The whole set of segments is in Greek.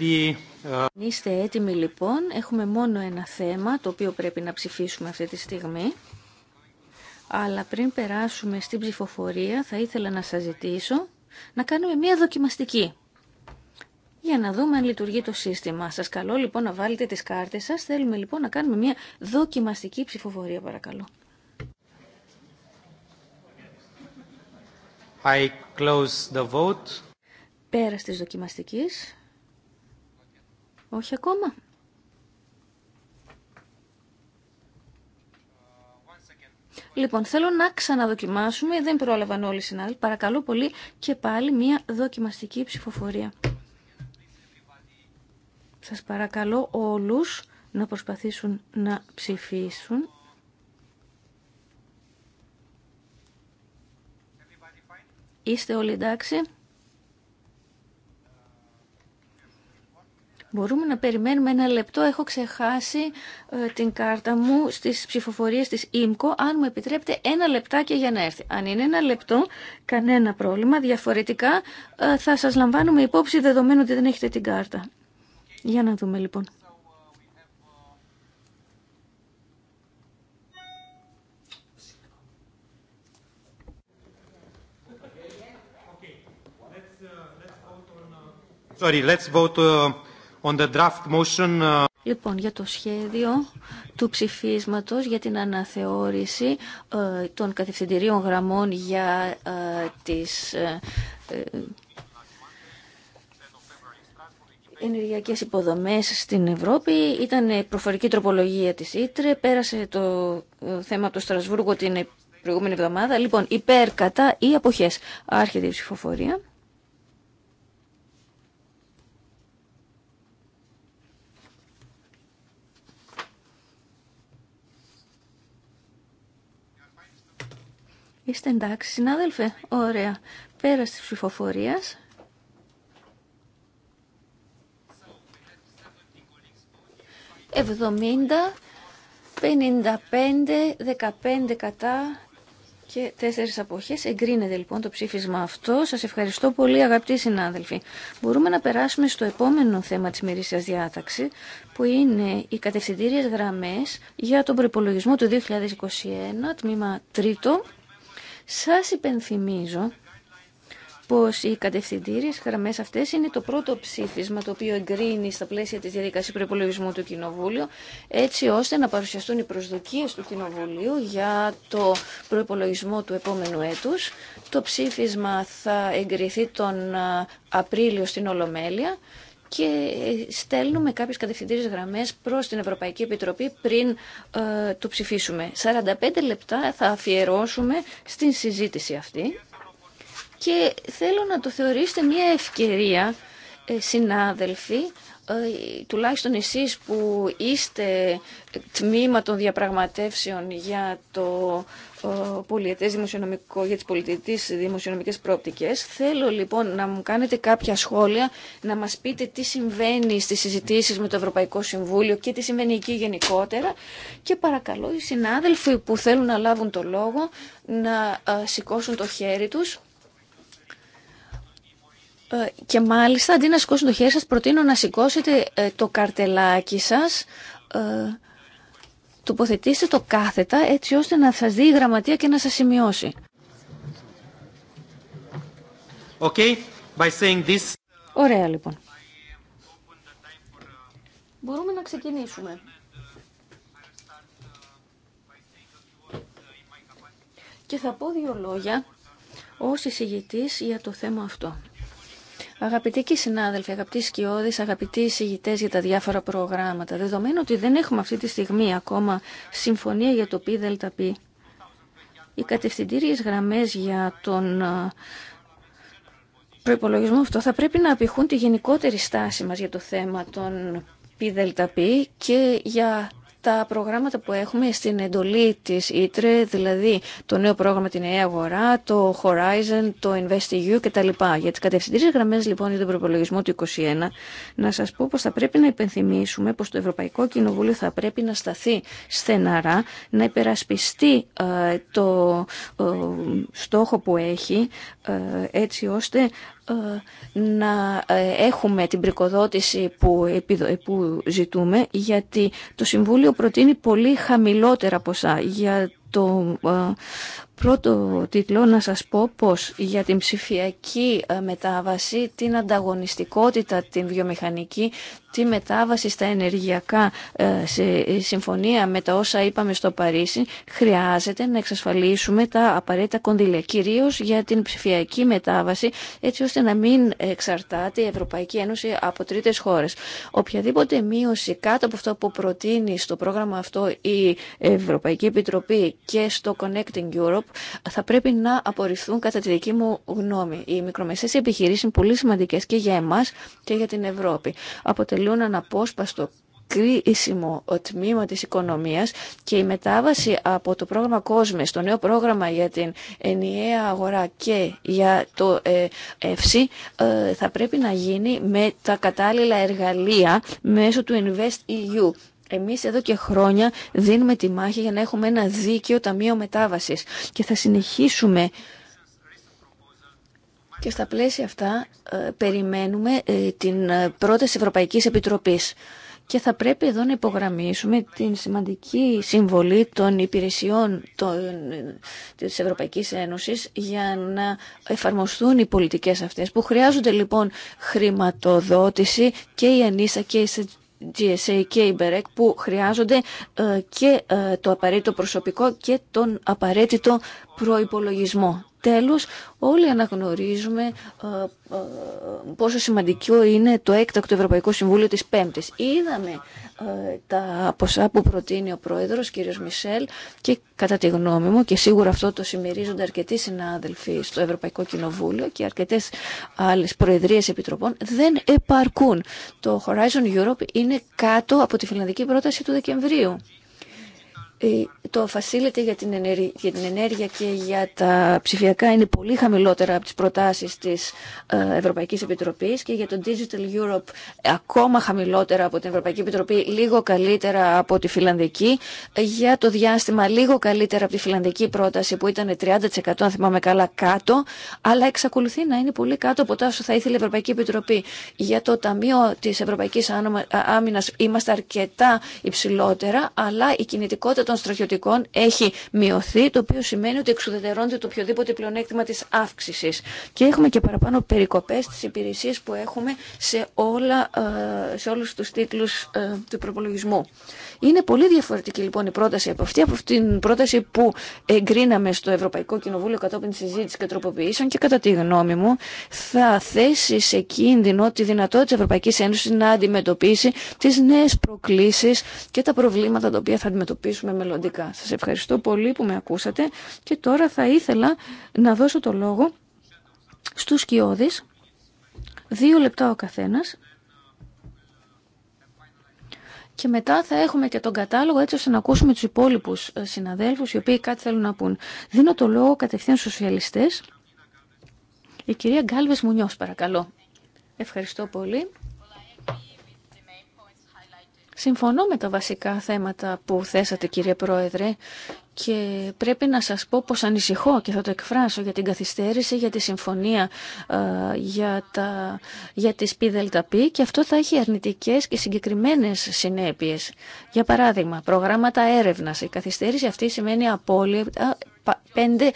Uh, Είστε έτοιμοι λοιπόν. Έχουμε μόνο ένα θέμα το οποίο πρέπει να ψηφίσουμε αυτή τη στιγμή. Αλλά πριν περάσουμε στην ψηφοφορία θα ήθελα να σας ζητήσω να κάνουμε μία δοκιμαστική. Για να δούμε αν λειτουργεί το σύστημα. Σας καλώ λοιπόν να βάλετε τις κάρτες σας. Θέλουμε λοιπόν να κάνουμε μία δοκιμαστική ψηφοφορία παρακαλώ. I close Πέρα της δοκιμαστικής. Όχι ακόμα. Λοιπόν, θέλω να ξαναδοκιμάσουμε. Δεν πρόλαβαν όλοι οι συνάδελφοι. Παρακαλώ πολύ και πάλι μια δοκιμαστική ψηφοφορία. Σας παρακαλώ όλους να προσπαθήσουν να ψηφίσουν. Είστε όλοι εντάξει. Μπορούμε να περιμένουμε ένα λεπτό. Έχω ξεχάσει ε, την κάρτα μου στις ψηφοφορίες της ΙΜΚΟ. Αν μου επιτρέπετε ένα λεπτάκι για να έρθει. Αν είναι ένα λεπτό, κανένα πρόβλημα. Διαφορετικά ε, θα σας λαμβάνουμε υπόψη δεδομένου ότι δεν έχετε την κάρτα. Για να δούμε λοιπόν. Sorry, let's vote uh, draft uh, Λοιπόν, για το σχέδιο του ψηφίσματος για την αναθεώρηση ε, των κατευθυντηρίων γραμμών για ε, τις ε, ενεργειακές υποδομές στην Ευρώπη. Ήταν προφορική τροπολογία της Ήτρε. Πέρασε το θέμα από το Στρασβούργο την προηγούμενη εβδομάδα. Λοιπόν, υπέρ, κατά ή αποχές. Άρχεται η ψηφοφορία. Είστε εντάξει, συνάδελφε. Ωραία. Πέρα τη ψηφοφορία. 70, 55, 15 κατά και τέσσερις αποχές. Εγκρίνεται λοιπόν το ψήφισμα αυτό. Σας ευχαριστώ πολύ αγαπητοί συνάδελφοι. Μπορούμε να περάσουμε στο επόμενο θέμα της μερίσιας διάταξη που είναι οι κατευθυντήριες γραμμές για τον προπολογισμό του 2021, τμήμα τρίτο. Σας υπενθυμίζω πως οι κατευθυντήριες γραμμές αυτές είναι το πρώτο ψήφισμα το οποίο εγκρίνει στα πλαίσια της διαδικασίας προπολογισμού του Κοινοβούλιο έτσι ώστε να παρουσιαστούν οι προσδοκίες του Κοινοβουλίου για το προπολογισμό του επόμενου έτους. Το ψήφισμα θα εγκριθεί τον Απρίλιο στην Ολομέλεια και ε, στέλνουμε κάποιες κατευθυντήριες γραμμές προς την Ευρωπαϊκή Επιτροπή πριν ε, το ψηφίσουμε. 45 λεπτά θα αφιερώσουμε στην συζήτηση αυτή και θέλω να το θεωρήσετε μια ευκαιρία, ε, συνάδελφοι, ε, τουλάχιστον εσείς που είστε τμήμα των διαπραγματεύσεων για το δημοσιονομικό, για τις πολιτικές δημοσιονομικές πρόπτικες. Θέλω λοιπόν να μου κάνετε κάποια σχόλια, να μας πείτε τι συμβαίνει στις συζητήσεις με το Ευρωπαϊκό Συμβούλιο και τι συμβαίνει εκεί γενικότερα και παρακαλώ οι συνάδελφοι που θέλουν να λάβουν το λόγο να ε, σηκώσουν το χέρι τους. Ε, και μάλιστα αντί να σηκώσουν το χέρι σας προτείνω να σηκώσετε ε, το καρτελάκι σας τοποθετήστε το κάθετα έτσι ώστε να σας δει η γραμματεία και να σας σημειώσει. Okay. By saying this... Ωραία λοιπόν. Μπορούμε να ξεκινήσουμε. Και θα πω δύο λόγια ως εισηγητής για το θέμα αυτό. Αγαπητοί και συνάδελφοι, αγαπητοί σκιώδεις, αγαπητοί εισηγητέ για τα διάφορα προγράμματα, δεδομένου ότι δεν έχουμε αυτή τη στιγμή ακόμα συμφωνία για το ΠΔΠ, οι κατευθυντήριες γραμμές για τον προϋπολογισμό αυτό θα πρέπει να απηχούν τη γενικότερη στάση μας για το θέμα των ΠΔΠ και για τα προγράμματα που έχουμε στην εντολή της ΙΤΡΕ, δηλαδή το νέο πρόγραμμα την νέα αγορά, το Horizon, το InvestEU κτλ. Για τις κατευθυντήριες γραμμές λοιπόν για τον προπολογισμό του 2021, να σας πω πως θα πρέπει να υπενθυμίσουμε πως το Ευρωπαϊκό Κοινοβούλιο θα πρέπει να σταθεί στεναρά, να υπερασπιστεί ε, το ε, στόχο που έχει, ε, έτσι ώστε ε, να ε, έχουμε την πρικοδότηση που ζητούμε γιατί το Συμβούλιο προτείνει πολύ χαμηλότερα ποσά για το ε, πρώτο τίτλο να σας πω πως για την ψηφιακή ε, μετάβαση, την ανταγωνιστικότητα, την βιομηχανική, τη μετάβαση στα ενεργειακά ε, σε συμφωνία με τα όσα είπαμε στο Παρίσι, χρειάζεται να εξασφαλίσουμε τα απαραίτητα κονδυλία, κυρίω για την ψηφιακή μετάβαση, έτσι ώστε να μην εξαρτάται η Ευρωπαϊκή Ένωση από τρίτες χώρες. Οποιαδήποτε μείωση κάτω από αυτό που προτείνει στο πρόγραμμα αυτό η Ευρωπαϊκή Επιτροπή και στο Connecting Europe θα πρέπει να απορριφθούν κατά τη δική μου γνώμη. Οι μικρομεσαίες επιχειρήσεις είναι πολύ σημαντικές και για εμάς και για την Ευρώπη. Αποτελούν αναπόσπαστο κρίσιμο τμήμα της οικονομίας και η μετάβαση από το πρόγραμμα COSME στο νέο πρόγραμμα για την ενιαία αγορά και για το ΕΦΣΥ ε, θα πρέπει να γίνει με τα κατάλληλα εργαλεία μέσω του Invest EU. Εμείς εδώ και χρόνια δίνουμε τη μάχη για να έχουμε ένα δίκαιο ταμείο μετάβασης και θα συνεχίσουμε και στα πλαίσια αυτά ε, περιμένουμε ε, την ε, πρόταση Ευρωπαϊκής Επιτροπής. Και θα πρέπει εδώ να υπογραμμίσουμε την σημαντική συμβολή των υπηρεσιών της Ευρωπαϊκής Ένωσης για να εφαρμοστούν οι πολιτικές αυτές που χρειάζονται λοιπόν χρηματοδότηση και η Ανίσα και η GSA και η BEREC που χρειάζονται ε, και ε, το απαραίτητο προσωπικό και τον απαραίτητο προϋπολογισμό. Τέλος, όλοι αναγνωρίζουμε ε, ε, πόσο σημαντικό είναι το έκτακτο Ευρωπαϊκό Συμβούλιο της Πέμπτης. Είδαμε ε, τα ποσά που προτείνει ο Πρόεδρος, κύριος Μισελ, και κατά τη γνώμη μου, και σίγουρα αυτό το συμμερίζονται αρκετοί συνάδελφοι στο Ευρωπαϊκό Κοινοβούλιο και αρκετές άλλες προεδρίες επιτροπών, δεν επαρκούν. Το Horizon Europe είναι κάτω από τη φιλανδική πρόταση του Δεκεμβρίου. Ε, το facility για την, ενέργεια, για την ενέργεια και για τα ψηφιακά είναι πολύ χαμηλότερα από τις προτάσεις της ε, Ευρωπαϊκής Επιτροπής και για το Digital Europe ακόμα χαμηλότερα από την Ευρωπαϊκή Επιτροπή, λίγο καλύτερα από τη Φιλανδική, ε, για το διάστημα λίγο καλύτερα από τη Φιλανδική πρόταση που ήταν 30% αν θυμάμαι καλά κάτω, αλλά εξακολουθεί να είναι πολύ κάτω από τα όσο θα ήθελε η Ευρωπαϊκή Επιτροπή. Για το Ταμείο της Ευρωπαϊκής Άμυνας είμαστε αρκετά υψηλότερα, αλλά η κινητικότητα των στρατιωτικών έχει μειωθεί, το οποίο σημαίνει ότι εξουδετερώνεται το οποιοδήποτε πλεονέκτημα τη αύξηση. Και έχουμε και παραπάνω περικοπέ στι υπηρεσίε που έχουμε σε, όλα, ε, σε όλους τους τίτλους ε, του προπολογισμού. Είναι πολύ διαφορετική λοιπόν η πρόταση από αυτή, από την πρόταση που εγκρίναμε στο Ευρωπαϊκό Κοινοβούλιο κατόπιν τη συζήτηση και τροποποιήσεων και κατά τη γνώμη μου θα θέσει σε κίνδυνο τη δυνατότητα τη Ευρωπαϊκή Ένωση να αντιμετωπίσει τι νέε προκλήσει και τα προβλήματα τα οποία θα αντιμετωπίσουμε μελλοντικά. Σα ευχαριστώ πολύ που με ακούσατε και τώρα θα ήθελα να δώσω το λόγο στους σκιώδεις, δύο λεπτά ο καθένας και μετά θα έχουμε και τον κατάλογο έτσι ώστε να ακούσουμε τους υπόλοιπους ε, συναδέλφους οι οποίοι κάτι θέλουν να πούν. Δίνω το λόγο κατευθείαν στους σοσιαλιστές. Η κυρία Γκάλβες Μουνιός παρακαλώ. Ευχαριστώ πολύ. Συμφωνώ με τα βασικά θέματα που θέσατε κύριε Πρόεδρε και πρέπει να σας πω πως ανησυχώ και θα το εκφράσω για την καθυστέρηση, για τη συμφωνία ε, για, τα, για τις ΠΔΠ και αυτό θα έχει αρνητικές και συγκεκριμένες συνέπειες. Για παράδειγμα, προγράμματα έρευνας. Η καθυστέρηση αυτή σημαίνει απόλυτα 5.000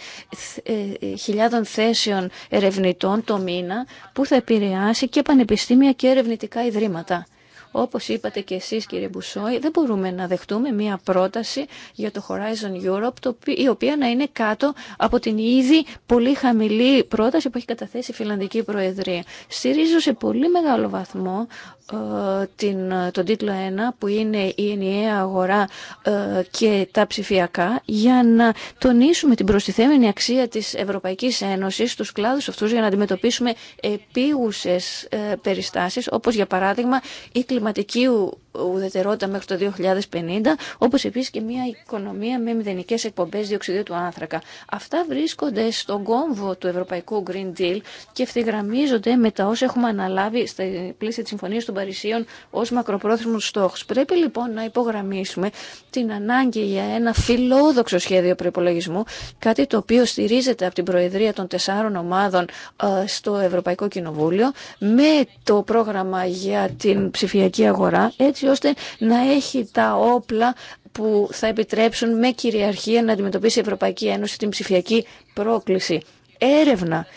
ε, θέσεων ερευνητών το μήνα που θα επηρεάσει και πανεπιστήμια και ερευνητικά ιδρύματα. Όπως είπατε και εσείς κύριε Μπουσόη, δεν μπορούμε να δεχτούμε μία πρόταση για το Horizon Europe, η οποία να είναι κάτω από την ήδη πολύ χαμηλή πρόταση που έχει καταθέσει η Φιλανδική Προεδρία. Στηρίζω σε πολύ μεγάλο βαθμό ε, την, τον τίτλο 1 που είναι η ενιαία αγορά ε, και τα ψηφιακά για να τονίσουμε την προστιθέμενη αξία της Ευρωπαϊκής Ένωσης στους κλάδους αυτούς για να αντιμετωπίσουμε επίγουσες ε, περιστάσεις όπως για παράδειγμα η επιχειρηματικού ουδετερότητα μέχρι το 2050, όπως επίσης και μια οικονομία με μηδενικές εκπομπές διοξιδίου του άνθρακα. Αυτά βρίσκονται στον κόμβο του Ευρωπαϊκού Green Deal και ευθυγραμμίζονται με τα όσα έχουμε αναλάβει στα πλήση της Συμφωνίας των Παρισίων ως μακροπρόθεσμους στόχους. Πρέπει λοιπόν να υπογραμμίσουμε την ανάγκη για ένα φιλόδοξο σχέδιο προπολογισμού, κάτι το οποίο στηρίζεται από την Προεδρία των Τεσσάρων Ομάδων ε, στο Ευρωπαϊκό Κοινοβούλιο με το πρόγραμμα για την ψηφιακή αγορά, έτσι ώστε να έχει τα όπλα που θα επιτρέψουν με κυριαρχία να αντιμετωπίσει η Ευρωπαϊκή Ένωση την ψηφιακή πρόκληση. Έρευνα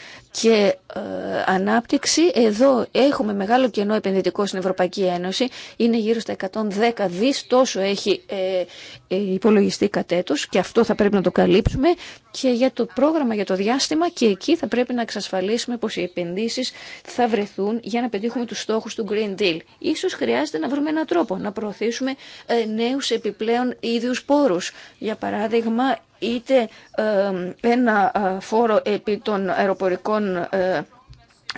και ε, ανάπτυξη. Εδώ έχουμε μεγάλο κενό επενδυτικό στην Ευρωπαϊκή Ένωση. Είναι γύρω στα 110 δις, τόσο έχει ε, ε, υπολογιστεί κατ' και αυτό θα πρέπει να το καλύψουμε. Και για το πρόγραμμα για το διάστημα και εκεί θα πρέπει να εξασφαλίσουμε πως οι επενδύσεις θα βρεθούν για να πετύχουμε τους στόχους του Green Deal. Ίσως χρειάζεται να βρούμε έναν τρόπο να προωθήσουμε ε, νέους επιπλέον ίδιους πόρους. Για παράδειγμα, είτε ένα φόρο επί των αεροπορικών ε,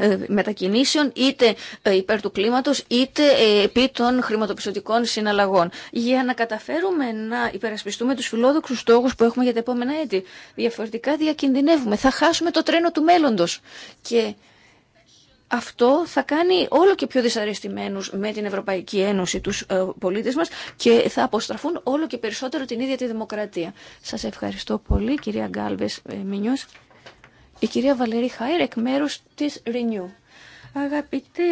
ε, μετακινήσεων είτε ε, υπέρ του κλίματος είτε επί των χρηματοπιστωτικών συναλλαγών για να καταφέρουμε να υπερασπιστούμε τους φιλόδοξους στόχους που έχουμε για τα επόμενα έτη. Διαφορετικά διακινδυνεύουμε. Θα χάσουμε το τρένο του μέλλοντος. Και αυτό θα κάνει όλο και πιο δυσαρεστημένους με την Ευρωπαϊκή Ένωση τους ε, πολίτες μας και θα αποστραφούν όλο και περισσότερο την ίδια τη δημοκρατία. Σας ευχαριστώ πολύ κυρία Γκάλβες ε, Μινιός. Η κυρία Βαλερή Χάιρ εκ μέρους της Renew. Αγαπητέ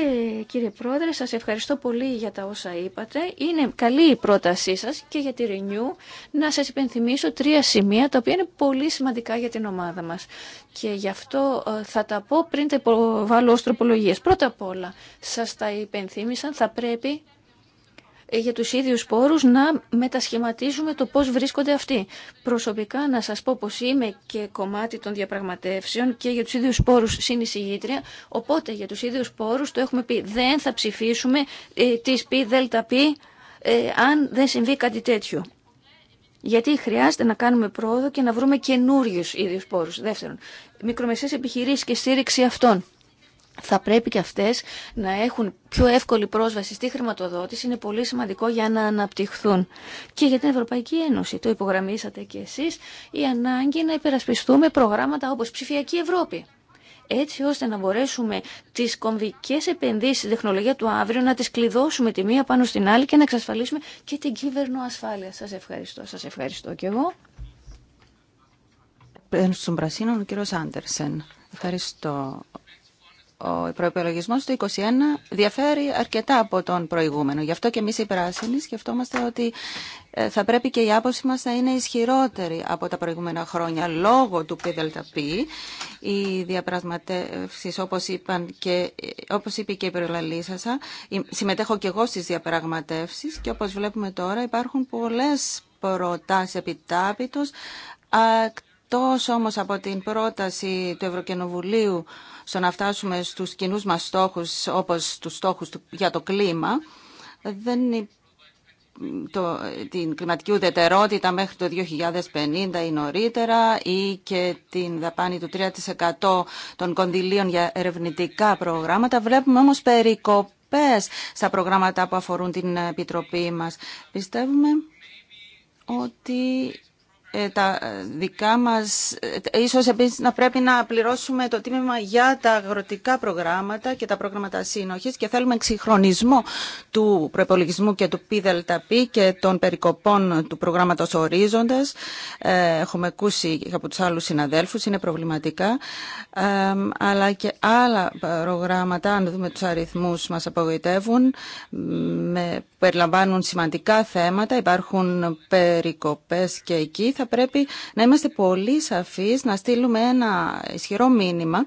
κύριε Πρόεδρε, σας ευχαριστώ πολύ για τα όσα είπατε. Είναι καλή η πρότασή σας και για τη Renew να σας υπενθυμίσω τρία σημεία τα οποία είναι πολύ σημαντικά για την ομάδα μας. Και γι' αυτό ε, θα τα πω πριν τα υποβάλω ως τροπολογίες. Πρώτα απ' όλα, σας τα υπενθύμησαν, θα πρέπει ε, για τους ίδιους πόρους να μετασχηματίζουμε το πώς βρίσκονται αυτοί. Προσωπικά να σας πω πως είμαι και κομμάτι των διαπραγματεύσεων και για τους ίδιους πόρους συνεισηγήτρια, οπότε για τους ίδιους πόρους το έχουμε πει δεν θα ψηφίσουμε ε, τις πι δέλτα πι ε, αν δεν συμβεί κάτι τέτοιο. Γιατί χρειάζεται να κάνουμε πρόοδο και να βρούμε καινούριου ίδιου πόρου. Δεύτερον, μικρομεσαίε επιχειρήσει και στήριξη αυτών θα πρέπει και αυτές να έχουν πιο εύκολη πρόσβαση στη χρηματοδότηση. Είναι πολύ σημαντικό για να αναπτυχθούν. Και για την Ευρωπαϊκή Ένωση, το υπογραμμίσατε και εσείς, η ανάγκη να υπερασπιστούμε προγράμματα όπως ψηφιακή Ευρώπη έτσι ώστε να μπορέσουμε τις κομβικές επενδύσεις στην τεχνολογία του αύριο να τις κλειδώσουμε τη μία πάνω στην άλλη και να εξασφαλίσουμε και την κύβερνο ασφάλεια. Σας ευχαριστώ. Σας ευχαριστώ και εγώ. Ευχαριστώ ο προπολογισμό του 2021 διαφέρει αρκετά από τον προηγούμενο. Γι' αυτό και εμεί οι πράσινοι σκεφτόμαστε ότι ε, θα πρέπει και η άποψη μα να είναι ισχυρότερη από τα προηγούμενα χρόνια. Λόγω του ΠΔΠ, οι διαπραγματεύσει, όπω όπως είπε και η Σασά, συμμετέχω και εγώ στι διαπραγματεύσει και όπω βλέπουμε τώρα υπάρχουν πολλέ προτάσει επιτάπητο. εκτό όμως από την πρόταση του Ευρωκοινοβουλίου στο να φτάσουμε στους κοινούς μας στόχους, όπως τους στόχους για το κλίμα, δεν το, την κλιματική ουδετερότητα μέχρι το 2050 ή νωρίτερα ή και την δαπάνη του 3% των κονδυλίων για ερευνητικά προγράμματα. Βλέπουμε όμως περικοπές στα προγράμματα που αφορούν την Επιτροπή μας. Πιστεύουμε ότι ε, τα δικά μας, ε, ίσως επίσης να πρέπει να πληρώσουμε το τίμημα για τα αγροτικά προγράμματα και τα πρόγραμματα σύνοχης και θέλουμε εξυγχρονισμό του προπολογισμού και του ΠΔΠ και των περικοπών του προγράμματος ορίζοντας. Ε, έχουμε ακούσει από τους άλλους συναδέλφους, είναι προβληματικά, αλλά και άλλα προγράμματα, αν δούμε τους αριθμούς, μας απογοητεύουν, περιλαμβάνουν σημαντικά θέματα, υπάρχουν περικοπές και εκεί πρέπει να είμαστε πολύ σαφείς, να στείλουμε ένα ισχυρό μήνυμα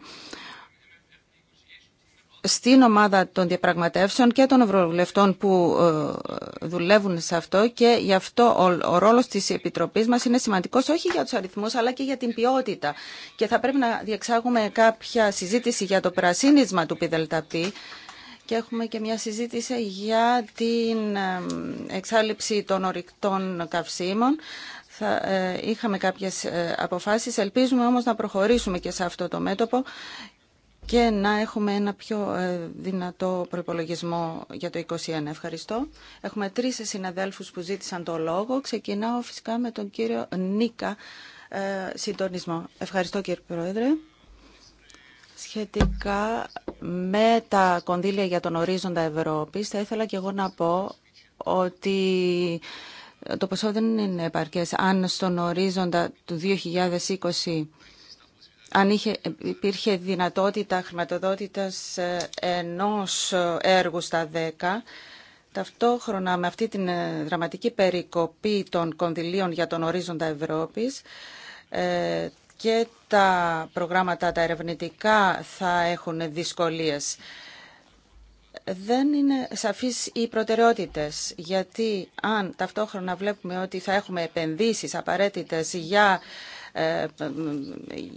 στην ομάδα των διαπραγματεύσεων και των ευρωβουλευτών που ε, δουλεύουν σε αυτό και γι' αυτό ο ρόλος της Επιτροπής μας είναι σημαντικός όχι για τους αριθμούς αλλά και για την ποιότητα. Και θα πρέπει να διεξάγουμε κάποια συζήτηση για το πρασίνισμα του ΠΙΔΕΛΤΑΠΗ και έχουμε και μια συζήτηση για την ε, εξάλληψη των ορυκτών καυσίμων θα ε, είχαμε κάποιες ε, αποφάσεις. Ελπίζουμε όμως να προχωρήσουμε και σε αυτό το μέτωπο και να έχουμε ένα πιο ε, δυνατό προπολογισμό για το 2021. Ευχαριστώ. Έχουμε τρεις συναδέλφους που ζήτησαν το λόγο. Ξεκινάω φυσικά με τον κύριο Νίκα Συντονισμό. Ευχαριστώ κύριε Πρόεδρε. Σχετικά με τα κονδύλια για τον ορίζοντα Ευρώπης, θα ήθελα και εγώ να πω ότι το ποσό δεν είναι επαρκές. Αν στον ορίζοντα του 2020 αν είχε, υπήρχε δυνατότητα χρηματοδότητας ε, ενός έργου στα 10, ταυτόχρονα με αυτή την ε, δραματική περικοπή των κονδυλίων για τον ορίζοντα Ευρώπης ε, και τα προγράμματα τα ερευνητικά θα έχουν δυσκολίες δεν είναι σαφείς οι προτεραιότητες, γιατί αν ταυτόχρονα βλέπουμε ότι θα έχουμε επενδύσεις απαραίτητες για ε,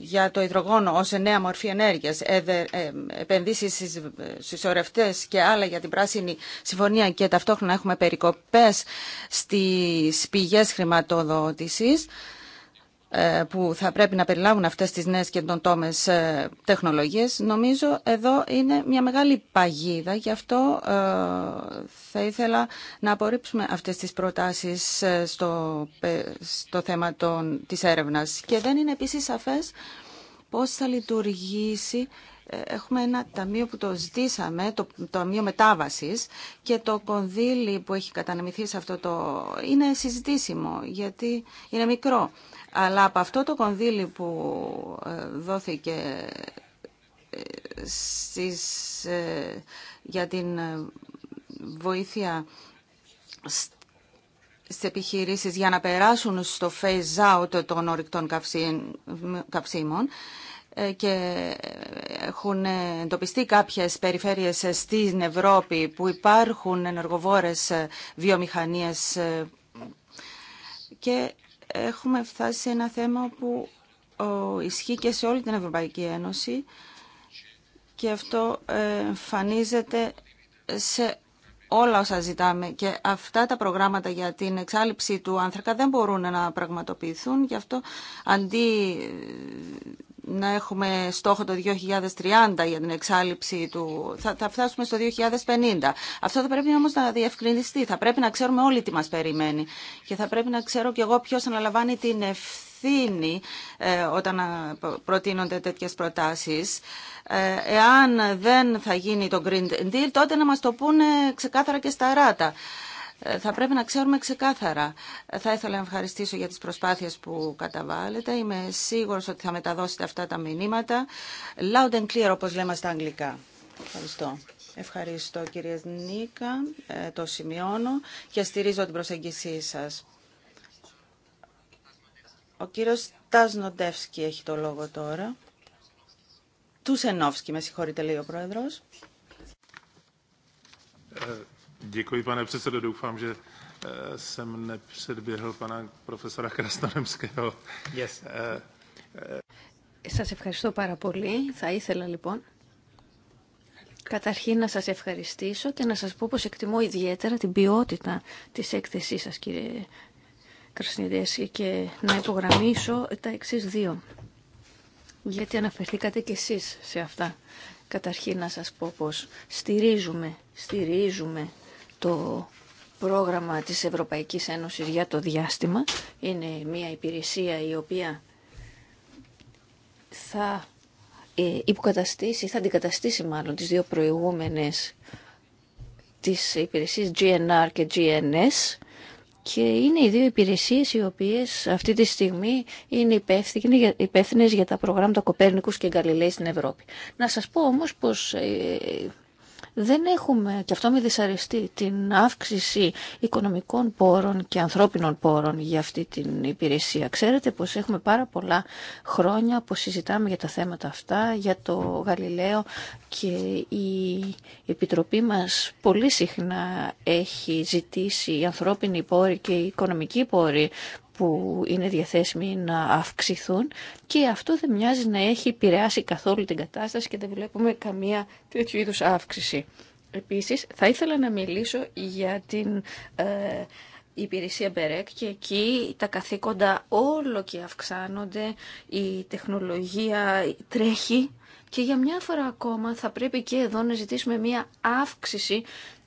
για το υδρογόνο ως νέα μορφή ενέργειας, ε, ε, επενδύσεις στις ορευτές και άλλα για την Πράσινη Συμφωνία και ταυτόχρονα έχουμε περικοπές στις πηγές χρηματοδότησης, ε, που θα πρέπει να περιλάβουν αυτές τις νέες και τόμες ε, τεχνολογίες. Νομίζω εδώ είναι μια μεγάλη παγίδα, γι' αυτό ε, θα ήθελα να απορρίψουμε αυτές τις προτάσεις στο, στο θέμα των, της έρευνας. Και δεν είναι επίσης σαφές πώς θα λειτουργήσει Έχουμε ένα ταμείο που το ζητήσαμε, το Ταμείο Μετάβασης και το κονδύλι που έχει κατανεμηθεί σε αυτό το... είναι συζητήσιμο γιατί είναι μικρό. Αλλά από αυτό το κονδύλι που ε, δόθηκε ε, στις, ε, για την βοήθεια στις επιχειρήσεις για να περάσουν στο phase out των ορυκτών καυσίμων και έχουν εντοπιστεί κάποιες περιφέρειες στην Ευρώπη που υπάρχουν ενεργοβόρες βιομηχανίες και έχουμε φτάσει σε ένα θέμα που ισχύει και σε όλη την Ευρωπαϊκή Ένωση και αυτό ε, εμφανίζεται σε όλα όσα ζητάμε και αυτά τα προγράμματα για την εξάλληψη του άνθρακα δεν μπορούν να πραγματοποιηθούν γι' αυτό αντί να έχουμε στόχο το 2030 για την εξάλληψη του... Θα, θα φτάσουμε στο 2050. Αυτό θα πρέπει όμως να διευκρινιστεί. Θα πρέπει να ξέρουμε όλοι τι μας περιμένει. Και θα πρέπει να ξέρω κι εγώ ποιος αναλαμβάνει την ευθύνη ε, όταν ε, προτείνονται τέτοιες προτάσεις. Ε, εάν δεν θα γίνει το Green Deal, τότε να μας το πούνε ξεκάθαρα και στα ράτα. Ε, θα πρέπει να ξέρουμε ξεκάθαρα. Θα ήθελα να ευχαριστήσω για τις προσπάθειες που καταβάλλετε. Είμαι σίγουρος ότι θα μεταδώσετε αυτά τα μηνύματα. Loud and clear, όπως λέμε στα αγγλικά. Ευχαριστώ. Ευχαριστώ, κύριε Νίκα. Ε, το σημειώνω και στηρίζω την προσέγγισή σας. Ο κύριος Τάσνοντεύσκη έχει το λόγο τώρα. Του με συγχωρείτε, λέει ο πρόεδρος. Ε, Děkuji, Σας ευχαριστώ πάρα πολύ. Θα ήθελα λοιπόν καταρχήν να σας ευχαριστήσω και να σας πω πως εκτιμώ ιδιαίτερα την ποιότητα της έκθεσής σας κύριε Κρασνιδέση και να υπογραμμίσω τα εξής δύο. Γιατί αναφερθήκατε και εσείς σε αυτά. Καταρχήν να σας πω πως στηρίζουμε, στηρίζουμε το πρόγραμμα της Ευρωπαϊκής Ένωσης για το διάστημα. Είναι μια υπηρεσία η οποία θα ε, υποκαταστήσει, θα αντικαταστήσει μάλλον τις δύο προηγούμενες τις υπηρεσίες GNR και GNS και είναι οι δύο υπηρεσίες οι οποίες αυτή τη στιγμή είναι υπεύθυνε για τα προγράμματα Κοπέρνικους και Γκαλιλαίου στην Ευρώπη. Να σας πω όμως πως ε, δεν έχουμε, και αυτό με δυσαρεστεί, την αύξηση οικονομικών πόρων και ανθρώπινων πόρων για αυτή την υπηρεσία. Ξέρετε πως έχουμε πάρα πολλά χρόνια που συζητάμε για τα θέματα αυτά, για το Γαλιλαίο και η Επιτροπή μας πολύ συχνά έχει ζητήσει οι ανθρώπινοι πόροι και οι οικονομικοί πόροι που είναι διαθέσιμοι να αυξηθούν και αυτό δεν μοιάζει να έχει επηρεάσει καθόλου την κατάσταση και δεν βλέπουμε καμία τέτοιου είδους αύξηση. Επίσης, θα ήθελα να μιλήσω για την ε, υπηρεσία Μπερέκ και εκεί τα καθήκοντα όλο και αυξάνονται, η τεχνολογία τρέχει και για μια φορά ακόμα θα πρέπει και εδώ να ζητήσουμε μια αύξηση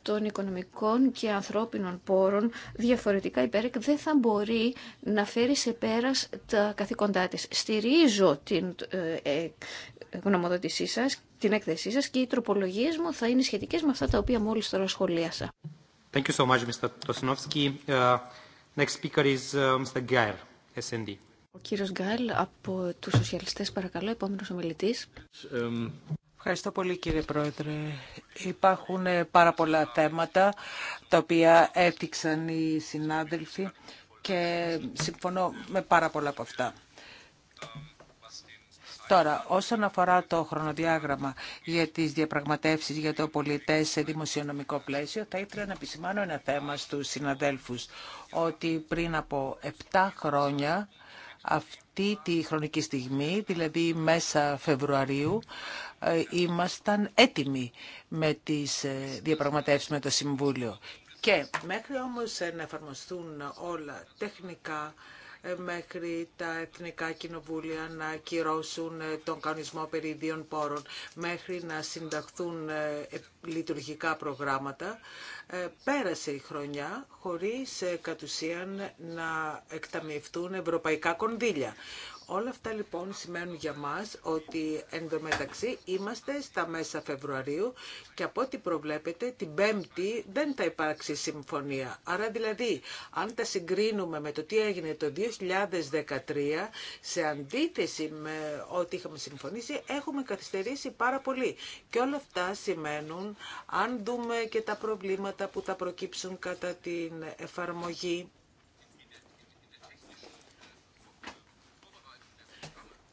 των οικονομικών και ανθρώπινων πόρων διαφορετικά η ΠΕΡΕΚ δεν θα μπορεί να φέρει σε πέρας τα καθήκοντά της. Στηρίζω την ε, ε, γνωμοδότησή σας, την έκθεσή σας και οι τροπολογίε μου θα είναι σχετικές με αυτά τα οποία μόλις τώρα σχολίασα. Thank you so much, Mr. Uh, next speaker is uh, Mr. Gair, Ο κύριος Γκάλ, από τους Σοσιαλιστές, παρακαλώ, επόμενος ομιλητής. Ευχαριστώ πολύ κύριε Πρόεδρε. Υπάρχουν ε, πάρα πολλά θέματα τα οποία έπτυξαν οι συνάδελφοι και συμφωνώ με πάρα πολλά από αυτά. Τώρα, όσον αφορά το χρονοδιάγραμμα για τις διαπραγματεύσεις για το πολιτέ σε δημοσιονομικό πλαίσιο, θα ήθελα να επισημάνω ένα θέμα στους συναδέλφους, ότι πριν από 7 χρόνια αυτή τη χρονική στιγμή, δηλαδή μέσα Φεβρουαρίου, ε, ήμασταν έτοιμοι με τις ε, διαπραγματεύσεις με το Συμβούλιο. Και μέχρι όμως να εφαρμοστούν όλα τεχνικά μέχρι τα Εθνικά Κοινοβούλια να ακυρώσουν ε, τον κανονισμό περί ιδίων πόρων, μέχρι να συνταχθούν ε, λειτουργικά προγράμματα. Ε, πέρασε η χρονιά χωρίς κατ' ουσίαν να εκταμιευτούν ευρωπαϊκά κονδύλια. Όλα αυτά λοιπόν σημαίνουν για μας ότι ενδομεταξύ είμαστε στα μέσα Φεβρουαρίου και από ό,τι προβλέπετε την Πέμπτη δεν θα υπάρξει συμφωνία. Άρα δηλαδή αν τα συγκρίνουμε με το τι έγινε το 2013 σε αντίθεση με ό,τι είχαμε συμφωνήσει έχουμε καθυστερήσει πάρα πολύ. Και όλα αυτά σημαίνουν αν δούμε και τα προβλήματα που θα προκύψουν κατά την εφαρμογή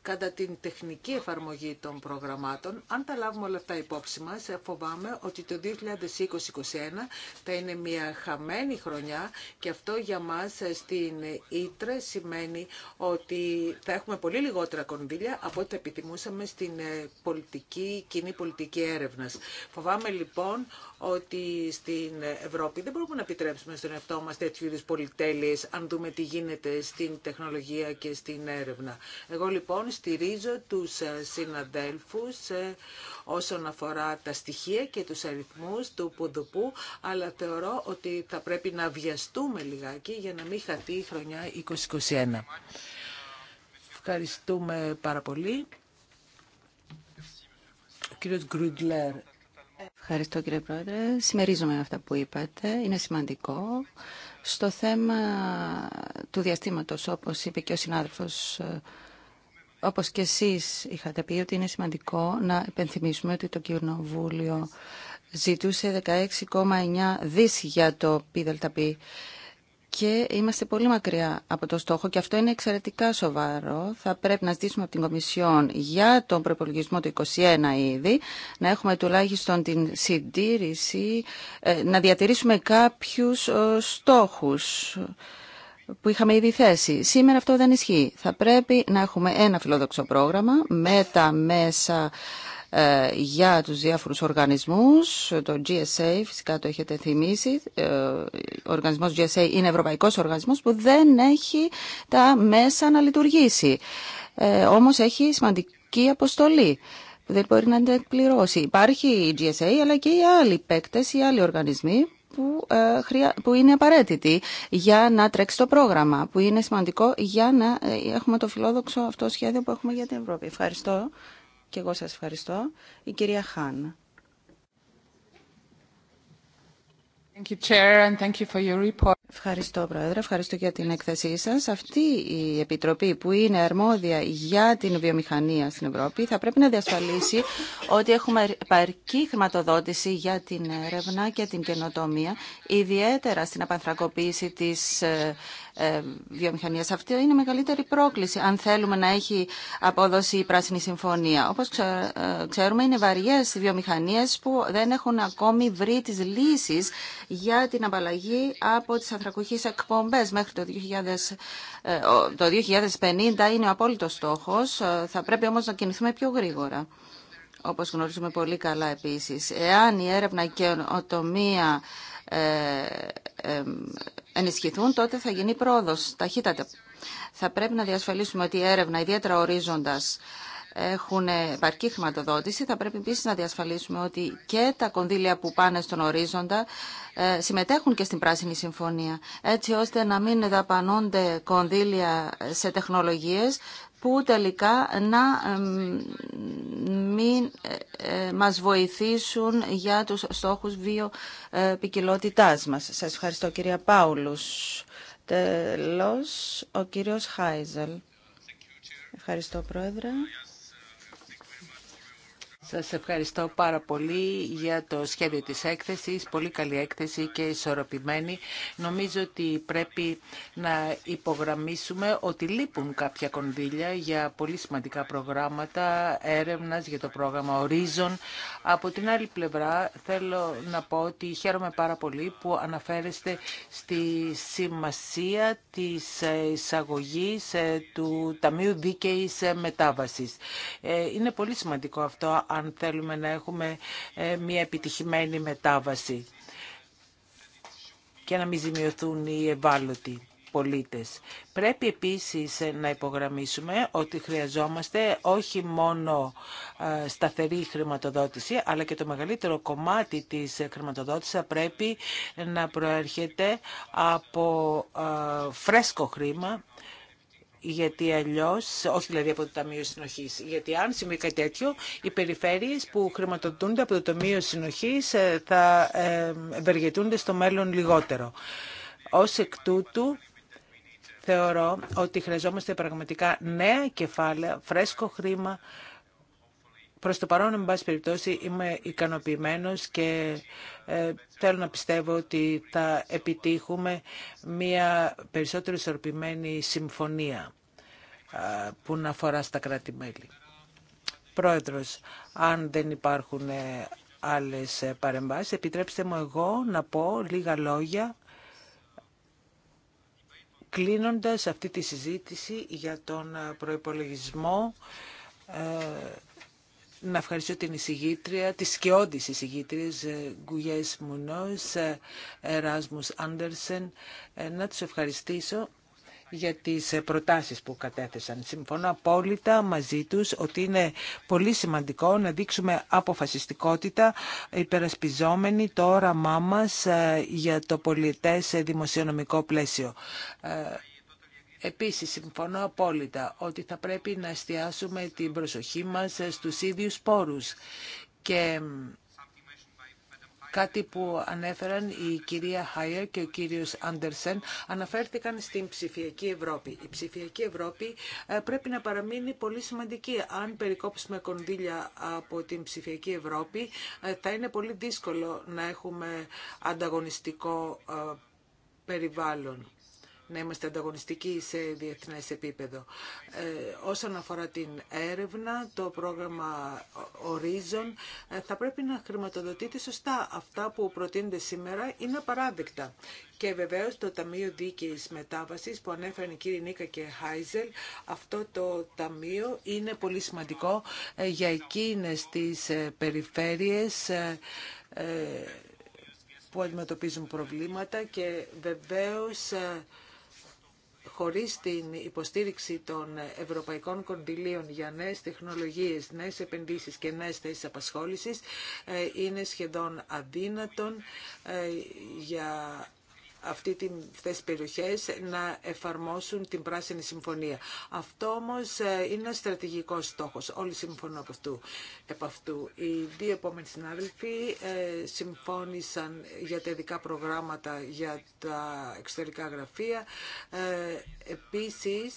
κατά την τεχνική εφαρμογή των προγραμμάτων. Αν τα λάβουμε όλα αυτά υπόψη μας, ε, φοβάμαι ότι το 2020-2021 θα είναι μια χαμένη χρονιά και αυτό για μας ε, στην Ήτρε σημαίνει ότι θα έχουμε πολύ λιγότερα κονδύλια από ό,τι επιθυμούσαμε στην ε, πολιτική, κοινή πολιτική έρευνας. Φοβάμαι λοιπόν ότι στην Ευρώπη δεν μπορούμε να επιτρέψουμε στον εαυτό μα τέτοιου είδου πολυτέλειε, αν δούμε τι γίνεται στην τεχνολογία και στην έρευνα. Εγώ λοιπόν στηρίζω τους συναδέλφου ε, όσον αφορά τα στοιχεία και τους αριθμούς του Πουδουπού, αλλά θεωρώ ότι θα πρέπει να βιαστούμε λιγάκι για να μην χαθεί η χρονιά 2021. Ευχαριστούμε πάρα πολύ. Ο κύριος Γκρουντλέρ, Ευχαριστώ κύριε Πρόεδρε. Συμμερίζομαι αυτά που είπατε. Είναι σημαντικό. Στο θέμα του διαστήματος, όπως είπε και ο συνάδελφος, όπως και εσείς είχατε πει, ότι είναι σημαντικό να επενθυμίσουμε ότι το Κοινοβούλιο ζητούσε 16,9 δις για το ΠΔΠ και είμαστε πολύ μακριά από το στόχο και αυτό είναι εξαιρετικά σοβαρό. Θα πρέπει να ζητήσουμε από την Κομισιόν για τον προπολογισμό του 2021 ήδη να έχουμε τουλάχιστον την συντήρηση, ε, να διατηρήσουμε κάποιους ε, στόχους που είχαμε ήδη θέσει. Σήμερα αυτό δεν ισχύει. Θα πρέπει να έχουμε ένα φιλόδοξο πρόγραμμα με τα μέσα ε, για τους διάφορους οργανισμούς. Το GSA φυσικά το έχετε θυμίσει. Ε, ο οργανισμός GSA είναι ευρωπαϊκός οργανισμός που δεν έχει τα μέσα να λειτουργήσει. Ε, όμως έχει σημαντική αποστολή που δεν μπορεί να την εκπληρώσει. Υπάρχει η GSA αλλά και οι άλλοι παίκτες, οι άλλοι οργανισμοί που είναι απαραίτητοι για να τρέξει το πρόγραμμα, που είναι σημαντικό για να έχουμε το φιλόδοξο αυτό σχέδιο που έχουμε για την Ευρώπη. Ευχαριστώ. Και εγώ σας ευχαριστώ. Η κυρία Χάν. Ευχαριστώ, Πρόεδρε. Ευχαριστώ για την έκθεσή σα. Αυτή η Επιτροπή που είναι αρμόδια για την βιομηχανία στην Ευρώπη θα πρέπει να διασφαλίσει ότι έχουμε επαρκή χρηματοδότηση για την έρευνα και την καινοτομία, ιδιαίτερα στην απανθρακοποίηση της ε, ε, βιομηχανία. Αυτή είναι η μεγαλύτερη πρόκληση αν θέλουμε να έχει απόδοση η Πράσινη Συμφωνία. Όπως ε, ξέρουμε είναι βαριές οι βιομηχανίε που δεν έχουν ακόμη βρει τι λύσει για την απαλλαγή από τις ανθρακουχείς εκπομπές μέχρι το 2000, ε, το 2050 είναι ο απόλυτος στόχος. Ε, θα πρέπει όμως να κινηθούμε πιο γρήγορα όπως γνωρίζουμε πολύ καλά επίσης. Εάν η έρευνα και η οτομία ε, ε, ενισχυθούν, τότε θα γίνει πρόοδος ταχύτατα. Θα πρέπει να διασφαλίσουμε ότι η έρευνα, ιδιαίτερα ορίζοντας έχουν επαρκή χρηματοδότηση. Θα πρέπει επίση να διασφαλίσουμε ότι και τα κονδύλια που πάνε στον ορίζοντα ε, συμμετέχουν και στην Πράσινη Συμφωνία, έτσι ώστε να μην δαπανώνται κονδύλια σε τεχνολογίες που τελικά να μην ε, ε, μας βοηθήσουν για τους στόχους βιοπικιλότητάς μας. Σας ευχαριστώ κυρία Πάουλους. Τέλος, ο κύριος Χάιζελ. Ευχαριστώ πρόεδρε. Σας ευχαριστώ πάρα πολύ για το σχέδιο της έκθεσης. Πολύ καλή έκθεση και ισορροπημένη. Νομίζω ότι πρέπει να υπογραμμίσουμε ότι λείπουν κάποια κονδύλια για πολύ σημαντικά προγράμματα έρευνας για το πρόγραμμα Horizon. Από την άλλη πλευρά θέλω να πω ότι χαίρομαι πάρα πολύ που αναφέρεστε στη σημασία της εισαγωγής ε, του Ταμείου Δίκαιης Μετάβασης. Ε, είναι πολύ σημαντικό αυτό αν θέλουμε να έχουμε ε, μια επιτυχημένη μετάβαση και να μην ζημιωθούν οι ευάλωτοι πολίτες. Πρέπει επίσης να υπογραμμίσουμε ότι χρειαζόμαστε όχι μόνο ε, σταθερή χρηματοδότηση, αλλά και το μεγαλύτερο κομμάτι της χρηματοδότησης θα πρέπει να προέρχεται από ε, φρέσκο χρήμα, γιατί αλλιώ, όχι δηλαδή από το Ταμείο Συνοχής, γιατί αν συμβεί κάτι τέτοιο, οι περιφέρειες που χρηματοδοτούνται από το Ταμείο συνοχή ε, θα ε, ευεργετούνται στο μέλλον λιγότερο. Ω εκ τούτου, θεωρώ ότι χρειαζόμαστε πραγματικά νέα κεφάλαια, φρέσκο χρήμα, Προς το παρόν, με πάση περιπτώσει, είμαι ικανοποιημένος και ε, θέλω να πιστεύω ότι θα επιτύχουμε μια περισσότερο ισορροπημένη συμφωνία που να αφορά στα κράτη-μέλη. Πρόεδρος, αν δεν υπάρχουν ε, άλλες ε, παρεμβάσεις, επιτρέψτε μου εγώ να πω λίγα λόγια κλείνοντας αυτή τη συζήτηση για τον ε, προϋπολογισμό να ευχαριστώ την εισηγήτρια, τις σκιώδη εισηγήτρια, ε, Γκουγιές Μουνό, ε, Εράσμους Άντερσεν, ε, να τους ευχαριστήσω για τις προτάσεις που κατέθεσαν. Συμφωνώ απόλυτα μαζί τους ότι είναι πολύ σημαντικό να δείξουμε αποφασιστικότητα υπερασπιζόμενη το όραμά μας για το πολιτές δημοσιονομικό πλαίσιο. Επίσης, συμφωνώ απόλυτα ότι θα πρέπει να εστιάσουμε την προσοχή μας στους ίδιους πόρους και κάτι που ανέφεραν η κυρία Χάιερ και ο κύριος Άντερσεν αναφέρθηκαν στην ψηφιακή Ευρώπη. Η ψηφιακή Ευρώπη ε, πρέπει να παραμείνει πολύ σημαντική. Αν περικόψουμε κονδύλια από την ψηφιακή Ευρώπη ε, θα είναι πολύ δύσκολο να έχουμε ανταγωνιστικό ε, περιβάλλον να είμαστε ανταγωνιστικοί σε διεθνές επίπεδο. Ε, όσον αφορά την έρευνα, το πρόγραμμα Horizon ε, θα πρέπει να χρηματοδοτείται σωστά. Αυτά που προτείνονται σήμερα είναι απαράδεκτα. Και βεβαίω το Ταμείο Δίκαιη Μετάβαση που ανέφεραν η κύριοι Νίκα και Χάιζελ, αυτό το ταμείο είναι πολύ σημαντικό ε, για εκείνε τι ε, περιφέρειε που αντιμετωπίζουν προβλήματα και βεβαίως χωρίς την υποστήριξη των ευρωπαϊκών κοντιλίων για νέες τεχνολογίες, νέες επενδύσεις και νέες θέσεις απασχόλησης ε, είναι σχεδόν αδύνατον ε, για αυτή την, αυτές τις περιοχές να εφαρμόσουν την Πράσινη Συμφωνία. Αυτό όμως ε, είναι ένα στρατηγικός στόχος. Όλοι συμφωνούν από αυτού. Επ Οι δύο επόμενοι συνάδελφοι ε, συμφώνησαν για τα ειδικά προγράμματα για τα εξωτερικά γραφεία. Ε, επίσης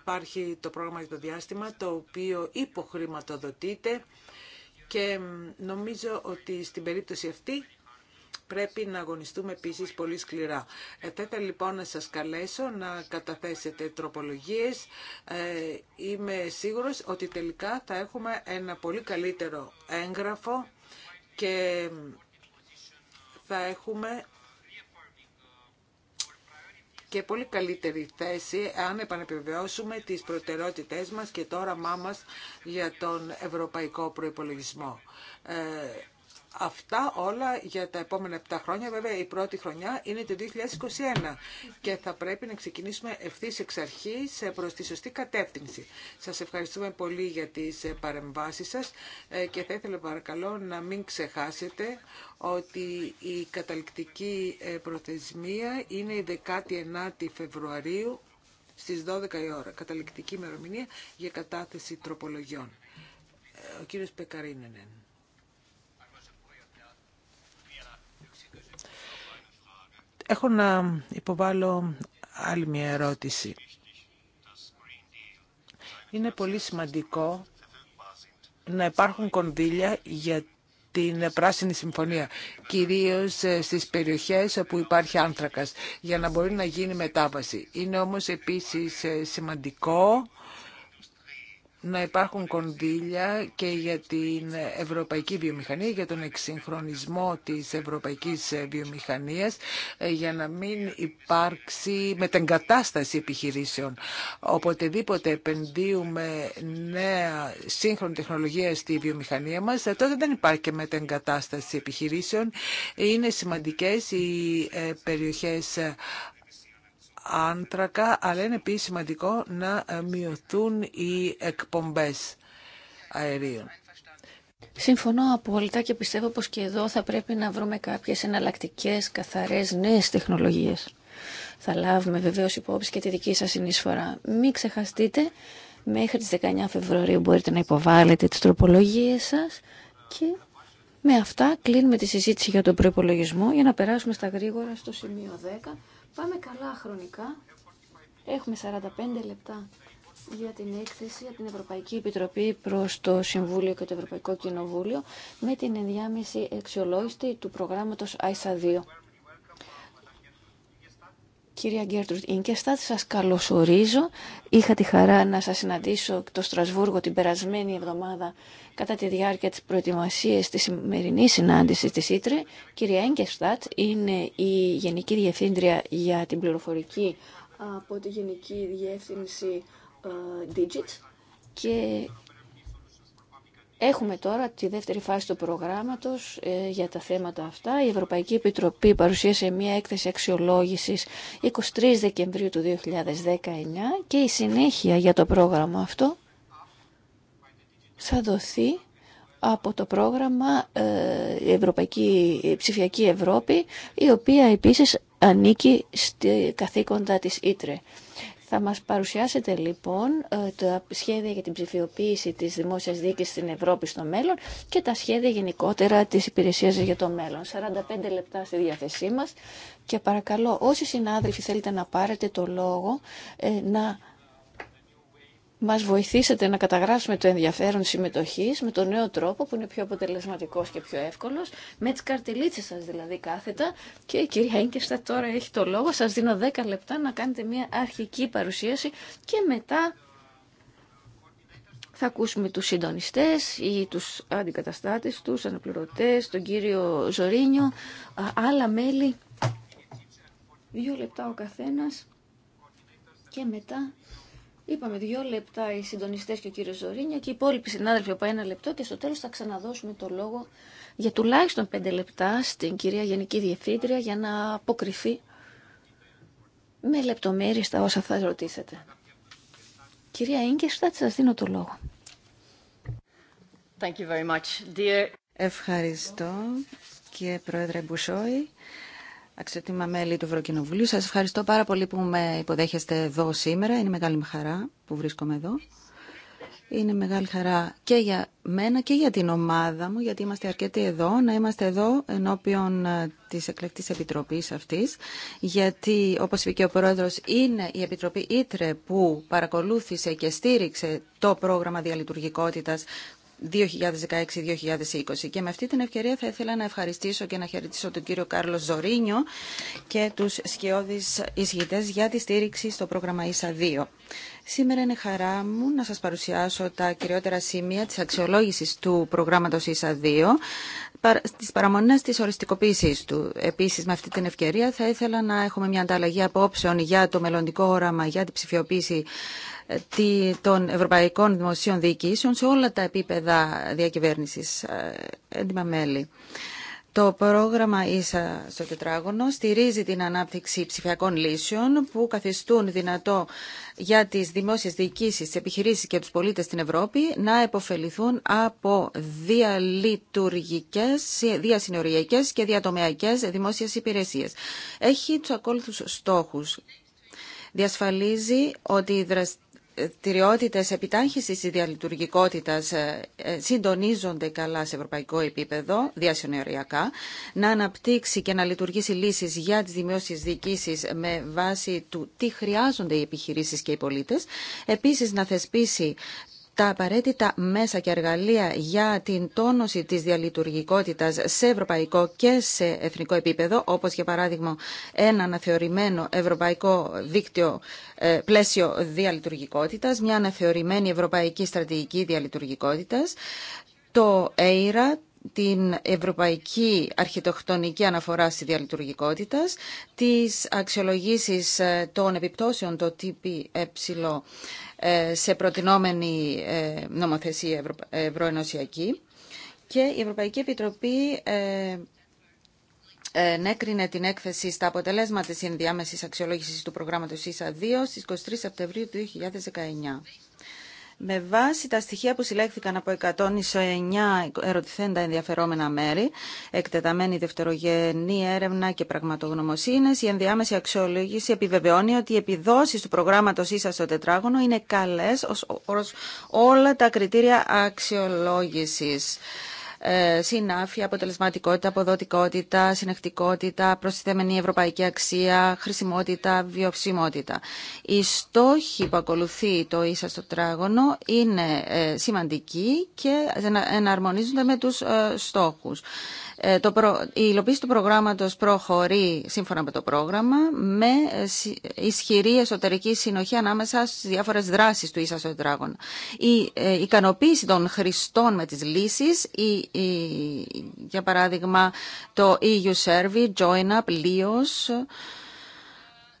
υπάρχει το πρόγραμμα για το διάστημα το οποίο υποχρηματοδοτείται και νομίζω ότι στην περίπτωση αυτή πρέπει να αγωνιστούμε επίση πολύ σκληρά. Ε, θα ήθελα λοιπόν να σα καλέσω να καταθέσετε τροπολογίες. Ε, είμαι σίγουρο ότι τελικά θα έχουμε ένα πολύ καλύτερο έγγραφο και θα έχουμε και πολύ καλύτερη θέση αν επανεπιβεβαιώσουμε τις προτεραιότητές μας και το όραμά μας για τον ευρωπαϊκό προϋπολογισμό. Ε, Αυτά όλα για τα επόμενα 7 χρόνια. Βέβαια, η πρώτη χρονιά είναι το 2021 και θα πρέπει να ξεκινήσουμε ευθύ εξ αρχή ε, προ τη σωστή κατεύθυνση. Σα ευχαριστούμε πολύ για τι ε, παρεμβάσει σα ε, και θα ήθελα παρακαλώ να μην ξεχάσετε ότι η καταληκτική προθεσμία είναι η 19η Φεβρουαρίου στις 12 η ώρα, καταληκτική ημερομηνία για κατάθεση τροπολογιών. Ο κύριος Πεκαρίνενεν. Έχω να υποβάλω άλλη μια ερώτηση. Είναι πολύ σημαντικό να υπάρχουν κονδύλια για την Πράσινη Συμφωνία, κυρίως ε, στις περιοχές όπου υπάρχει άνθρακας, για να μπορεί να γίνει μετάβαση. Είναι όμως επίσης ε, σημαντικό να υπάρχουν κονδύλια και για την ευρωπαϊκή βιομηχανία, για τον εξυγχρονισμό της ευρωπαϊκής βιομηχανίας, ε, για να μην υπάρξει μετεγκατάσταση επιχειρήσεων. Οποτεδήποτε επενδύουμε νέα σύγχρονη τεχνολογία στη βιομηχανία μας, ε, τότε δεν υπάρχει και μετεγκατάσταση επιχειρήσεων. Είναι σημαντικές οι ε, περιοχές άνθρακα, αλλά είναι επίσης σημαντικό να ε, μειωθούν οι εκπομπές αερίων. Συμφωνώ απόλυτα και πιστεύω πως και εδώ θα πρέπει να βρούμε κάποιες εναλλακτικές, καθαρές, νέες τεχνολογίες. Θα λάβουμε βεβαίως υπόψη και τη δική σας συνεισφορά. Μην ξεχαστείτε, μέχρι τις 19 Φεβρουαρίου μπορείτε να υποβάλλετε τις τροπολογίες σας και με αυτά κλείνουμε τη συζήτηση για τον προϋπολογισμό για να περάσουμε στα γρήγορα στο σημείο 10 Πάμε καλά χρονικά. Έχουμε 45 λεπτά για την έκθεση από την Ευρωπαϊκή Επιτροπή προς το Συμβούλιο και το Ευρωπαϊκό Κοινοβούλιο με την ενδιάμεση αξιολόγηση του προγράμματος ISA 2. Κυρία Γκέρτρουτ Ινκεστάτ, σας καλωσορίζω. Είχα τη χαρά να σας συναντήσω το Στρασβούργο την περασμένη εβδομάδα κατά τη διάρκεια της προετοιμασίας της σημερινής συνάντησης της Ήτρε. Κυρία Ινκεστάτ είναι η Γενική Διευθύντρια για την πληροφορική από τη Γενική Διεύθυνση ε, Digit και Έχουμε τώρα τη δεύτερη φάση του προγράμματος ε, για τα θέματα αυτά. Η Ευρωπαϊκή Επιτροπή παρουσίασε μια έκθεση αξιολόγησης 23 Δεκεμβρίου του 2019 και η συνέχεια για το πρόγραμμα αυτό θα δοθεί από το πρόγραμμα ε, Ευρωπαϊκή Ψηφιακή Ευρώπη, η οποία επίσης ανήκει στη καθήκοντα της Ήτρε. Θα μας παρουσιάσετε λοιπόν ε, τα σχέδια για την ψηφιοποίηση της δημόσιας δίκης στην Ευρώπη στο μέλλον και τα σχέδια γενικότερα της υπηρεσίας για το μέλλον. 45 λεπτά στη διάθεσή μας και παρακαλώ όσοι συνάδελφοι θέλετε να πάρετε το λόγο ε, να μας βοηθήσετε να καταγράψουμε το ενδιαφέρον συμμετοχής με τον νέο τρόπο που είναι πιο αποτελεσματικός και πιο εύκολος, με τις καρτελίτσες σας δηλαδή κάθετα. Και η κυρία Ίγκεστα τώρα έχει το λόγο, σας δίνω 10 λεπτά να κάνετε μια αρχική παρουσίαση και μετά θα ακούσουμε τους συντονιστές ή τους αντικαταστάτες, τους αναπληρωτές, τον κύριο Ζωρίνιο, άλλα μέλη. Δύο λεπτά ο καθένας και μετά Είπαμε δύο λεπτά οι συντονιστέ και ο κύριο Ζωρίνια και οι υπόλοιποι συνάδελφοι από ένα λεπτό και στο τέλο θα ξαναδώσουμε το λόγο για τουλάχιστον πέντε λεπτά στην κυρία Γενική Διευθύντρια για να αποκριθεί με λεπτομέρειε τα όσα θα ρωτήσετε. Κυρία θα σα δίνω το λόγο. Thank you very much, dear... Ευχαριστώ, κύριε Πρόεδρε Μπουσόη. Αξιότιμα μέλη του Ευρωκοινοβουλίου, σας ευχαριστώ πάρα πολύ που με υποδέχεστε εδώ σήμερα. Είναι μεγάλη χαρά που βρίσκομαι εδώ. Είναι μεγάλη χαρά και για μένα και για την ομάδα μου, γιατί είμαστε αρκετοί εδώ, να είμαστε εδώ ενώπιον ε, της Εκλεκτής Επιτροπής αυτής, γιατί όπως είπε και ο Πρόεδρος, είναι η Επιτροπή Ήτρε που παρακολούθησε και στήριξε το πρόγραμμα διαλειτουργικότητας 2016-2020. Και με αυτή την ευκαιρία θα ήθελα να ευχαριστήσω και να χαιρετήσω τον κύριο Κάρλο Ζωρίνιο και τους σκιώδεις εισηγητέ για τη στήριξη στο πρόγραμμα ΙΣΑ 2. Σήμερα είναι χαρά μου να σας παρουσιάσω τα κυριότερα σημεία της αξιολόγησης του προγράμματος ΙΣΑ 2, της παραμονές της οριστικοποίησης του. Επίσης, με αυτή την ευκαιρία θα ήθελα να έχουμε μια ανταλλαγή απόψεων για το μελλοντικό όραμα για την ψηφιοποίηση των Ευρωπαϊκών Δημοσίων Διοικήσεων σε όλα τα επίπεδα διακυβέρνησης ε, έντιμα Το πρόγραμμα ίσα στο τετράγωνο στηρίζει την ανάπτυξη ψηφιακών λύσεων που καθιστούν δυνατό για τις δημόσιες διοικήσεις, τις επιχειρήσεις και τους πολίτες στην Ευρώπη να επωφεληθούν από διαλειτουργικές, διασυνοριακές και διατομεακές δημόσιες υπηρεσίες. Έχει τους ακόλουθους στόχους. Διασφαλίζει ότι οι δραστηριότητε επιτάχυσης της διαλειτουργικότητας ε, ε, συντονίζονται καλά σε ευρωπαϊκό επίπεδο, διασυνοριακά, να αναπτύξει και να λειτουργήσει λύσεις για τις δημόσιες διοικήσει με βάση του τι χρειάζονται οι επιχειρήσεις και οι πολίτες, επίσης να θεσπίσει τα απαραίτητα μέσα και εργαλεία για την τόνωση της διαλειτουργικότητας σε ευρωπαϊκό και σε εθνικό επίπεδο, όπως για παράδειγμα ένα αναθεωρημένο ευρωπαϊκό δίκτυο πλαίσιο διαλειτουργικότητας, μια αναθεωρημένη ευρωπαϊκή στρατηγική διαλειτουργικότητας, το ΕΙΡΑ, την Ευρωπαϊκή Αρχιτεκτονική Αναφορά στη Διαλειτουργικότητα, τις αξιολογήσεις των επιπτώσεων το TPE... Ε, σε προτινόμενη ε, νομοθεσία ευρωενωσιακή και η Ευρωπαϊκή Επιτροπή ε, νέκρινε την έκθεση στα αποτελέσματα της ενδιάμεσης αξιολόγησης του προγράμματος ΙΣΑ 2 στις 23 Σεπτεμβρίου του 2019. Με βάση τα στοιχεία που συλλέχθηκαν από 109 ερωτηθέντα ενδιαφερόμενα μέρη, εκτεταμένη δευτερογενή έρευνα και πραγματογνωμοσύνες, η ενδιάμεση αξιολόγηση επιβεβαιώνει ότι οι επιδόσει του προγράμματος ίσα στο τετράγωνο είναι καλές ω όλα τα κριτήρια αξιολόγησης. Ε, συνάφεια, αποτελεσματικότητα, αποδοτικότητα, συνεχτικότητα, προσθέμενη ευρωπαϊκή αξία, χρησιμότητα, βιοψημότητα. Οι στόχοι που ακολουθεί το ίσα στο τράγωνο είναι ε, σημαντικοί και εναρμονίζονται με τους ε, στόχους. Ε, το Η υλοποίηση του προγράμματος προχωρεί σύμφωνα με το πρόγραμμα με ισχυρή εσωτερική συνοχή ανάμεσα στις διάφορες δράσεις του ίσας τετράγων. Η ε, ικανοποίηση των χρηστών με τις λύσεις, η... για παράδειγμα το EU Survey, Join Up, Leos,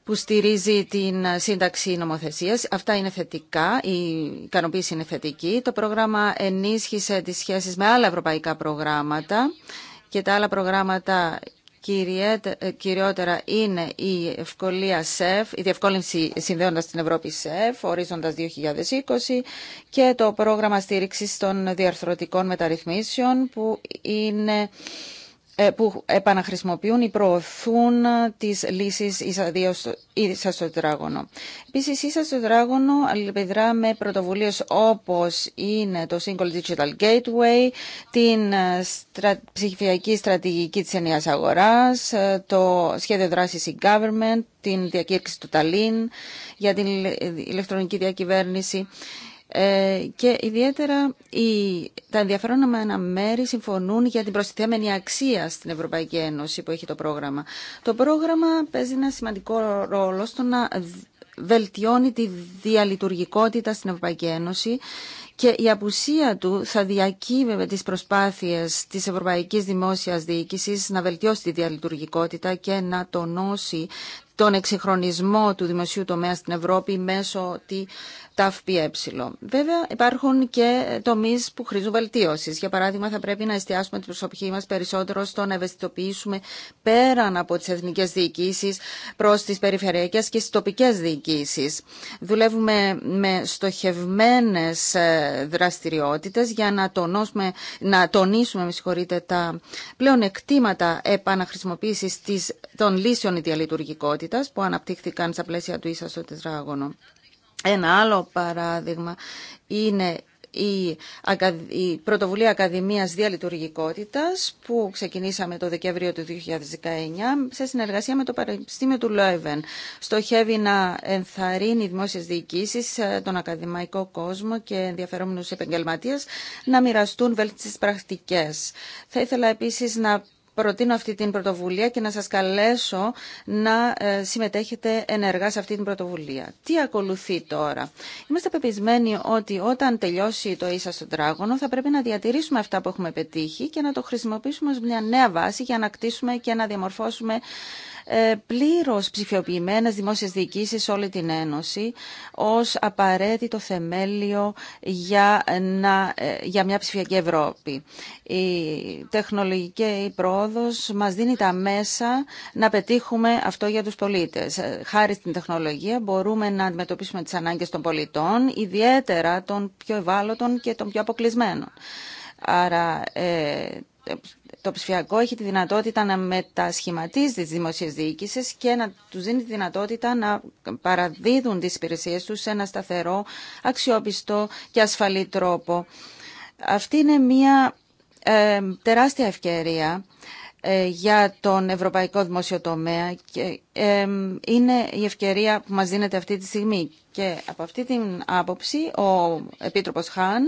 που στηρίζει την σύνταξη νομοθεσίας. Αυτά είναι θετικά, η ικανοποίηση είναι θετική. Το πρόγραμμα ενίσχυσε τις σχέσεις με άλλα ευρωπαϊκά προγράμματα και τα άλλα προγράμματα ε, κυριότερα είναι η ευκολία ΣΕΦ, η διευκόλυνση συνδέοντα την Ευρώπη ΣΕΦ, ορίζοντα 2020 και το πρόγραμμα στήριξης των διαρθρωτικών μεταρρυθμίσεων που είναι ε, που επαναχρησιμοποιούν ή προωθούν ε, τις λύσεις ίσα στο τετράγωνο. Επίσης, ίσα στο τετράγωνο αλληλεπιδρά με πρωτοβουλίες όπως είναι το Single Digital Gateway, την ε, ψηφιακή στρατηγική της ενιαίας αγοράς, το σχέδιο δράσης e-government, την διακήρυξη του Ταλίν για την ηλεκτρονική διακυβέρνηση ε, και ιδιαίτερα τα ενδιαφερόμενα μέρη συμφωνούν για την προστιθέμενη αξία στην Ευρωπαϊκή Ένωση που έχει το πρόγραμμα. Το πρόγραμμα παίζει ένα σημαντικό ρόλο στο να βελτιώνει τη διαλειτουργικότητα στην Ευρωπαϊκή Ένωση και η απουσία του θα διακύβευε τις προσπάθειες της Ευρωπαϊκής Δημόσιας Διοίκησης να βελτιώσει τη διαλειτουργικότητα και να τονώσει τον εξυγχρονισμό του δημοσίου τομέα στην Ευρώπη μέσω ΤΑΦΠΕ. Βέβαια, υπάρχουν και τομεί που χρήζουν βελτίωση. Για παράδειγμα, θα πρέπει να εστιάσουμε την προσωπική μα περισσότερο στο να ευαισθητοποιήσουμε πέραν από τι εθνικέ διοικήσει προ τι περιφερειακέ και τι τοπικέ διοικήσει. Δουλεύουμε με στοχευμένε δραστηριότητε για να, τονώσουμε, να τονίσουμε με τα πλέον εκτήματα επαναχρησιμοποίηση των λύσεων ιδιαλειτουργικότητα που αναπτύχθηκαν στα πλαίσια του ίσα στο τετράγωνο. Ένα άλλο παράδειγμα είναι η Πρωτοβουλία Ακαδημίας Διαλειτουργικότητας που ξεκινήσαμε το Δεκέμβριο του 2019 σε συνεργασία με το Πανεπιστήμιο του Λόιβεν. Στοχεύει να ενθαρρύνει δημόσιες διοικήσεις, τον ακαδημαϊκό κόσμο και ενδιαφερόμενους επαγγελματίες να μοιραστούν βέλτιστες πρακτικές. Θα ήθελα επίσης να προτείνω αυτή την πρωτοβουλία και να σας καλέσω να ε, συμμετέχετε ενεργά σε αυτή την πρωτοβουλία. Τι ακολουθεί τώρα. Είμαστε πεπισμένοι ότι όταν τελειώσει το ίσα στον τράγωνο θα πρέπει να διατηρήσουμε αυτά που έχουμε πετύχει και να το χρησιμοποιήσουμε ως μια νέα βάση για να κτίσουμε και να διαμορφώσουμε ε, πλήρως ψηφιοποιημένες δημόσιες διοικήσεις σε όλη την Ένωση ως απαραίτητο θεμέλιο για, να, ε, για μια ψηφιακή Ευρώπη. Η τεχνολογική πρόοδος μας δίνει τα μέσα να πετύχουμε αυτό για τους πολίτες. Ε, χάρη στην τεχνολογία μπορούμε να αντιμετωπίσουμε τις ανάγκες των πολιτών, ιδιαίτερα των πιο ευάλωτων και των πιο αποκλεισμένων. Άρα το ψηφιακό έχει τη δυνατότητα να μετασχηματίζει τις δημόσιες διοίκησεις και να τους δίνει τη δυνατότητα να παραδίδουν τις υπηρεσίες τους σε ένα σταθερό, αξιόπιστο και ασφαλή τρόπο. Αυτή είναι μια ε, τεράστια ευκαιρία ε, για τον ευρωπαϊκό δημοσιοτομέα και είναι η ευκαιρία που μας δίνεται αυτή τη στιγμή. Και από αυτή την άποψη ο Επίτροπος Χάν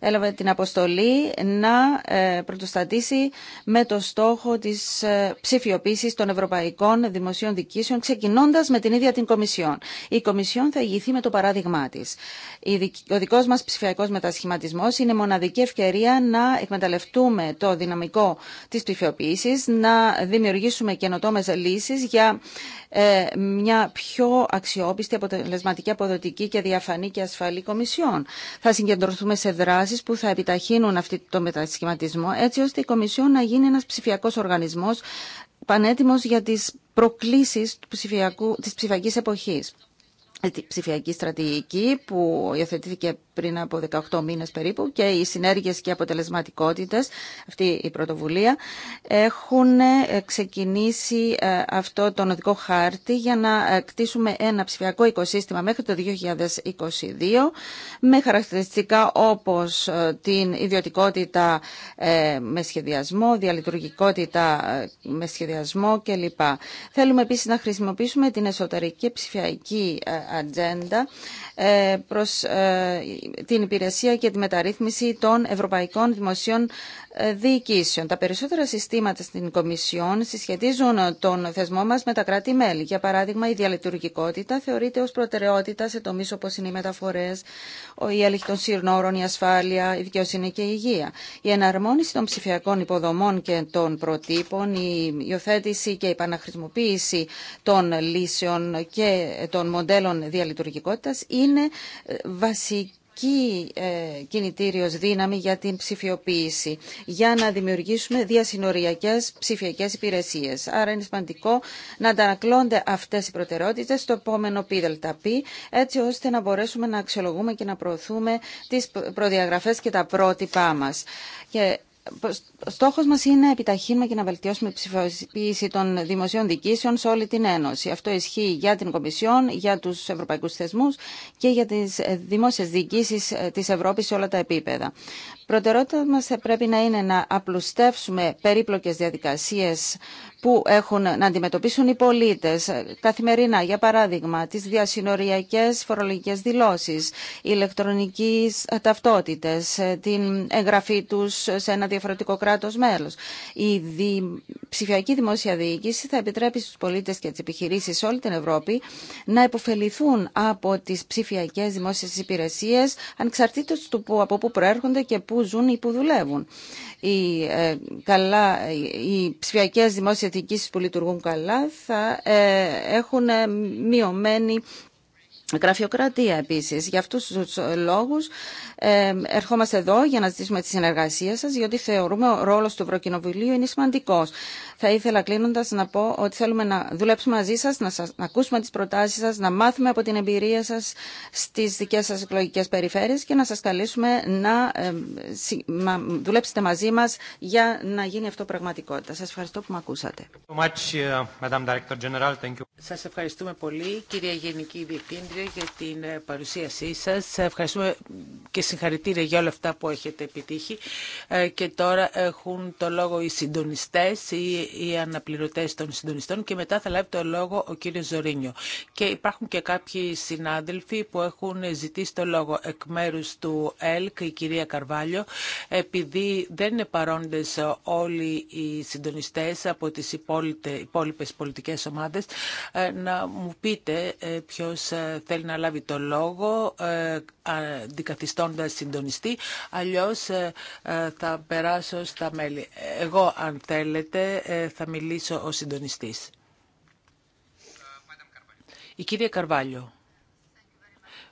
έλαβε την αποστολή να ε, πρωτοστατήσει με το στόχο της ε, ψηφιοποίησης των ευρωπαϊκών δημοσίων δικήσεων, ξεκινώντας με την ίδια την Κομισιόν. Η Κομισιόν θα ηγηθεί με το παράδειγμά της. Ο δικός μας ψηφιακός μετασχηματισμός είναι μοναδική ευκαιρία να εκμεταλλευτούμε το δυναμικό της ψηφιοποίησης, να δημιουργήσουμε καινοτόμες λύσεις για ε, μια πιο αξιόπιστη, αποτελεσματική, αποδοτική και διαφανή και ασφαλή Κομισιόν. Θα συγκεντρωθούμε σε δράσεις που θα επιταχύνουν αυτό το μετασχηματισμό έτσι ώστε η Κομισιόν να γίνει ένας ψηφιακός οργανισμός πανέτοιμο για τις προκλήσεις τη ψηφιακή της ψηφιακής εποχής. Ε, ψηφιακή στρατηγική που υιοθετήθηκε πριν από 18 μήνες περίπου και οι συνέργειες και αποτελεσματικότητες, αυτή η πρωτοβουλία, έχουν ε, ξεκινήσει ε, αυτό τον οδικό χάρτη για να κτίσουμε ένα ψηφιακό οικοσύστημα μέχρι το 2022 με χαρακτηριστικά όπως την ιδιωτικότητα με σχεδιασμό, διαλειτουργικότητα με σχεδιασμό κλπ. Θέλουμε επίσης να χρησιμοποιήσουμε την εσωτερική ψηφιακή ατζέντα ε, προς ε, την υπηρεσία και τη μεταρρύθμιση των ευρωπαϊκών δημοσίων διοικήσεων. Τα περισσότερα συστήματα στην Κομισιόν συσχετίζουν τον θεσμό μα με τα κράτη-μέλη. Για παράδειγμα, η διαλειτουργικότητα θεωρείται ω προτεραιότητα σε τομείς όπω είναι οι μεταφορέ, η έλεγχη των σύρνόρων, η ασφάλεια, η δικαιοσύνη και η υγεία. Η εναρμόνιση των ψηφιακών υποδομών και των προτύπων, η υιοθέτηση και η επαναχρησιμοποίηση των λύσεων και των μοντέλων διαλειτουργικότητας είναι ε, βασική ε, κινητήριος δύναμη για την ψηφιοποίηση, για να δημιουργήσουμε διασυνοριακές ψηφιακές υπηρεσίες. Άρα είναι σημαντικό να αντανακλώνται αυτές οι προτεραιότητες στο επόμενο πι, έτσι ώστε να μπορέσουμε να αξιολογούμε και να προωθούμε τις προδιαγραφές και τα πρότυπά μας. Και στόχος μας είναι να επιταχύνουμε και να βελτιώσουμε ψηφοποίηση των δημοσίων διοικήσεων σε όλη την Ένωση. Αυτό ισχύει για την Κομισιόν, για τους ευρωπαϊκούς θεσμούς και για τις δημόσιες διοικήσει ε, της Ευρώπης σε όλα τα επίπεδα. Προτεραιότητα μας θα πρέπει να είναι να απλουστεύσουμε περίπλοκες διαδικασίες που έχουν να αντιμετωπίσουν οι πολίτες καθημερινά, για παράδειγμα, τις διασυνοριακές φορολογικές δηλώσεις, ηλεκτρονικές ταυτότητες, την εγγραφή τους σε ένα διαφορετικό κράτος μέλος. Η ψηφιακή δημόσια διοίκηση θα επιτρέψει στους πολίτες και τις επιχειρήσεις σε όλη την Ευρώπη να υποφεληθούν από τις ψηφιακές δημόσιες υπηρεσίες ανεξαρτήτως του από πού προέρχονται και πού που ζουν ή που δουλεύουν. Οι, ε, καλά, οι ψηφιακές δημόσιες διοικήσεις που λειτουργούν καλά θα ε, έχουν ε, μειωμένη Γραφειοκρατία επίσης. Για αυτούς τους λόγους ε, ερχόμαστε εδώ για να ζητήσουμε τη συνεργασία σας, γιατί θεωρούμε ο ρόλος του Ευρωκοινοβουλίου είναι σημαντικός. Θα ήθελα κλείνοντα να πω ότι θέλουμε να δουλέψουμε μαζί σα, να, σας, να ακούσουμε τι προτάσει σα, να μάθουμε από την εμπειρία σα στι δικέ σα εκλογικέ περιφέρειες και να σα καλέσουμε να δουλέψετε μαζί μα για να γίνει αυτό πραγματικότητα. Σα ευχαριστώ που με ακούσατε. Σα ευχαριστούμε πολύ, κυρία Γενική Διευθύντρια, για την ε, παρουσίασή σα. Ευχαριστούμε και συγχαρητήρια για όλα αυτά που έχετε επιτύχει. Ε, και τώρα έχουν το λόγο οι συντονιστέ, οι οι αναπληρωτέ των συντονιστών και μετά θα λάβει το λόγο ο κύριο Ζωρίνιο. Και υπάρχουν και κάποιοι συνάδελφοι που έχουν ζητήσει το λόγο εκ μέρου του ΕΛΚ, η κυρία Καρβάλιο, επειδή δεν είναι παρόντε όλοι οι συντονιστέ από τι υπόλοιπε πολιτικέ ομάδε, ε, να μου πείτε ε, ποιο ε, θέλει να λάβει το λόγο αντικαθιστώντας συντονιστή, αλλιώς θα περάσω στα μέλη. Εγώ, αν θέλετε, ε, θα μιλήσω ο συντονιστής. Η κυρία Καρβάλιο.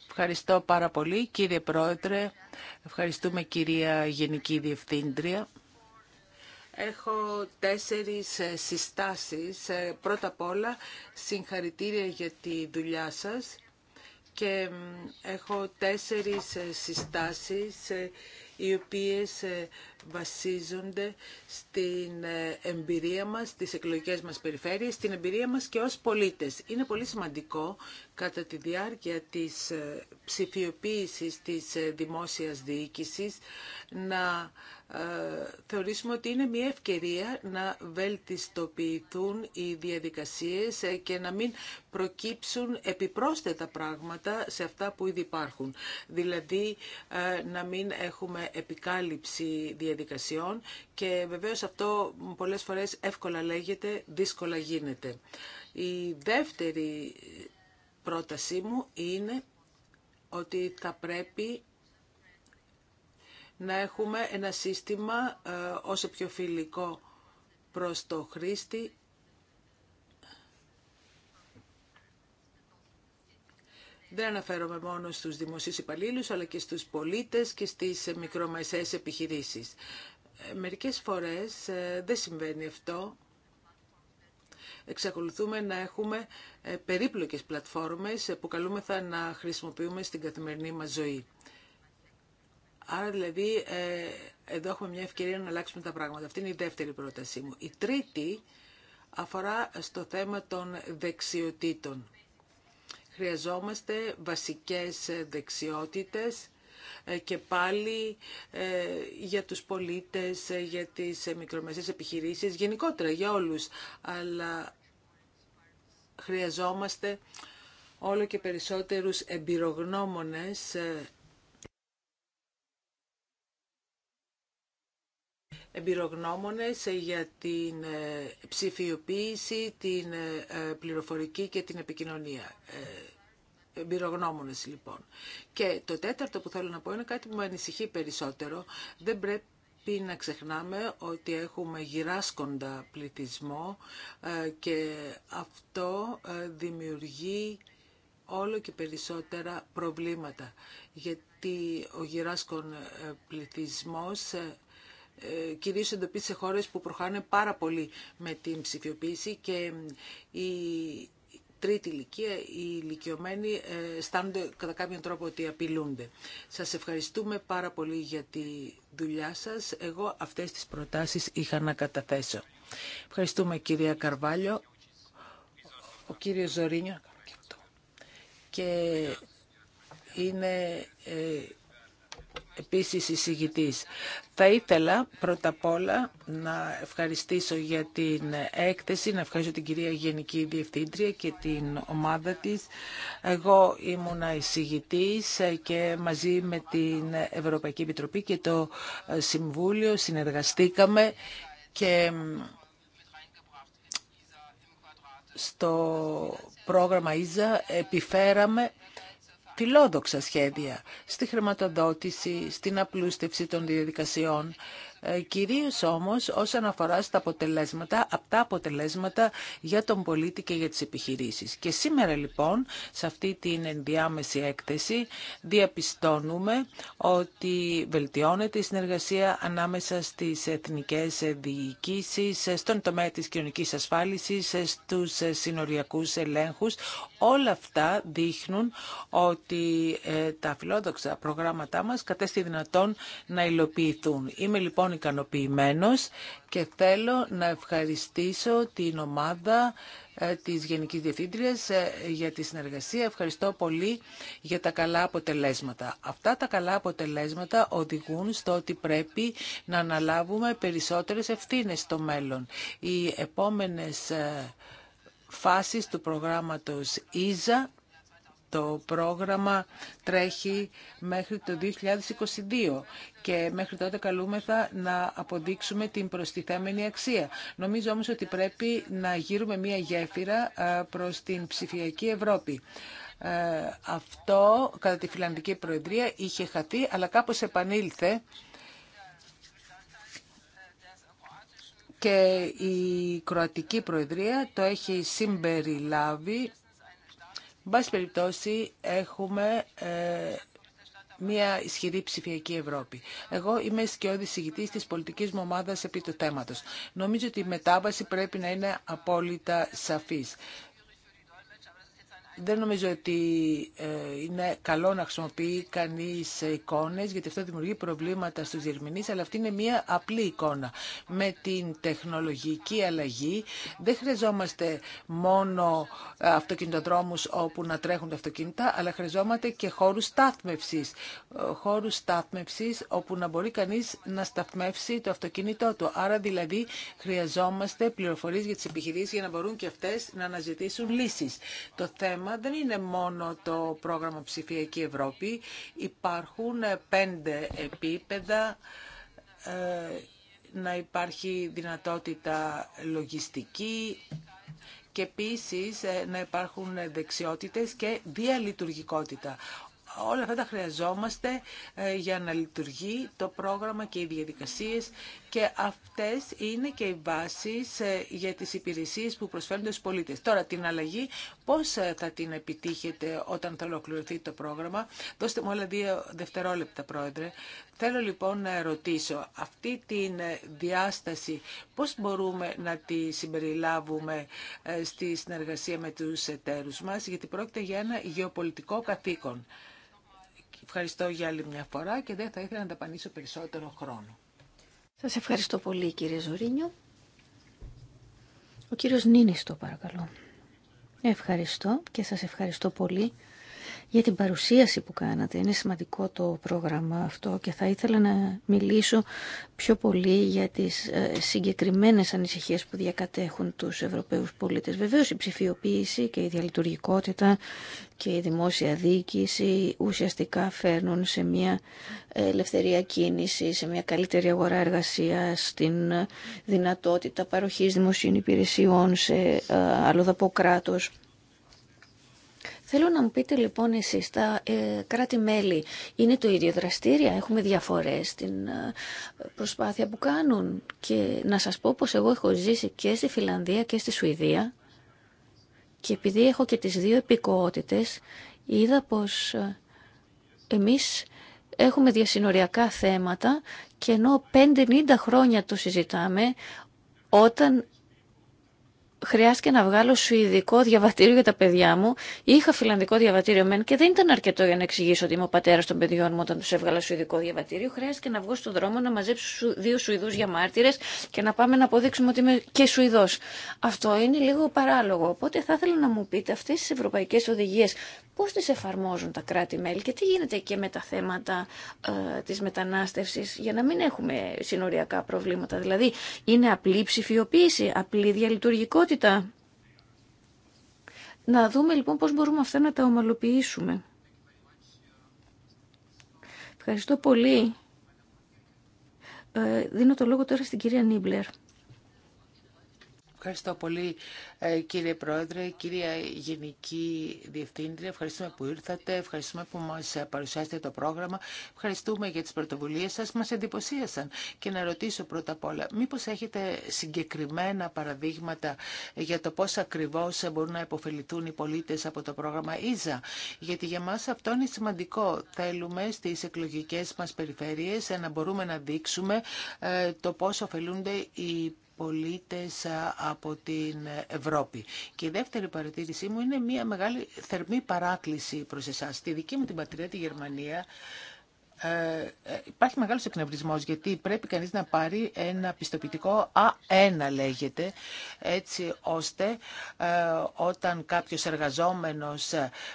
Ευχαριστώ πάρα πολύ κύριε Πρόεδρε. Ευχαριστούμε κυρία Γενική Διευθύντρια. Έχω τέσσερις ε, συστάσεις. Ε, πρώτα απ' όλα, συγχαρητήρια για τη δουλειά σας και έχω τέσσερις συστάσεις οι οποίες βασίζονται στην ε, εμπειρία μας, στις εκλογικές μας περιφέρειες, στην εμπειρία μας και ως πολίτες. Είναι πολύ σημαντικό Κατά τη διάρκεια της ε, ψηφιοποίησης της ε, δημόσιας διοίκησης να ε, θεωρήσουμε ότι είναι μια ευκαιρία να βελτιστοποιηθούν οι διαδικασίες και να μην προκύψουν επιπρόσθετα πράγματα σε αυτά που ήδη υπάρχουν. Δηλαδή να μην έχουμε επικάλυψη διαδικασιών και βεβαίως αυτό πολλές φορές εύκολα λέγεται, δύσκολα γίνεται. Η δεύτερη πρότασή μου είναι ότι θα πρέπει να έχουμε ένα σύστημα ε, όσο πιο φιλικό προς το χρήστη Δεν αναφέρομαι μόνο στους δημοσίους υπαλλήλους, αλλά και στους πολίτες και στις μικρομεσαίες επιχειρήσεις. Ε, μερικές φορές ε, δεν συμβαίνει αυτό εξακολουθούμε να έχουμε ε, περίπλοκες πλατφόρμες ε, που καλούμεθα να χρησιμοποιούμε στην καθημερινή μας ζωή. Άρα δηλαδή ε, εδώ έχουμε μια ευκαιρία να αλλάξουμε τα πράγματα. Αυτή είναι η δεύτερη πρότασή μου. Η τρίτη αφορά στο θέμα των δεξιοτήτων. Χρειαζόμαστε βασικές δεξιότητες ε, και πάλι ε, για τους πολίτες, ε, για τις μικρομεσαίες επιχειρήσεις, γενικότερα για όλους. Αλλά χρειαζόμαστε όλο και περισσότερους εμπειρογνώμονες εμπειρογνώμονες για την ψηφιοποίηση, την πληροφορική και την επικοινωνία εμπειρογνώμονες λοιπόν. Και το τέταρτο που θέλω να πω είναι κάτι που με ανησυχεί περισσότερο. Δεν πρέπει να ξεχνάμε ότι έχουμε γυράσκοντα πληθυσμό ε, και αυτό ε, δημιουργεί όλο και περισσότερα προβλήματα. Γιατί ο γυράσκον ε, πληθυσμός κυρίως εντοπίζει σε χώρες που προχάνε πάρα πολύ με την ψηφιοποίηση και η τρίτη ηλικία οι ηλικιωμένοι ε, αισθάνονται κατά κάποιον τρόπο ότι απειλούνται. Σας ευχαριστούμε πάρα πολύ για τη δουλειά σας. Εγώ αυτές τις προτάσεις είχα να καταθέσω. Ευχαριστούμε κυρία Καρβάλιο, ο κύριος Ζωρίνιο και είναι ε, επίσης εισηγητής. Θα ήθελα πρώτα απ' όλα να ευχαριστήσω για την έκθεση, να ευχαριστήσω την κυρία Γενική Διευθύντρια και την ομάδα της. Εγώ ήμουνα εισηγητής και μαζί με την Ευρωπαϊκή Επιτροπή και το Συμβούλιο συνεργαστήκαμε και στο πρόγραμμα ΙΖΑ επιφέραμε φιλόδοξα σχέδια στη χρηματοδότηση, στην απλούστευση των διαδικασιών. Ε, κυρίως όμως όσον αφορά στα αποτελέσματα, αυτά αποτελέσματα για τον πολίτη και για τις επιχειρήσεις. Και σήμερα λοιπόν, σε αυτή την ενδιάμεση έκθεση, διαπιστώνουμε ότι βελτιώνεται η συνεργασία ανάμεσα στις εθνικές διοικήσεις, στον τομέα της κοινωνικής ασφάλισης, στους συνοριακούς ελέγχους. Όλα αυτά δείχνουν ότι ε, τα φιλόδοξα προγράμματά μας κατέστη δυνατόν να υλοποιηθούν. Είμαι λοιπόν ικανοποιημένος και θέλω να ευχαριστήσω την ομάδα ε, της Γενικής Διευθύντριας ε, για τη συνεργασία. Ευχαριστώ πολύ για τα καλά αποτελέσματα. Αυτά τα καλά αποτελέσματα οδηγούν στο ότι πρέπει να αναλάβουμε περισσότερες ευθύνες στο μέλλον. Οι επόμενες ε, φάσεις του προγράμματος ΙΖΑ το πρόγραμμα τρέχει μέχρι το 2022 και μέχρι τότε καλούμεθα να αποδείξουμε την προστιθέμενη αξία. Νομίζω όμως ότι πρέπει να γύρουμε μία γέφυρα ε, προς την ψηφιακή Ευρώπη. Ε, αυτό κατά τη Φιλανδική Προεδρία είχε χαθεί, αλλά κάπως επανήλθε και η Κροατική Προεδρία το έχει συμπεριλάβει πάση περιπτώσει έχουμε ε, μια ισχυρή ψηφιακή Ευρώπη. Εγώ είμαι σκιώδη ηγητή τη πολιτική μου ομάδα επί του θέματο. Νομίζω ότι η μετάβαση πρέπει να είναι απόλυτα σαφή δεν νομίζω ότι ε, είναι καλό να χρησιμοποιεί κανείς εικόνες, γιατί αυτό δημιουργεί προβλήματα στους διερμηνείς, αλλά αυτή είναι μία απλή εικόνα. Με την τεχνολογική αλλαγή δεν χρειαζόμαστε μόνο ε, αυτοκινητοδρόμους όπου να τρέχουν τα αυτοκίνητα, αλλά χρειαζόμαστε και χώρους στάθμευσης. Ε, χώρους στάθμευσης όπου να μπορεί κανείς να σταθμεύσει το αυτοκίνητό του. Άρα δηλαδή χρειαζόμαστε πληροφορίες για τις επιχειρήσεις για να μπορούν και αυτές να αναζητήσουν λύσεις. Το θέμα δεν είναι μόνο το πρόγραμμα Ψηφιακή Ευρώπη. Υπάρχουν πέντε επίπεδα ε, να υπάρχει δυνατότητα λογιστική και επίσης ε, να υπάρχουν δεξιότητες και διαλειτουργικότητα. Όλα αυτά τα χρειαζόμαστε ε, για να λειτουργεί το πρόγραμμα και οι διαδικασίες και αυτές είναι και οι βάσεις ε, για τις υπηρεσίες που προσφέρουν στους πολίτες. Τώρα την αλλαγή πώς ε, θα την επιτύχετε όταν θα ολοκληρωθεί το πρόγραμμα. Δώστε μου όλα δύο δευτερόλεπτα πρόεδρε. Θέλω λοιπόν να ρωτήσω αυτή την διάσταση πώς μπορούμε να τη συμπεριλάβουμε στη συνεργασία με τους εταίρους μας γιατί πρόκειται για ένα γεωπολιτικό καθήκον. Ευχαριστώ για άλλη μια φορά και δεν θα ήθελα να ταπανίσω περισσότερο χρόνο. Σας ευχαριστώ πολύ κύριε Ζωρίνιο. Ο κύριος Νίνης το παρακαλώ. Ευχαριστώ και σας ευχαριστώ πολύ για την παρουσίαση που κάνατε. Είναι σημαντικό το πρόγραμμα αυτό και θα ήθελα να μιλήσω πιο πολύ για τις ε, συγκεκριμένες ανησυχίες που διακατέχουν τους Ευρωπαίους πολίτες. Βεβαίως η ψηφιοποίηση και η διαλειτουργικότητα και η δημόσια διοίκηση ουσιαστικά φέρνουν σε μια ελευθερία κίνηση, σε μια καλύτερη αγορά εργασία στην δυνατότητα παροχής δημοσίων υπηρεσιών σε ε, αλλοδαπό κράτος Θέλω να μου πείτε λοιπόν εσείς, τα ε, κράτη-μέλη είναι το ίδιο δραστήρια, έχουμε διαφορές στην ε, προσπάθεια που κάνουν και να σας πω πως εγώ έχω ζήσει και στη Φιλανδία και στη Σουηδία και επειδή έχω και τις δύο επικοότητες είδα πως ε, εμείς έχουμε διασυνοριακά θέματα και ενώ 50 χρόνια το συζητάμε όταν χρειάστηκε να βγάλω σουηδικό διαβατήριο για τα παιδιά μου. Είχα φιλανδικό διαβατήριο μεν και δεν ήταν αρκετό για να εξηγήσω ότι είμαι ο πατέρα των παιδιών μου όταν του έβγαλα σουηδικό διαβατήριο. Χρειάστηκε να βγω στον δρόμο να μαζέψω δύο Σουηδού για μάρτυρε και να πάμε να αποδείξουμε ότι είμαι και Σουηδό. Αυτό είναι λίγο παράλογο. Οπότε θα ήθελα να μου πείτε αυτέ τι ευρωπαϊκέ οδηγίε πώ τι εφαρμόζουν τα κράτη-μέλη και τι γίνεται και με τα θέματα ε, τη μετανάστευση για να μην έχουμε συνοριακά προβλήματα. Δηλαδή, είναι απλή ψηφιοποίηση, απλή διαλειτουργικότητα να δούμε λοιπόν πώς μπορούμε αυτά να τα ομαλοποιήσουμε. Ευχαριστώ πολύ. Ε, δίνω το λόγο τώρα στην κυρία Νίμπλερ. Ευχαριστώ πολύ ε, κύριε Πρόεδρε, κυρία Γενική Διευθύντρια. Ευχαριστούμε που ήρθατε, ευχαριστούμε που μας ε, παρουσιάσετε το πρόγραμμα. Ευχαριστούμε για τις πρωτοβουλίες σας μα μας εντυπωσίασαν. Και να ρωτήσω πρώτα απ' όλα, μήπως έχετε συγκεκριμένα παραδείγματα για το πώς ακριβώς μπορούν να υποφεληθούν οι πολίτες από το πρόγραμμα ΙΖΑ. Γιατί για μας αυτό είναι σημαντικό. Θέλουμε στις εκλογικές μας περιφέρειες ε, να μπορούμε να δείξουμε το πώς ωφελούνται οι πολίτες ε, από την Ευρώπη. Και η δεύτερη παρατήρησή μου είναι μια μεγάλη θερμή παράκληση προς εσάς. Στη δική μου την πατρίδα, τη Γερμανία, ε, ε, υπάρχει μεγάλος εκνευρισμός γιατί πρέπει κανείς να πάρει ένα πιστοποιητικό Α1 λέγεται έτσι ώστε ε, όταν κάποιος εργαζόμενος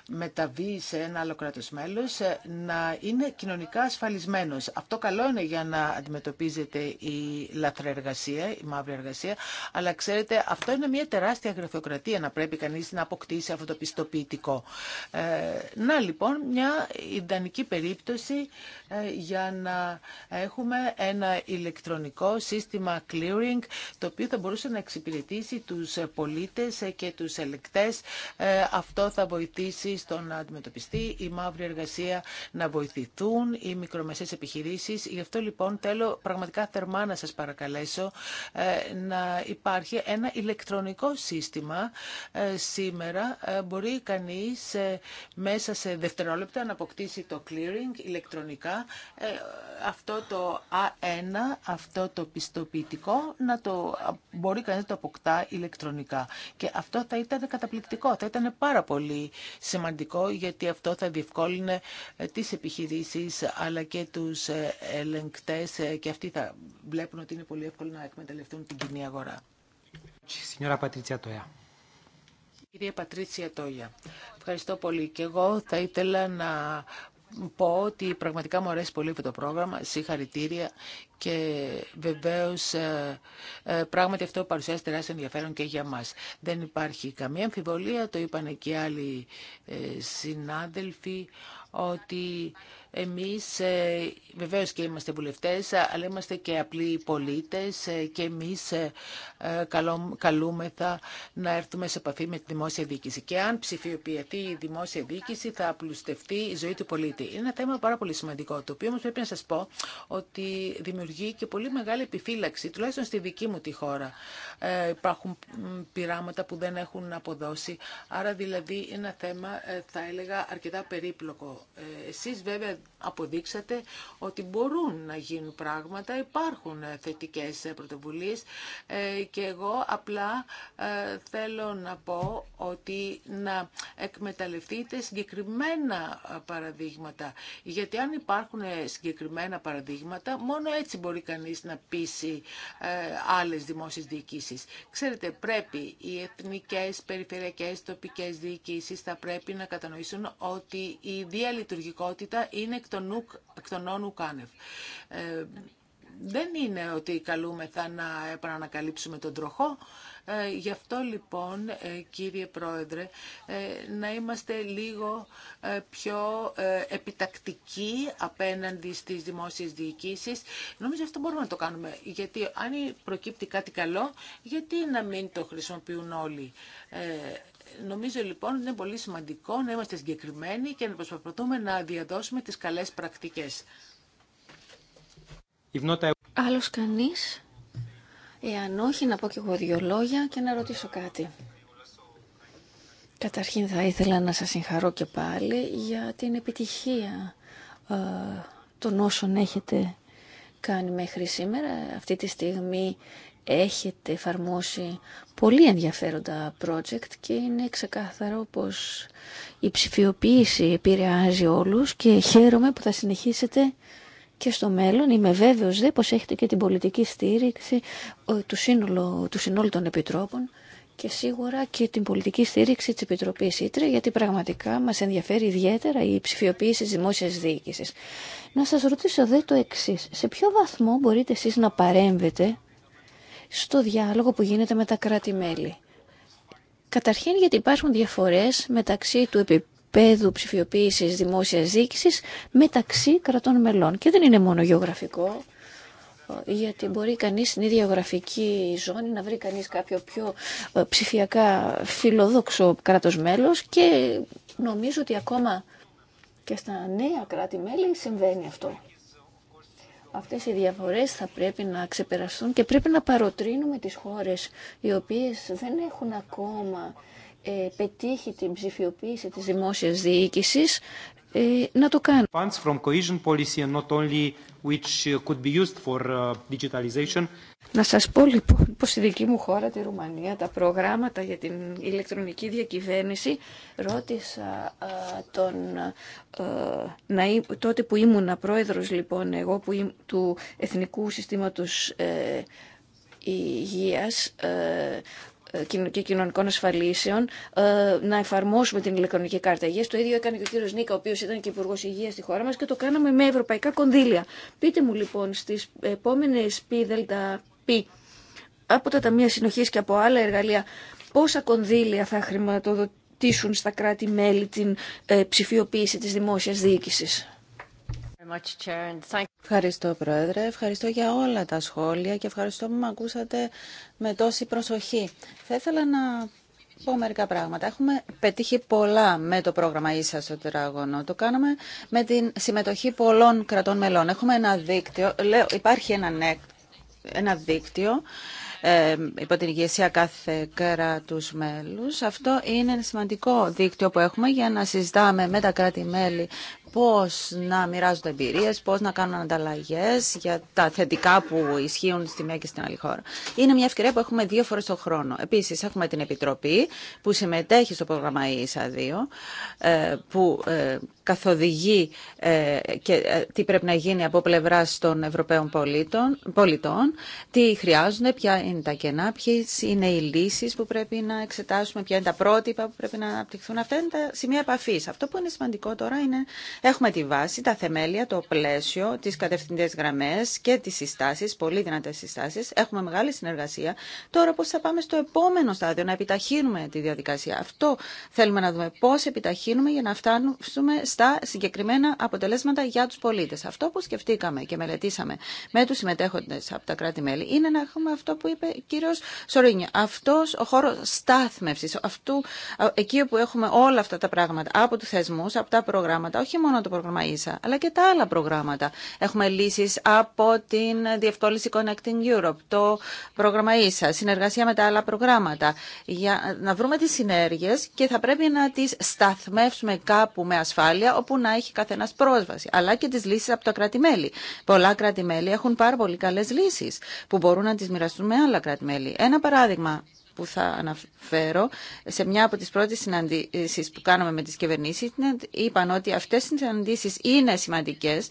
μεταβεί σε ένα άλλο κράτος μέλος να είναι κοινωνικά ασφαλισμένος. Αυτό καλό είναι για να αντιμετωπίζεται η λαθρεργασία, η μαύρη εργασία αλλά ξέρετε αυτό είναι μια τεράστια γραφειοκρατία να πρέπει κανείς να αποκτήσει αυτό το πιστοποιητικό. να λοιπόν μια ιδανική περίπτωση ε, για να έχουμε ένα ηλεκτρονικό σύστημα clearing το οποίο θα μπορούσε να εξυπηρετήσει τους πολίτες και τους ελεκτές. Ε, αυτό θα βοηθήσει στο να αντιμετωπιστεί η μαύρη εργασία, να βοηθηθούν οι μικρομεσαίες επιχειρήσεις. Γι' αυτό λοιπόν θέλω πραγματικά θερμά να σας παρακαλέσω ε, να υπάρχει ένα ηλεκτρονικό σύστημα σήμερα. Μπορεί κανείς μέσα σε δευτερόλεπτα να αποκτήσει το clearing ηλεκτρονικό ε, αυτό το α 1 αυτό το πιστοποιητικό, να το μπορεί κανείς να το αποκτά ηλεκτρονικά. Και αυτό θα ήταν καταπληκτικό, θα ήταν πάρα πολύ σημαντικό, γιατί αυτό θα διευκόλυνε ε, τις επιχειρήσεις, αλλά και τους ε, ελεγκτές και αυτοί θα βλέπουν ότι είναι πολύ εύκολο να εκμεταλλευτούν την κοινή αγορά. Κυρία Πατρίτσια Τόγια, ευχαριστώ πολύ. Και εγώ θα ήθελα να πω ότι πραγματικά μου αρέσει πολύ αυτό το πρόγραμμα. Συγχαρητήρια και βεβαίω ε, ε, πράγματι αυτό παρουσιάζει τεράστιο ενδιαφέρον και για μα. Δεν υπάρχει καμία αμφιβολία, το είπαν και άλλοι ε, συνάδελφοι, ότι εμείς ε, βεβαίως και είμαστε βουλευτές, αλλά είμαστε και απλοί πολίτες ε, και εμείς ε, καλούμεθα να έρθουμε σε επαφή με τη δημόσια διοίκηση. Και αν ψηφιοποιηθεί η δημόσια διοίκηση θα απλουστευτεί η ζωή του πολίτη. Είναι ένα θέμα πάρα πολύ σημαντικό, το οποίο όμως πρέπει να σας πω ότι δημιουργεί και πολύ μεγάλη επιφύλαξη, τουλάχιστον στη δική μου τη χώρα. υπάρχουν πειράματα που δεν έχουν αποδώσει, άρα δηλαδή είναι ένα θέμα, θα έλεγα, αρκετά περίπλοκο. εσείς βέβαια αποδείξατε ότι μπορούν να γίνουν πράγματα, υπάρχουν θετικές πρωτοβουλίες ε, και εγώ απλά ε, θέλω να πω ότι να εκμεταλλευτείτε συγκεκριμένα ε, παραδείγματα. Γιατί αν υπάρχουν συγκεκριμένα παραδείγματα, μόνο έτσι μπορεί κανείς να πείσει άλλες δημόσιες διοικήσεις. Ξέρετε, πρέπει οι εθνικές, περιφερειακές, τοπικές διοικήσεις θα πρέπει να κατανοήσουν ότι η διαλειτουργικότητα είναι είναι εκ των, ουκ, κάνευ. Ε, δεν είναι ότι καλούμεθα να επανακαλύψουμε τον τροχό. Ε, γι' αυτό λοιπόν, ε, κύριε Πρόεδρε, ε, να είμαστε λίγο πιο επιτακτικοί απέναντι στις δημόσιες διοικήσεις. Νομίζω αυτό μπορούμε να το κάνουμε, γιατί αν προκύπτει κάτι καλό, γιατί να μην το χρησιμοποιούν όλοι. Νομίζω λοιπόν ότι είναι πολύ σημαντικό να είμαστε συγκεκριμένοι και να προσπαθούμε να διαδώσουμε τις καλές πρακτικές. Άλλος κανείς, εάν όχι να πω και εγώ δύο λόγια και να ρωτήσω κάτι. Καταρχήν θα ήθελα να σας συγχαρώ και πάλι για την επιτυχία ε, των όσων έχετε κάνει μέχρι σήμερα. Αυτή τη στιγμή έχετε εφαρμόσει πολύ ενδιαφέροντα project και είναι ξεκάθαρο πως η ψηφιοποίηση επηρεάζει όλους και χαίρομαι που θα συνεχίσετε και στο μέλλον. Είμαι βέβαιος δε πως έχετε και την πολιτική στήριξη ε, του, συνόλου των επιτρόπων και σίγουρα και την πολιτική στήριξη της Επιτροπής Ήτρε, γιατί πραγματικά μας ενδιαφέρει ιδιαίτερα η ψηφιοποίηση της δημόσιας διοίκησης. Να σας ρωτήσω δε το εξής. Σε ποιο βαθμό μπορείτε εσείς να παρέμβετε στο διάλογο που γίνεται με τα κράτη-μέλη. Καταρχήν γιατί υπάρχουν διαφορές μεταξύ του επίπεδου ψηφιοποίησης δημόσιας δημόσιας μεταξύ κρατών μελών. Και δεν είναι μόνο γεωγραφικό, γιατί μπορεί κανείς στην ίδια γεωγραφική ζώνη να βρει κανείς κάποιο πιο ε, ψηφιακά φιλοδόξο κράτος μέλος και νομίζω ότι ακόμα και στα νέα κράτη-μέλη συμβαίνει αυτό. Αυτές οι διαφορές θα πρέπει να ξεπεραστούν και πρέπει να παροτρύνουμε τις χώρες οι οποίες δεν έχουν ακόμα ε, πετύχει την ψηφιοποίηση της δημόσιας διοίκησης ε, να το κάνουν. Funds from cohesion policy and not only which uh, could be used for uh, digitalization. Να σας πω λοιπόν πως στη δική μου χώρα, τη Ρουμανία, τα προγράμματα για την ηλεκτρονική διακυβέρνηση ρώτησα α, τον, α, να, τότε που ήμουν πρόεδρος λοιπόν εγώ που του Εθνικού Συστήματος ε, Υγείας ε, ε, και κοινωνικών ασφαλίσεων ε, να εφαρμόσουμε την ηλεκτρονική κάρτα υγεία. Το ίδιο έκανε και ο κύριο Νίκα, ο οποίο ήταν και υπουργό υγεία στη χώρα μα και το κάναμε με ευρωπαϊκά κονδύλια. Πείτε μου λοιπόν στι επόμενε πι δελτα από τα ταμεία συνοχή και από άλλα εργαλεία πόσα κονδύλια θα χρηματοδοτήσουν στα κράτη-μέλη την ε, ψηφιοποίηση της δημόσιας διοίκησης. Ευχαριστώ, Πρόεδρε. Ευχαριστώ για όλα τα σχόλια και ευχαριστώ που με ακούσατε με τόση προσοχή. Θα ήθελα να πω μερικά πράγματα. Έχουμε πετύχει πολλά με το πρόγραμμα Ίσα στο τεράγωνο. Το κάναμε με την συμμετοχή πολλών κρατών μελών. Έχουμε ένα δίκτυο, λέω, υπάρχει ένα, ένα δίκτυο ε, υπό την ηγεσία κάθε κράτους μέλους. Αυτό είναι ένα σημαντικό δίκτυο που έχουμε για να συζητάμε με τα κράτη-μέλη πώς να μοιράζονται εμπειρίε, πώς να κάνουν ανταλλαγέ για τα θετικά που ισχύουν στη μία και στην άλλη χώρα. Είναι μια ευκαιρία που έχουμε δύο φορές το χρόνο. Επίσης έχουμε την Επιτροπή που συμμετέχει στο πρόγραμμα ΙΣΑ 2 ε, που ε, καθοδηγεί ε, και τι πρέπει να γίνει από πλευρά των Ευρωπαίων πολίτων, πολιτών, τι χρειάζονται, ποια είναι τα κενά, ποιε είναι οι λύσεις που πρέπει να εξετάσουμε, ποια είναι τα πρότυπα που πρέπει να αναπτυχθούν. Αυτά είναι τα σημεία επαφή. Αυτό που είναι σημαντικό τώρα είναι Έχουμε τη βάση, τα θεμέλια, το πλαίσιο, τι κατευθυντέ γραμμέ και τι συστάσει, πολύ δυνατέ συστάσει. Έχουμε μεγάλη συνεργασία. Τώρα πώ θα πάμε στο επόμενο στάδιο, να επιταχύνουμε τη διαδικασία. Αυτό θέλουμε να δούμε πώ επιταχύνουμε για να φτάνουμε στα συγκεκριμένα αποτελέσματα για του πολίτε. Αυτό που σκεφτήκαμε και μελετήσαμε με του συμμετέχοντε από τα κράτη-μέλη είναι να έχουμε αυτό που είπε ο κύριο Σορίνι. Αυτός ο χώρο στάθμευση, ε, εκεί όπου έχουμε όλα αυτά τα πράγματα από του θεσμού, από τα προγράμματα, όχι μόνο το πρόγραμμα ΙΣΑ, αλλά και τα άλλα προγράμματα. Έχουμε λύσεις από την διευκόλυνση Connecting Europe, το πρόγραμμα ΙΣΑ, συνεργασία με τα άλλα προγράμματα, για να βρούμε τις συνέργειε και θα πρέπει να τις σταθμεύσουμε κάπου με ασφάλεια, όπου να έχει καθένας πρόσβαση, αλλά και τις λύσεις από τα κράτη-μέλη. Πολλά κράτη-μέλη έχουν πάρα πολύ καλέ λύσει που μπορούν να τι μοιραστούν με άλλα κράτη-μέλη. Ένα παράδειγμα που θα αναφέρω, σε μια από τις πρώτες συναντήσεις που κάναμε με τις κυβερνήσεις, είπαν ότι αυτές οι συναντήσεις είναι σημαντικές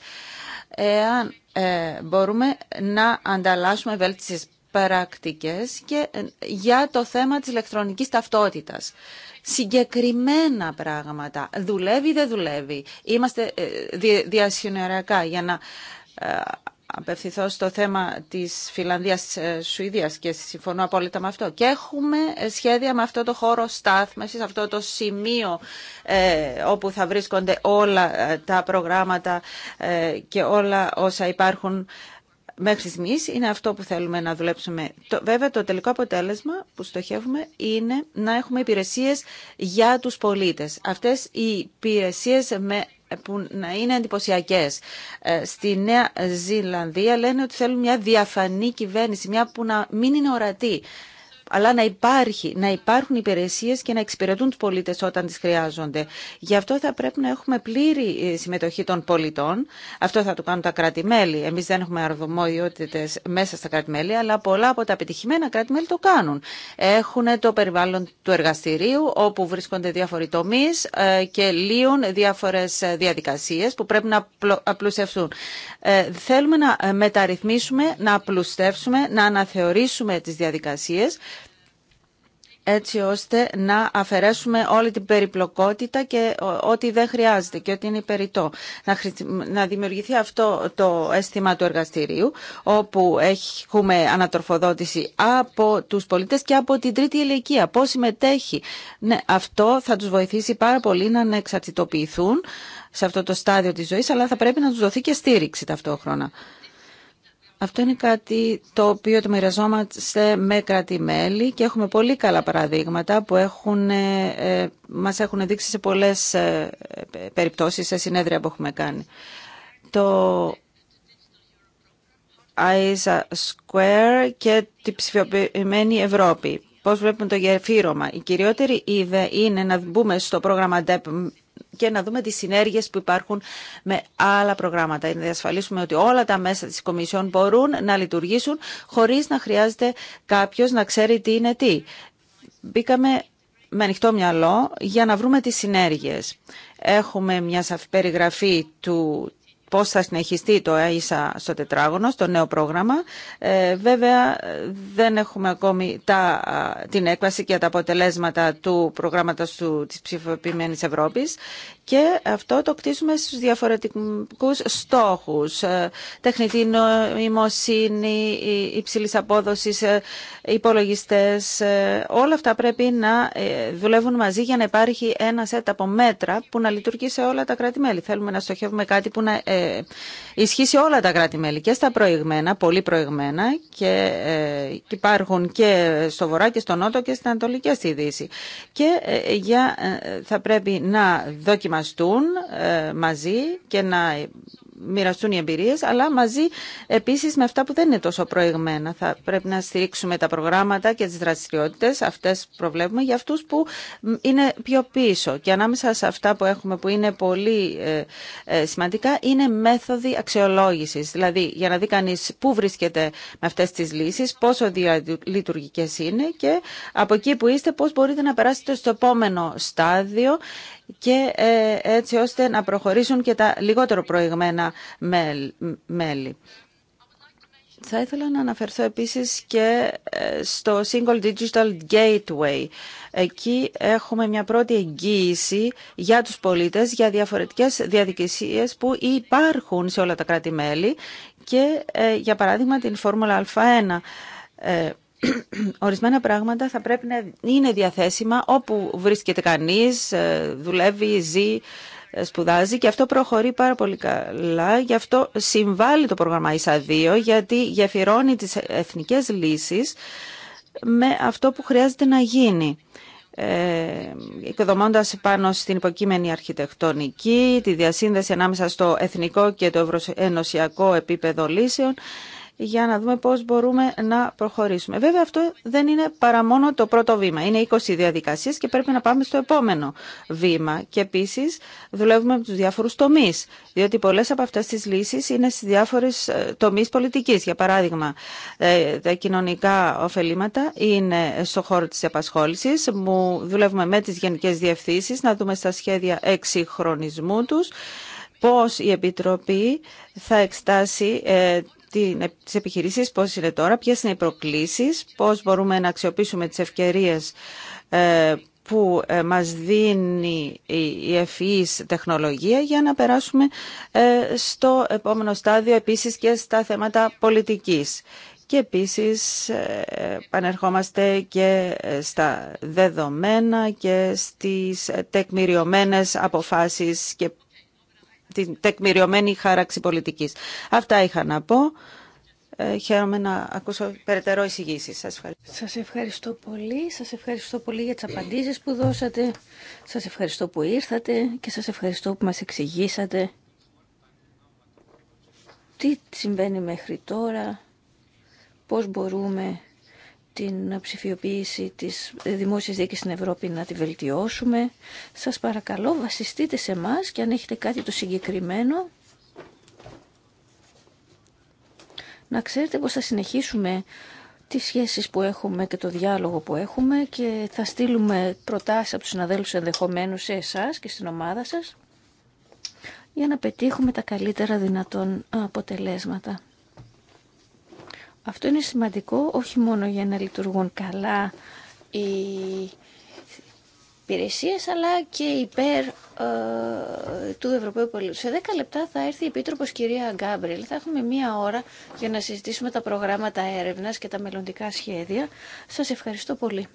εάν ε, μπορούμε να ανταλλάσσουμε βέλτιστες πρακτικές και ε, για το θέμα της ηλεκτρονικής ταυτότητας. Συγκεκριμένα πράγματα. Δουλεύει ή δεν δουλεύει. Είμαστε ε, διασυνοριακά για να ε, απευθυνθώ στο θέμα της Φιλανδίας ε, Σουηδίας και συμφωνώ απόλυτα με αυτό. Και έχουμε ε, σχέδια με αυτό το χώρο στάθμεσης, αυτό το σημείο ε, όπου θα βρίσκονται όλα τα προγράμματα και όλα όσα υπάρχουν μέχρι στιγμή είναι αυτό που θέλουμε να δουλέψουμε. βέβαια το τελικό αποτέλεσμα που στοχεύουμε είναι να έχουμε υπηρεσίες για τους πολίτες. Αυτές οι υπηρεσίες με που να είναι εντυπωσιακέ. Ε, στη Νέα Ζηλανδία λένε ότι θέλουν μια διαφανή κυβέρνηση, μια που να μην είναι ορατή αλλά να, υπάρχει, να υπάρχουν υπηρεσίε και να εξυπηρετούν του πολίτε όταν τι χρειάζονται. Γι' αυτό θα πρέπει να έχουμε πλήρη ε, συμμετοχή των πολιτών. Αυτό θα το κάνουν τα κράτη-μέλη. Εμείς δεν έχουμε αρδομόδιότητες μέσα στα κράτη-μέλη, αλλά πολλά από τα επιτυχημένα κράτη-μέλη το κάνουν. Έχουν το περιβάλλον του εργαστηρίου, όπου βρίσκονται διάφοροι τομεί ε, και λύουν διάφορε διαδικασίε που πρέπει να απλουστευτούν. Ε, θέλουμε να μεταρρυθμίσουμε, να απλουστεύσουμε, να αναθεωρήσουμε τι διαδικασίε έτσι ώστε να αφαιρέσουμε όλη την περιπλοκότητα και ε, ό,τι δεν χρειάζεται και ό,τι είναι περιττό. Να, δημιουργηθεί αυτό το αίσθημα του εργαστηρίου, όπου έχουμε ανατροφοδότηση από τους πολίτες και από την τρίτη ηλικία. Πώς συμμετέχει. Ναι, αυτό θα τους βοηθήσει πάρα πολύ να εξαρτητοποιηθούν σε αυτό το στάδιο της ζωής, αλλά θα πρέπει να τους δοθεί και στήριξη ταυτόχρονα. Αυτό είναι κάτι το οποίο το μοιραζόμαστε με κράτη-μέλη και έχουμε πολύ καλά παραδείγματα που έχουν, ε, ε, μας έχουν δείξει σε πολλές ε, περιπτώσεις, σε συνέδρια που έχουμε κάνει. Το ISA Square και τη ψηφιοποιημένη Ευρώπη πώς βλέπουμε το γεφύρωμα. Η κυριότερη ιδέα είναι να μπούμε στο πρόγραμμα DEP και να δούμε τις συνέργειες που υπάρχουν με άλλα προγράμματα. Να διασφαλίσουμε ότι όλα τα μέσα της Κομισιόν μπορούν να λειτουργήσουν χωρίς να χρειάζεται κάποιος να ξέρει τι είναι τι. Μπήκαμε με ανοιχτό μυαλό για να βρούμε τις συνέργειες. Έχουμε μια σαφή περιγραφή του πώς θα συνεχιστεί το ΕΙΣΑ στο τετράγωνο, στο νέο πρόγραμμα. Ε, βέβαια δεν έχουμε ακόμη τα, την έκβαση και τα αποτελέσματα του προγράμματος του, της ψηφοποιημένης Ευρώπης και αυτό το κτίζουμε στους διαφορετικούς στόχους. Ε, τεχνητή νοημοσύνη, υψηλής απόδοσης, ε, υπολογιστές. Ε, όλα αυτά πρέπει να δουλεύουν μαζί για να υπάρχει ένα σετ από μέτρα που να λειτουργεί σε όλα τα κράτη-μέλη. Θέλουμε να στοχεύουμε κάτι που να ισχύει όλα τα κράτη-μέλη και στα προηγμένα, πολύ προηγμένα και υπάρχουν και στο βορρά και στο νότο και στην ανατολική στη δύση. Και για, θα πρέπει να δοκιμάσουμε ε, μαζί και να μοιραστούν οι εμπειρίες, αλλά μαζί επίσης με αυτά που δεν είναι τόσο προηγμένα. Θα πρέπει να στηρίξουμε τα προγράμματα και τις δραστηριότητες, αυτές προβλέπουμε, για αυτούς που είναι πιο πίσω. Και ανάμεσα σε αυτά που έχουμε που είναι πολύ ε, ε, σημαντικά, είναι μέθοδοι αξιολόγησης. Δηλαδή, για να δει κανεί πού βρίσκεται με αυτές τις λύσεις, πόσο διαλειτουργικές είναι και από εκεί που είστε πώς μπορείτε να περάσετε στο επόμενο στάδιο και ε, έτσι ώστε να προχωρήσουν και τα λιγότερο προηγμένα μέλη. Θα ήθελα να αναφερθώ επίσης και ε, στο Single Digital Gateway. Εκεί έχουμε μια πρώτη εγγύηση για τους πολίτες για διαφορετικές διαδικασίες που υπάρχουν σε όλα τα κράτη-μέλη και ε, για παράδειγμα την Φόρμουλα Α1 ορισμένα πράγματα θα πρέπει να είναι διαθέσιμα όπου βρίσκεται κανείς, ε, δουλεύει, ζει, ε, σπουδάζει και αυτό προχωρεί πάρα πολύ καλά. Γι' αυτό συμβάλλει το πρόγραμμα ΙΣΑ 2 γιατί γεφυρώνει τις εθνικές λύσεις με αυτό που χρειάζεται να γίνει ε, οικοδομώντας πάνω στην υποκείμενη αρχιτεκτονική, τη διασύνδεση ανάμεσα στο εθνικό και το ευρωενωσιακό επίπεδο λύσεων για να δούμε πώς μπορούμε να προχωρήσουμε. Βέβαια αυτό δεν είναι παρά μόνο το πρώτο βήμα. Είναι 20 διαδικασίες και πρέπει να πάμε στο επόμενο βήμα. Και επίσης δουλεύουμε με τους διάφορους τομείς, διότι πολλές από αυτές τις λύσεις είναι στις διάφορες ε, τομείς πολιτικής. Για παράδειγμα, ε, τα κοινωνικά ωφελήματα είναι στο χώρο της επασχόλησης. δουλεύουμε με τις γενικές διευθύνσεις να δούμε στα σχέδια εξυγχρονισμού τους πώς η Επιτροπή θα εξτάσει ε, τις επιχειρήσεις, πώς είναι τώρα, ποιες είναι οι προκλήσεις, πώς μπορούμε να αξιοποιήσουμε τις ευκαιρίες ε, που ε, μας δίνει η ευφυής τεχνολογία για να περάσουμε ε, στο επόμενο στάδιο επίσης και στα θέματα πολιτικής. Και επίσης πανερχόμαστε και στα δεδομένα και στις τεκμηριωμένες αποφάσεις και την τεκμηριωμένη χάραξη πολιτικής. Αυτά είχα να πω. Ε, χαίρομαι να ακούσω περαιτέρω εισηγήσει. Σα ευχαριστώ. Σας ευχαριστώ πολύ. Σας ευχαριστώ πολύ για τι απαντήσει που δώσατε. Σας ευχαριστώ που ήρθατε και σας ευχαριστώ που μα εξηγήσατε τι συμβαίνει μέχρι τώρα, πώς μπορούμε την ψηφιοποίηση της δημόσιας διοίκησης στην Ευρώπη να τη βελτιώσουμε. Σας παρακαλώ βασιστείτε σε εμά και αν έχετε κάτι το συγκεκριμένο να ξέρετε πως θα συνεχίσουμε τις σχέσεις που έχουμε και το διάλογο που έχουμε και θα στείλουμε προτάσεις από τους συναδέλφους ενδεχομένου σε εσάς και στην ομάδα σας για να πετύχουμε τα καλύτερα δυνατόν αποτελέσματα. Αυτό είναι σημαντικό όχι μόνο για να λειτουργούν καλά οι υπηρεσίε αλλά και υπέρ ε, του Ευρωπαίου Πολίτου. Σε 10 λεπτά θα έρθει η επίτροπο κυρία Γκάμπριλ. Θα έχουμε μία ώρα για να συζητήσουμε τα προγράμματα έρευνα και τα μελλοντικά σχέδια. Σας ευχαριστώ πολύ.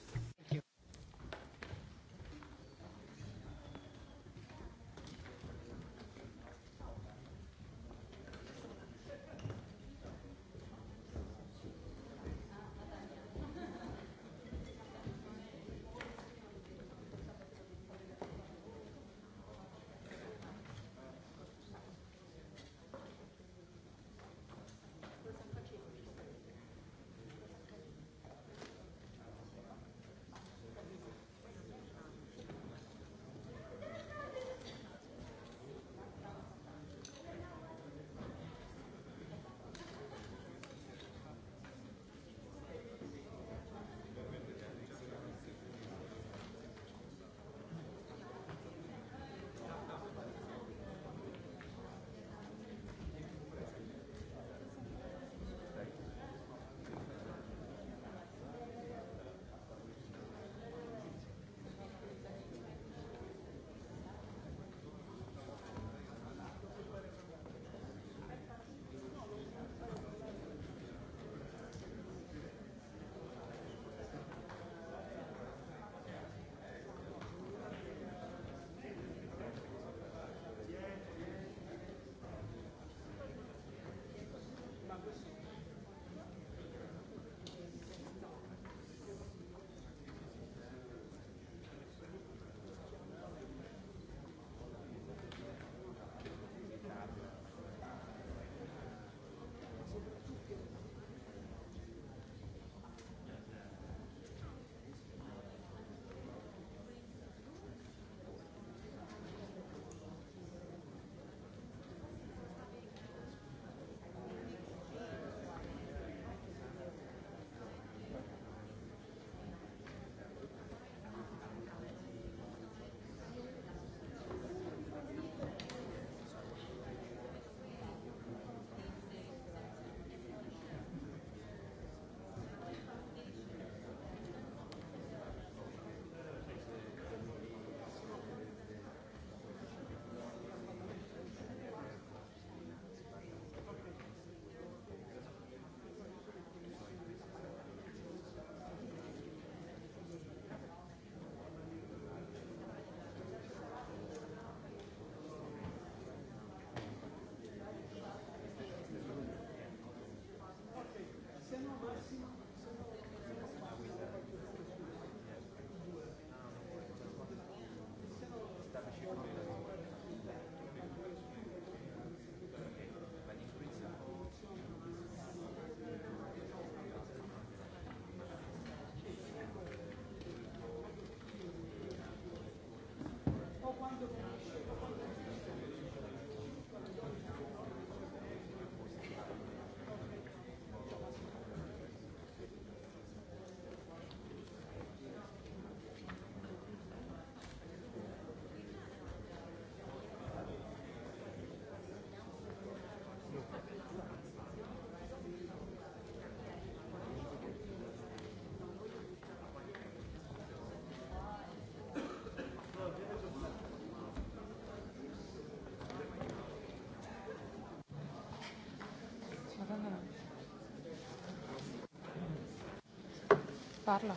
Parla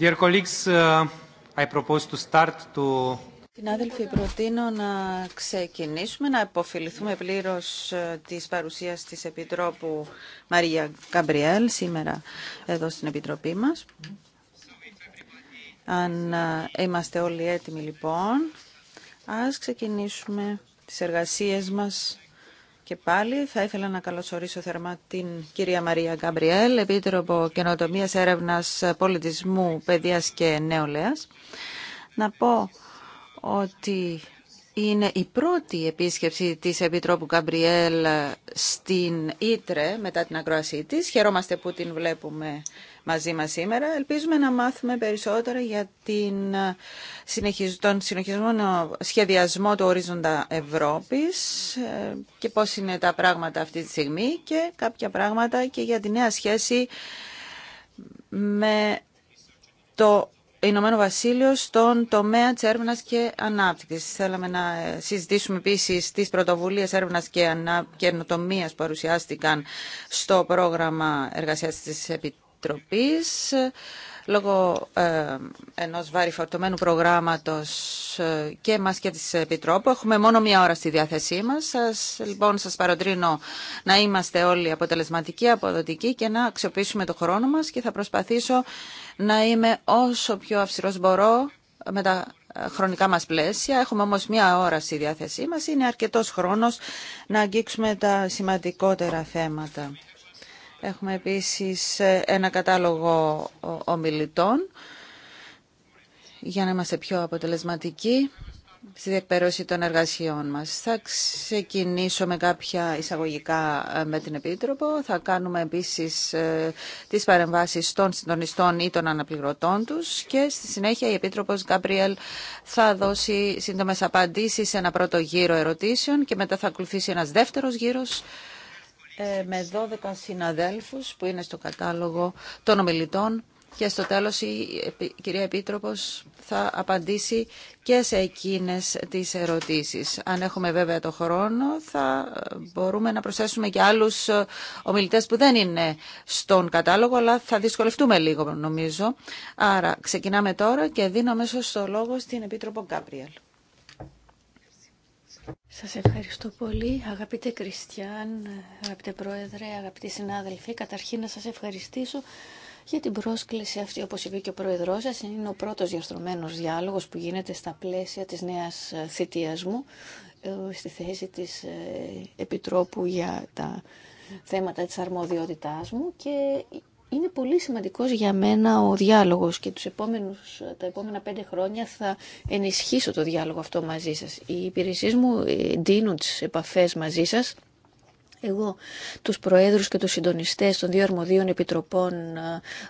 Dear colleagues, uh, Συνάδελφοι, προτείνω να ξεκινήσουμε, να υποφεληθούμε πλήρως ε, της παρουσίας της Επιτρόπου Μαρία Καμπριέλ σήμερα εδώ στην Επιτροπή μας. Αν ε, είμαστε όλοι έτοιμοι λοιπόν, ας ξεκινήσουμε τις εργασίες μας και πάλι θα ήθελα να καλωσορίσω θερμά την κυρία Μαρία Γκαμπριέλ, Επίτροπο καινοτομία Έρευνα Πολιτισμού, Παιδεία και νέόλείας. Να πω ότι είναι η πρώτη επίσκεψη της Επιτρόπου Καμπριέλ στην Ήτρε μετά την ακρόασή της. Χαιρόμαστε που την βλέπουμε μαζί μας σήμερα. Ελπίζουμε να μάθουμε περισσότερα για την ε, τον συνεχισμένο σχεδιασμό του ορίζοντα Ευρώπης ε, και πώς είναι τα πράγματα αυτή τη στιγμή και κάποια πράγματα και για τη νέα σχέση με το Ηνωμένο Βασίλειο στον τομέα τη έρευνα και ανάπτυξη. Θέλαμε να ε, συζητήσουμε επίση τι πρωτοβουλίε έρευνα και καινοτομία που παρουσιάστηκαν στο πρόγραμμα εργασία τη Επιτροπή λόγω ε, ενός βάρη προγράμματος ε, και μας και της Επιτρόπου. Έχουμε μόνο μία ώρα στη διάθεσή μας. Σας, λοιπόν, σας παροτρύνω να είμαστε όλοι αποτελεσματικοί, αποδοτικοί και να αξιοποιήσουμε το χρόνο μας και θα προσπαθήσω να είμαι όσο πιο αυστηρός μπορώ με τα χρονικά μας πλαίσια. Έχουμε όμως μία ώρα στη διάθεσή μας. Είναι αρκετός χρόνος να αγγίξουμε τα σημαντικότερα θέματα. Έχουμε επίσης ε, ένα κατάλογο ομιλητών για να είμαστε πιο αποτελεσματικοί στη διεκπαιρέωση των εργασιών μας. Θα ξεκινήσω με κάποια εισαγωγικά ε, με την Επίτροπο. Θα κάνουμε επίσης ε, τις παρεμβάσεις των συντονιστών ή των αναπληρωτών τους και στη συνέχεια η Επίτροπος Γκαμπριέλ θα δώσει σύντομες απαντήσεις σε ένα πρώτο γύρο ερωτήσεων και μετά θα ακολουθήσει ένας δεύτερος γύρος ε, με 12 συναδέλφους που είναι στο κατάλογο των ομιλητών και στο τέλος η κυρία Επίτροπος θα απαντήσει και σε εκείνες τις ερωτήσεις. Αν έχουμε βέβαια το χρόνο θα ε, μπορούμε να προσθέσουμε και άλλους ε, ομιλητές που δεν είναι στον κατάλογο αλλά θα δυσκολευτούμε λίγο νομίζω. Άρα ξεκινάμε τώρα και δίνω αμέσως στο λόγο στην Επίτροπο Γκάμπριελ. Σας ευχαριστώ πολύ, αγαπητέ Κριστιαν, αγαπητέ Πρόεδρε, αγαπητοί συνάδελφοι. Καταρχήν να σας ευχαριστήσω για την πρόσκληση αυτή, όπως είπε και ο Πρόεδρός σας, είναι ο πρώτος διαστρωμένος διάλογος που γίνεται στα πλαίσια της νέας ε, θητείας μου, ε, στη θέση της ε, Επιτρόπου για τα θέματα της αρμοδιότητάς μου και είναι πολύ σημαντικός για μένα ο διάλογος και τους επόμενους, τα επόμενα πέντε χρόνια θα ενισχύσω το διάλογο αυτό μαζί σας. Οι υπηρεσίες μου δίνουν ε, τις επαφές μαζί σας. Εγώ τους προέδρους και τους συντονιστές των δύο αρμοδίων επιτροπών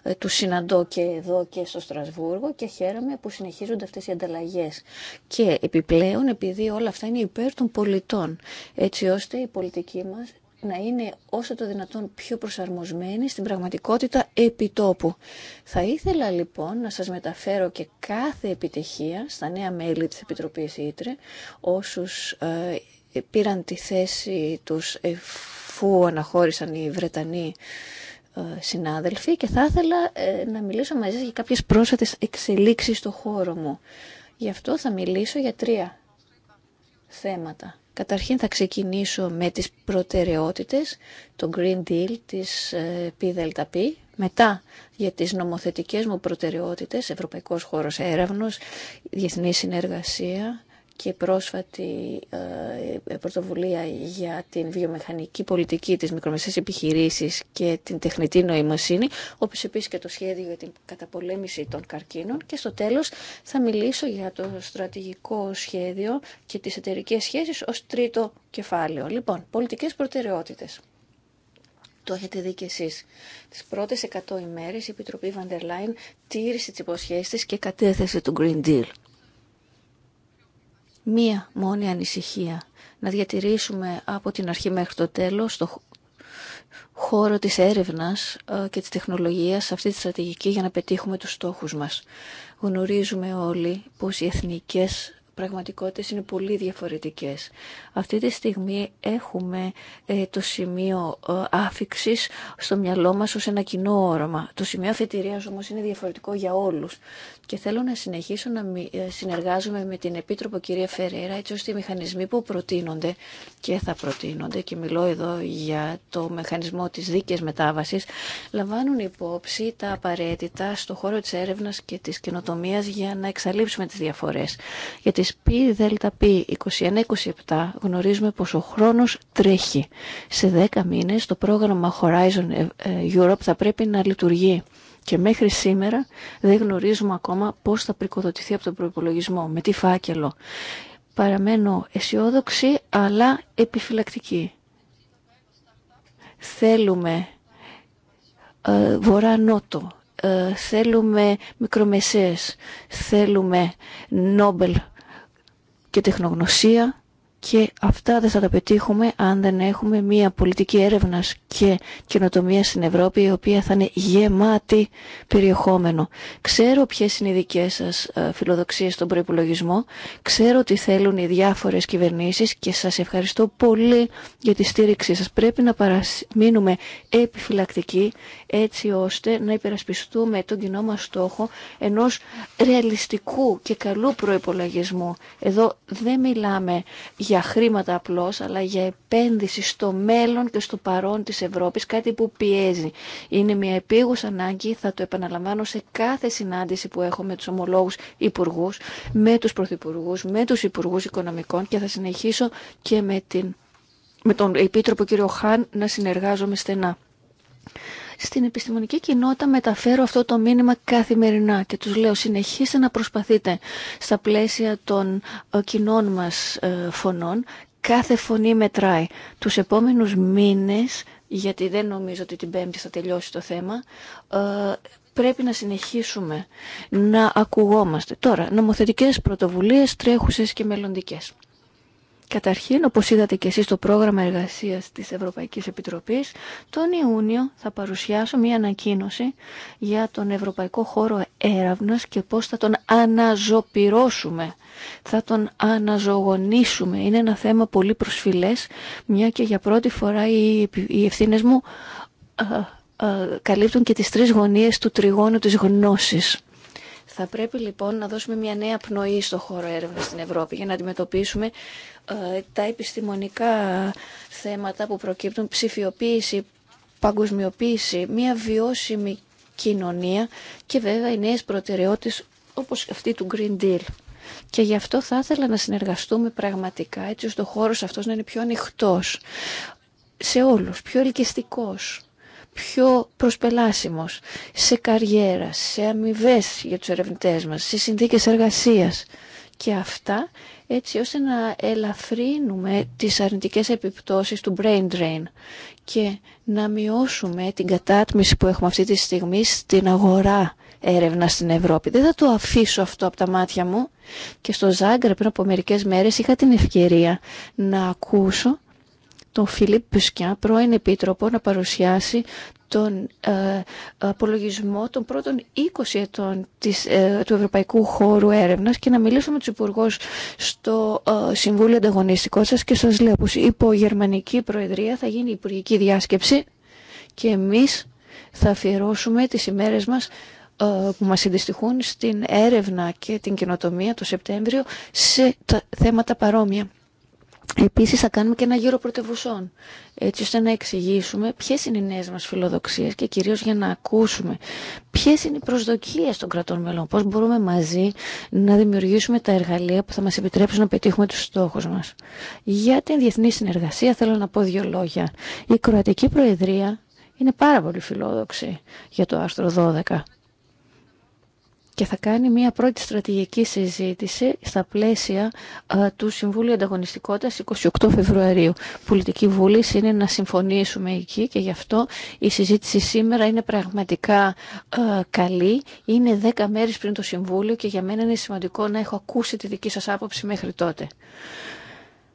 ε, του συναντώ και εδώ και στο Στρασβούργο και χαίρομαι που συνεχίζονται αυτές οι ανταλλαγές. Και επιπλέον επειδή όλα αυτά είναι υπέρ των πολιτών, έτσι ώστε η πολιτική μας να είναι όσο το δυνατόν πιο προσαρμοσμένη στην πραγματικότητα επιτόπου. Θα ήθελα λοιπόν να σας μεταφέρω και κάθε επιτυχία στα νέα μέλη της Επιτροπής Ήτρε, όσους ε, πήραν τη θέση τους εφού αναχώρησαν οι Βρετανοί ε, συνάδελφοι και θα ήθελα ε, να μιλήσω μαζί σας για κάποιες πρόσφατες εξελίξεις στο χώρο μου. Γι' αυτό θα μιλήσω για τρία θέματα Καταρχήν θα ξεκινήσω με τις προτεραιότητες, το Green Deal της ε, πίδελταπή μετά για τις νομοθετικές μου προτεραιότητες, Ευρωπαϊκός Χώρος Έρευνος, Διεθνή Συνεργασία, και πρόσφατη ε, ε, πρωτοβουλία για την βιομηχανική πολιτική, της μικρομεσαίας επιχειρήσεις και την τεχνητή νοημοσύνη, όπως επίσης και το σχέδιο για την καταπολέμηση των καρκίνων. Και στο τέλος θα μιλήσω για το στρατηγικό σχέδιο και τις εταιρικές σχέσεις ως τρίτο κεφάλαιο. Λοιπόν, πολιτικές προτεραιότητες. Το έχετε δει και εσείς. Τις πρώτες 100 ημέρες η Επιτροπή Βαντερ Λάιν τήρησε τις υποσχέσεις της και κατέθεσε το Green Deal μία μόνη ανησυχία. Να διατηρήσουμε από την αρχή μέχρι το τέλος το χώρο της έρευνας ε, και της τεχνολογίας σε αυτή τη στρατηγική για να πετύχουμε τους στόχους μας. Γνωρίζουμε όλοι πως οι εθνικές πραγματικότητες είναι πολύ διαφορετικές. Αυτή τη στιγμή έχουμε ε, το σημείο ε, άφηξης στο μυαλό μας ως ένα κοινό όρομα. Το σημείο αφετηρίας όμως είναι διαφορετικό για όλους. Και θέλω να συνεχίσω να ε, συνεργάζομαι με την Επίτροπο κυρία Φερέρα έτσι ώστε οι μηχανισμοί που προτείνονται και θα προτείνονται και μιλώ εδώ για το μηχανισμό της δίκαιης μετάβασης λαμβάνουν υπόψη τα απαραίτητα στο χώρο της έρευνα και τη καινοτομίας για να εξαλείψουμε τις διαφορές πι δέλτα πι 21-27 γνωρίζουμε πως ο χρόνος τρέχει. Σε 10 μήνες το πρόγραμμα Horizon ε, ε, Europe θα πρέπει να λειτουργεί. Και μέχρι σήμερα δεν γνωρίζουμε ακόμα πώς θα πρικοδοτηθεί από τον προϋπολογισμό, με τι φάκελο. Παραμένω αισιόδοξη αλλά επιφυλακτική. Θέλουμε ε, βορρά-νότο, ε, θέλουμε μικρομεσαίες, θέλουμε Νόμπελ και τεχνογνωσία και αυτά δεν θα τα πετύχουμε αν δεν έχουμε μια πολιτική έρευνας και καινοτομία στην Ευρώπη η οποία θα είναι γεμάτη περιεχόμενο. Ξέρω ποιες είναι οι δικές σας ε, φιλοδοξίες στον προϋπολογισμό, ξέρω τι θέλουν οι διάφορες κυβερνήσεις και σας ευχαριστώ πολύ για τη στήριξή σας. Πρέπει να παραμείνουμε επιφυλακτικοί έτσι ώστε να υπερασπιστούμε τον κοινό μας στόχο ενός ρεαλιστικού και καλού προϋπολογισμού. Εδώ δεν μιλάμε για χρήματα απλώς, αλλά για επένδυση στο μέλλον και στο παρόν της Ευρώπης, κάτι που πιέζει. Είναι μια επίγουσα ανάγκη, θα το επαναλαμβάνω σε κάθε συνάντηση που έχω με τους ομολόγους υπουργούς, με τους πρωθυπουργούς, με τους υπουργούς οικονομικών και θα συνεχίσω και με, με τον Επίτροπο κύριο Χάν να συνεργάζομαι στενά. Στην επιστημονική κοινότητα μεταφέρω αυτό το μήνυμα καθημερινά και τους λέω συνεχίστε να προσπαθείτε στα πλαίσια των ε, κοινών μας ε, φωνών. Κάθε φωνή μετράει. Τους επόμενους μήνες, γιατί δεν νομίζω ότι την Πέμπτη θα τελειώσει το θέμα, ε, πρέπει να συνεχίσουμε να ακουγόμαστε. Τώρα, νομοθετικές πρωτοβουλίες, τρέχουσες και μελλοντικές. Καταρχήν, όπως είδατε και εσείς στο πρόγραμμα εργασίας της Ευρωπαϊκής Επιτροπής, τον Ιούνιο θα παρουσιάσω μια ανακοίνωση για τον Ευρωπαϊκό Χώρο Έρευνας και πώς θα τον αναζωπυρώσουμε, θα τον αναζωογονήσουμε. Είναι ένα θέμα πολύ προσφυλές, μια και για πρώτη φορά οι ευθύνε μου καλύπτουν και τις τρεις γωνίες του τριγώνου της γνώσης. Θα πρέπει λοιπόν να δώσουμε μια νέα πνοή στο χώρο έρευνα στην Ευρώπη για να αντιμετωπίσουμε ε, τα επιστημονικά θέματα που προκύπτουν, ψηφιοποίηση, παγκοσμιοποίηση, μια βιώσιμη κοινωνία και βέβαια οι νέες προτεραιότητες όπως αυτή του Green Deal. Και γι' αυτό θα ήθελα να συνεργαστούμε πραγματικά έτσι ώστε ο χώρος αυτός να είναι πιο ανοιχτό σε όλους, πιο ελκυστικός πιο προσπελάσιμος σε καριέρα, σε αμοιβέ για τους ερευνητές μας, σε συνθήκες εργασίας και αυτά έτσι ώστε να ελαφρύνουμε τις αρνητικές επιπτώσεις του brain drain και να μειώσουμε την κατάτμιση που έχουμε αυτή τη στιγμή στην αγορά έρευνα στην Ευρώπη. Δεν θα το αφήσω αυτό από τα μάτια μου και στο Ζάγκρα πριν από μερικές μέρες είχα την ευκαιρία να ακούσω τον Φιλίπ Πουσκιά, πρώην Επίτροπο, να παρουσιάσει τον ε, απολογισμό των πρώτων 20 ετών της, ε, του Ευρωπαϊκού Χώρου Έρευνας και να μιλήσω με τους υπουργού στο ε, Συμβούλιο σας και σας λέω πως υπό Γερμανική Προεδρία θα γίνει υπουργική διάσκεψη και εμείς θα αφιερώσουμε τις ημέρες μας ε, που μας συντηστοιχούν στην έρευνα και την καινοτομία το Σεπτέμβριο σε θέματα παρόμοια. Επίσης θα κάνουμε και ένα γύρο πρωτευουσών, έτσι ώστε να εξηγήσουμε ποιες είναι οι νέες μας φιλοδοξίες και κυρίως για να ακούσουμε ποιες είναι οι προσδοκίες των κρατών μελών, πώς μπορούμε μαζί να δημιουργήσουμε τα εργαλεία που θα μας επιτρέψουν να πετύχουμε τους στόχους μας. Για την διεθνή συνεργασία θέλω να πω δύο λόγια. Η Κροατική Προεδρία είναι πάρα πολύ φιλόδοξη για το Άστρο 12 και θα κάνει μία πρώτη στρατηγική συζήτηση στα πλαίσια ε, του Συμβούλου Ανταγωνιστικότητας 28 Φεβρουαρίου. Πολιτική βούληση είναι να συμφωνήσουμε εκεί και γι' αυτό η συζήτηση σήμερα είναι πραγματικά ε, καλή. Είναι 10 μέρες πριν το Συμβούλιο και για μένα είναι σημαντικό να έχω ακούσει τη δική σας άποψη μέχρι τότε.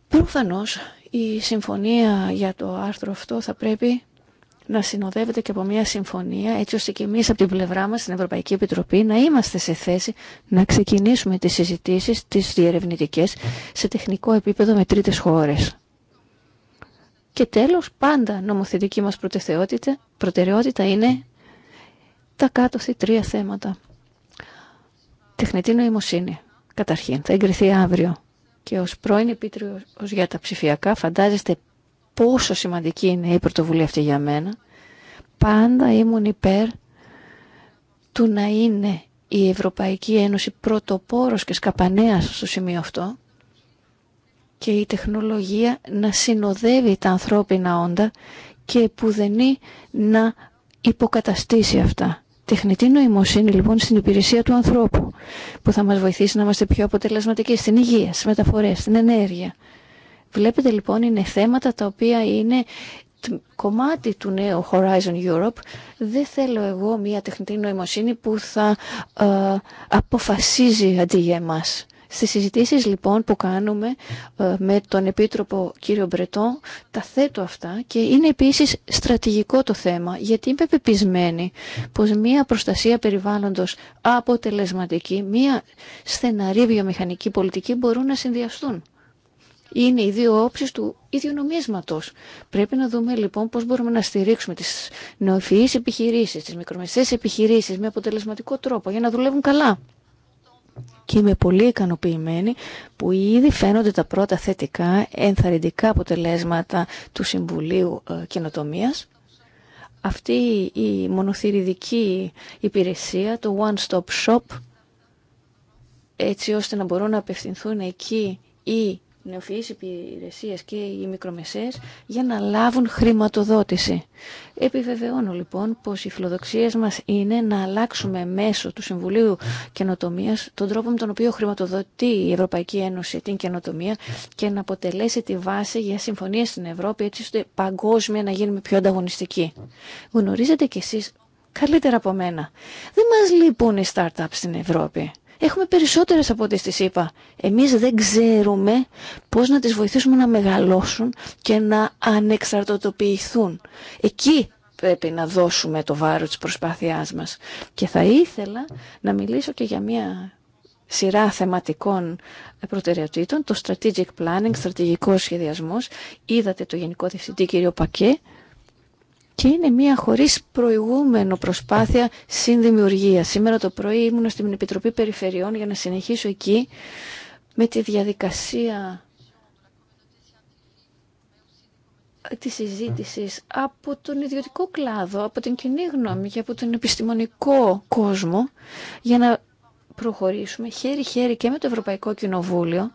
Προφανώς η συμφωνία για το άρθρο αυτό θα πρέπει να συνοδεύεται και από μια συμφωνία έτσι ώστε και εμείς από την πλευρά μας στην Ευρωπαϊκή Επιτροπή να είμαστε σε θέση να ξεκινήσουμε τις συζητήσεις, τις διερευνητικές σε τεχνικό επίπεδο με τρίτες χώρες. Και τέλος, πάντα νομοθετική μας προτεραιότητα είναι τα κάτωθη τρία θέματα. Τεχνητή νοημοσύνη, καταρχήν, θα εγκριθεί αύριο. Και ως πρώην επίτριος για τα ψηφιακά φαντάζεστε πόσο σημαντική είναι η πρωτοβουλία αυτή για μένα. Πάντα ήμουν υπέρ του να είναι η Ευρωπαϊκή Ένωση πρωτοπόρος και σκαπανέας στο σημείο αυτό και η τεχνολογία να συνοδεύει τα ανθρώπινα όντα και πουδενή να υποκαταστήσει αυτά. Τεχνητή νοημοσύνη λοιπόν στην υπηρεσία του ανθρώπου που θα μας βοηθήσει να είμαστε πιο αποτελεσματικοί στην υγεία, στις μεταφορές, στην ενέργεια, Βλέπετε λοιπόν είναι θέματα τα οποία είναι κομμάτι του νέου Horizon Europe δεν θέλω εγώ μια τεχνητή νοημοσύνη που θα ε, αποφασίζει αντί για εμάς. Στις συζητήσεις λοιπόν που κάνουμε ε, με τον Επίτροπο κύριο Μπρετό τα θέτω αυτά και είναι επίσης στρατηγικό το θέμα γιατί είμαι πεπισμένη πως μια προστασία περιβάλλοντος αποτελεσματική, μια στεναρή βιομηχανική πολιτική μπορούν να συνδυαστούν είναι οι δύο όψεις του ίδιου νομίσματος. Πρέπει να δούμε λοιπόν πώς μπορούμε να στηρίξουμε τις νεοφυείς επιχειρήσεις, τις μικρομεσαίες επιχειρήσεις με αποτελεσματικό τρόπο για να δουλεύουν καλά. Και είμαι πολύ ικανοποιημένη που ήδη φαίνονται τα πρώτα θετικά ενθαρρυντικά αποτελέσματα του Συμβουλίου ε, καινοτομία. αυτή η μονοθυριδική υπηρεσία, το one-stop shop, έτσι ώστε να μπορούν να απευθυνθούν εκεί οι νεοφυείς υπηρεσίες και οι μικρομεσαίες για να λάβουν χρηματοδότηση. Επιβεβαιώνω λοιπόν πως οι φιλοδοξίες μας είναι να αλλάξουμε μέσω του Συμβουλίου Καινοτομίας τον τρόπο με τον οποίο χρηματοδοτεί η Ευρωπαϊκή Ένωση την καινοτομία και να αποτελέσει τη βάση για συμφωνίες στην Ευρώπη έτσι ώστε παγκόσμια να γίνουμε πιο ανταγωνιστικοί. Γνωρίζετε κι εσείς καλύτερα από μένα. Δεν μας λείπουν οι startups στην Ευρώπη. Έχουμε περισσότερες από ό,τι στις είπα. Εμείς δεν ξέρουμε πώς να τις βοηθήσουμε να μεγαλώσουν και να ανεξαρτοτοποιηθούν. Εκεί πρέπει να δώσουμε το βάρος της προσπάθειάς μας. Και θα ήθελα να μιλήσω και για μια σειρά θεματικών προτεραιοτήτων, το strategic planning, στρατηγικό σχεδιασμός. Είδατε το Γενικό Διευθυντή κύριο Πακέ, και είναι μια χωρίς προηγούμενο προσπάθεια συνδημιουργία. Σήμερα το πρωί ήμουν στην Επιτροπή Περιφερειών για να συνεχίσω εκεί με τη διαδικασία τη συζήτηση από τον ιδιωτικό κλάδο, από την κοινή γνώμη και από τον επιστημονικό κόσμο για να προχωρήσουμε χέρι-χέρι και με το Ευρωπαϊκό Κοινοβούλιο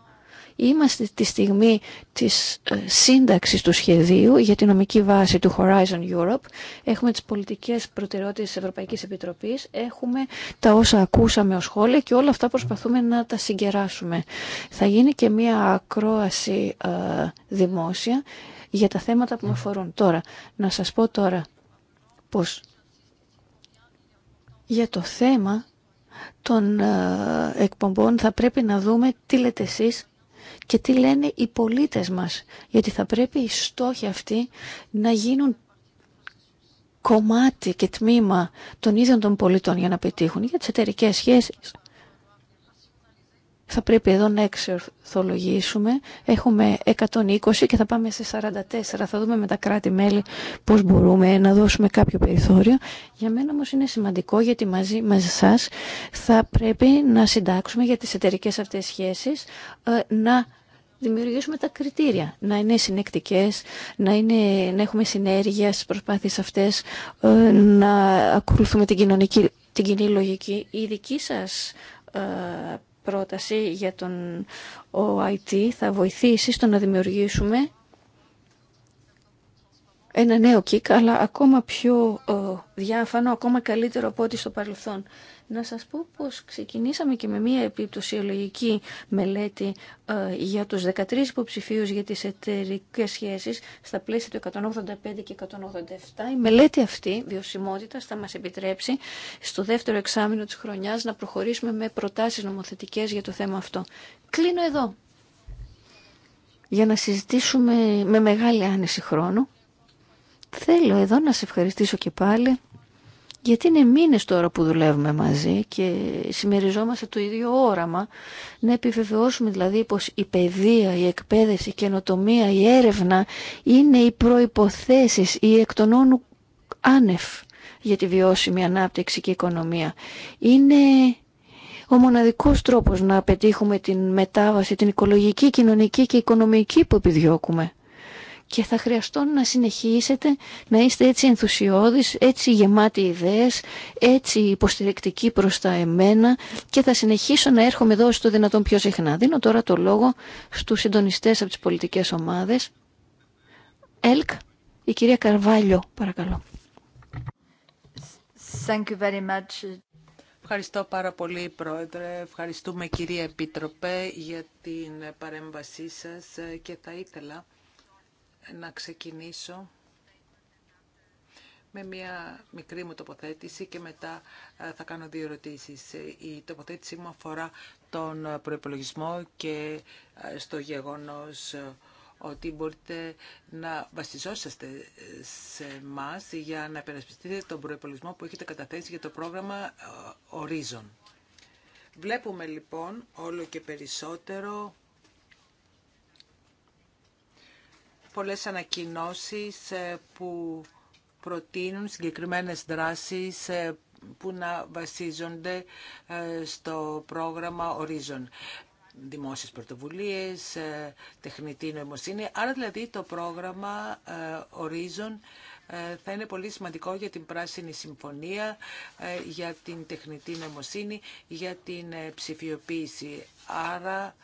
Είμαστε τη στιγμή της ε, σύνταξης του σχεδίου για τη νομική βάση του Horizon Europe. Έχουμε τις πολιτικές προτεραιότητες της Ευρωπαϊκής Επιτροπής. Έχουμε τα όσα ακούσαμε ως σχόλια και όλα αυτά προσπαθούμε να τα συγκεράσουμε. Θα γίνει και μία ακρόαση ε, δημόσια για τα θέματα που με αφορούν. Τώρα, να σας πω τώρα πως για το θέμα των ε, εκπομπών θα πρέπει να δούμε τι λέτε εσείς και τι λένε οι πολίτες μας. Γιατί θα πρέπει οι στόχοι αυτοί να γίνουν κομμάτι και τμήμα των ίδιων των πολιτών για να πετύχουν, για τις εταιρικέ σχέσεις. Θα πρέπει εδώ να εξορθολογήσουμε. Έχουμε 120 και θα πάμε σε 44. Θα δούμε με τα κράτη-μέλη πώς μπορούμε να δώσουμε κάποιο περιθώριο. Για μένα όμως είναι σημαντικό γιατί μαζί μας θα πρέπει να συντάξουμε για τις εταιρικές αυτές σχέσεις ε, να δημιουργήσουμε τα κριτήρια. Να είναι συνεκτικές, να, να έχουμε συνέργεια στις προσπάθειες αυτές, ε, να ακολουθούμε την, κοινωνική, την κοινή λογική. Η δική σας ε, πρόταση για τον OIT θα βοηθήσει στο να δημιουργήσουμε ένα νέο κικ, αλλά ακόμα πιο ε, διάφανο, ακόμα καλύτερο από ό,τι στο παρελθόν. Να σας πω πως ξεκινήσαμε και με μία επιπτωσιολογική μελέτη ε, για τους 13 υποψηφίου για τις εταιρικέ σχέσεις στα πλαίσια του 185 και 187. Η μελέτη αυτή βιωσιμότητας θα μας επιτρέψει στο δεύτερο εξάμεινο της χρονιάς να προχωρήσουμε με προτάσεις νομοθετικές για το θέμα αυτό. Κλείνω εδώ για να συζητήσουμε με μεγάλη άνεση χρόνου Θέλω εδώ να σε ευχαριστήσω και πάλι γιατί είναι μήνες τώρα που δουλεύουμε μαζί και συμμεριζόμαστε το ίδιο όραμα να επιβεβαιώσουμε δηλαδή πως η παιδεία, η εκπαίδευση, η καινοτομία, η έρευνα είναι οι προϋποθέσεις, η εκ των όνου άνευ για τη βιώσιμη ανάπτυξη και οικονομία. Είναι ο μοναδικός τρόπος να πετύχουμε την μετάβαση, την οικολογική, κοινωνική και οικονομική που επιδιώκουμε και θα χρειαστώ να συνεχίσετε να είστε έτσι ενθουσιώδης, έτσι γεμάτοι ιδέες, έτσι υποστηρικτικοί προς τα εμένα και θα συνεχίσω να έρχομαι εδώ στο δυνατόν πιο συχνά. Δίνω τώρα το λόγο στους συντονιστές από τις πολιτικές ομάδες. ΕΛΚ, η κυρία Καρβάλιο, παρακαλώ. Ευχαριστώ πάρα πολύ, Πρόεδρε. Ευχαριστούμε, κυρία Επιτροπέ, για την παρέμβασή σας και θα ήθελα να ξεκινήσω με μια μικρή μου τοποθέτηση και μετά ε, θα κάνω δύο ερωτήσεις. Η τοποθέτησή μου αφορά τον προϋπολογισμό και ε, στο γεγονός ε, ότι μπορείτε να βασιζόσαστε σε εμά για να επενασπιστείτε τον προϋπολογισμό που έχετε καταθέσει για το πρόγραμμα Horizon. Βλέπουμε λοιπόν όλο και περισσότερο πολλές ανακοινώσεις ε, που προτείνουν συγκεκριμένες δράσεις ε, που να βασίζονται ε, στο πρόγραμμα Horizon δημόσιες πρωτοβουλίες, τεχνητή νοημοσύνη. Άρα δηλαδή το πρόγραμμα Horizon θα είναι πολύ σημαντικό για την Πράσινη Συμφωνία, για την τεχνητή νοημοσύνη, για την ψηφιοποίηση. Άρα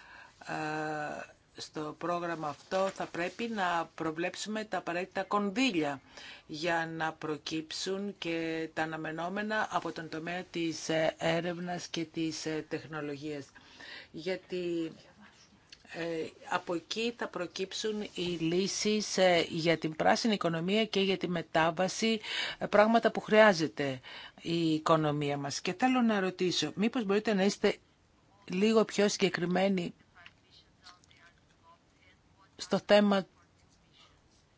στο πρόγραμμα αυτό θα πρέπει να προβλέψουμε τα απαραίτητα κονδύλια για να προκύψουν και τα αναμενόμενα από τον τομέα της ε, έρευνας και της ε, τεχνολογίας. Γιατί ε, από εκεί θα προκύψουν οι λύσεις για την πράσινη οικονομία και για τη μετάβαση, πράγματα που χρειάζεται η οικονομία μας. Και θέλω να ρωτήσω, μήπως μπορείτε να είστε λίγο πιο συγκεκριμένοι στο θέμα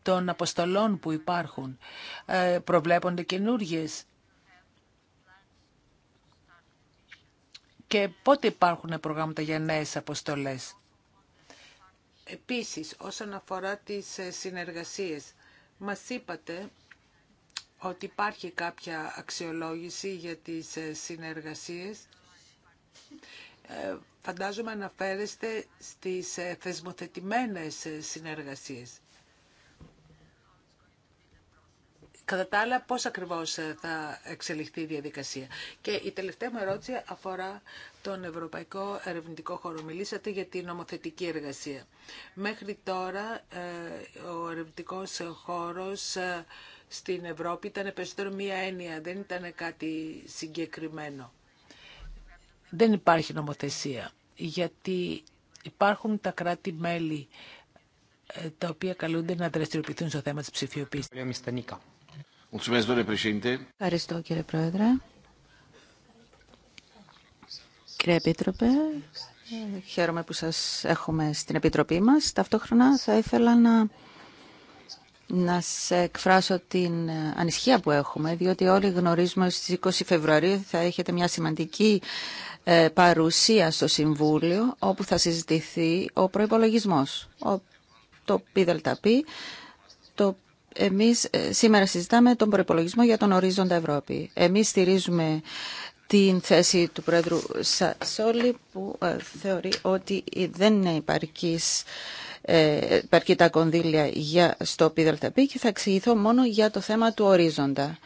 των αποστολών που υπάρχουν. Ε, προβλέπονται καινούριε. Και πότε υπάρχουν προγράμματα για νέες αποστολές. Επίσης, όσον αφορά τις ε, συνεργασίες, μας είπατε ότι υπάρχει κάποια αξιολόγηση για τις ε, συνεργασίες ε, φαντάζομαι αναφέρεστε στις ε, θεσμοθετημένες ε, συνεργασίες. Κατά τα άλλα, πώς ακριβώς θα εξελιχθεί η διαδικασία. Και η τελευταία μου ερώτηση αφορά τον Ευρωπαϊκό Ερευνητικό Χώρο. Μιλήσατε για την νομοθετική εργασία. Μέχρι τώρα, ο ερευνητικός χώρος στην Ευρώπη ήταν περισσότερο μία έννοια, δεν ήταν κάτι συγκεκριμένο δεν υπάρχει νομοθεσία, γιατί υπάρχουν τα κράτη-μέλη ε, τα οποία καλούνται να δραστηριοποιηθούν στο θέμα της ψηφιοποίησης. Ευχαριστώ κύριε Πρόεδρε. Κύριε Επίτροπε, χαίρομαι που σας έχουμε στην Επιτροπή μας. Ταυτόχρονα θα ήθελα να να σε εκφράσω την ανησυχία που έχουμε, διότι όλοι γνωρίζουμε ότι στις 20 Φεβρουαρίου θα έχετε μια σημαντική ε, παρουσία στο Συμβούλιο, όπου θα συζητηθεί ο προϋπολογισμός, το ΠΔΠ, το εμείς ε, σήμερα συζητάμε τον προϋπολογισμό για τον ορίζοντα Ευρώπη. Εμείς στηρίζουμε την θέση του Πρόεδρου Σασόλη που ε, θεωρεί ότι δεν είναι υπαρκής επαρκή τα κονδύλια για, στο ΠΙΔΑΛΤΑΠΗ και θα εξηγηθώ μόνο για το θέμα του ορίζοντα.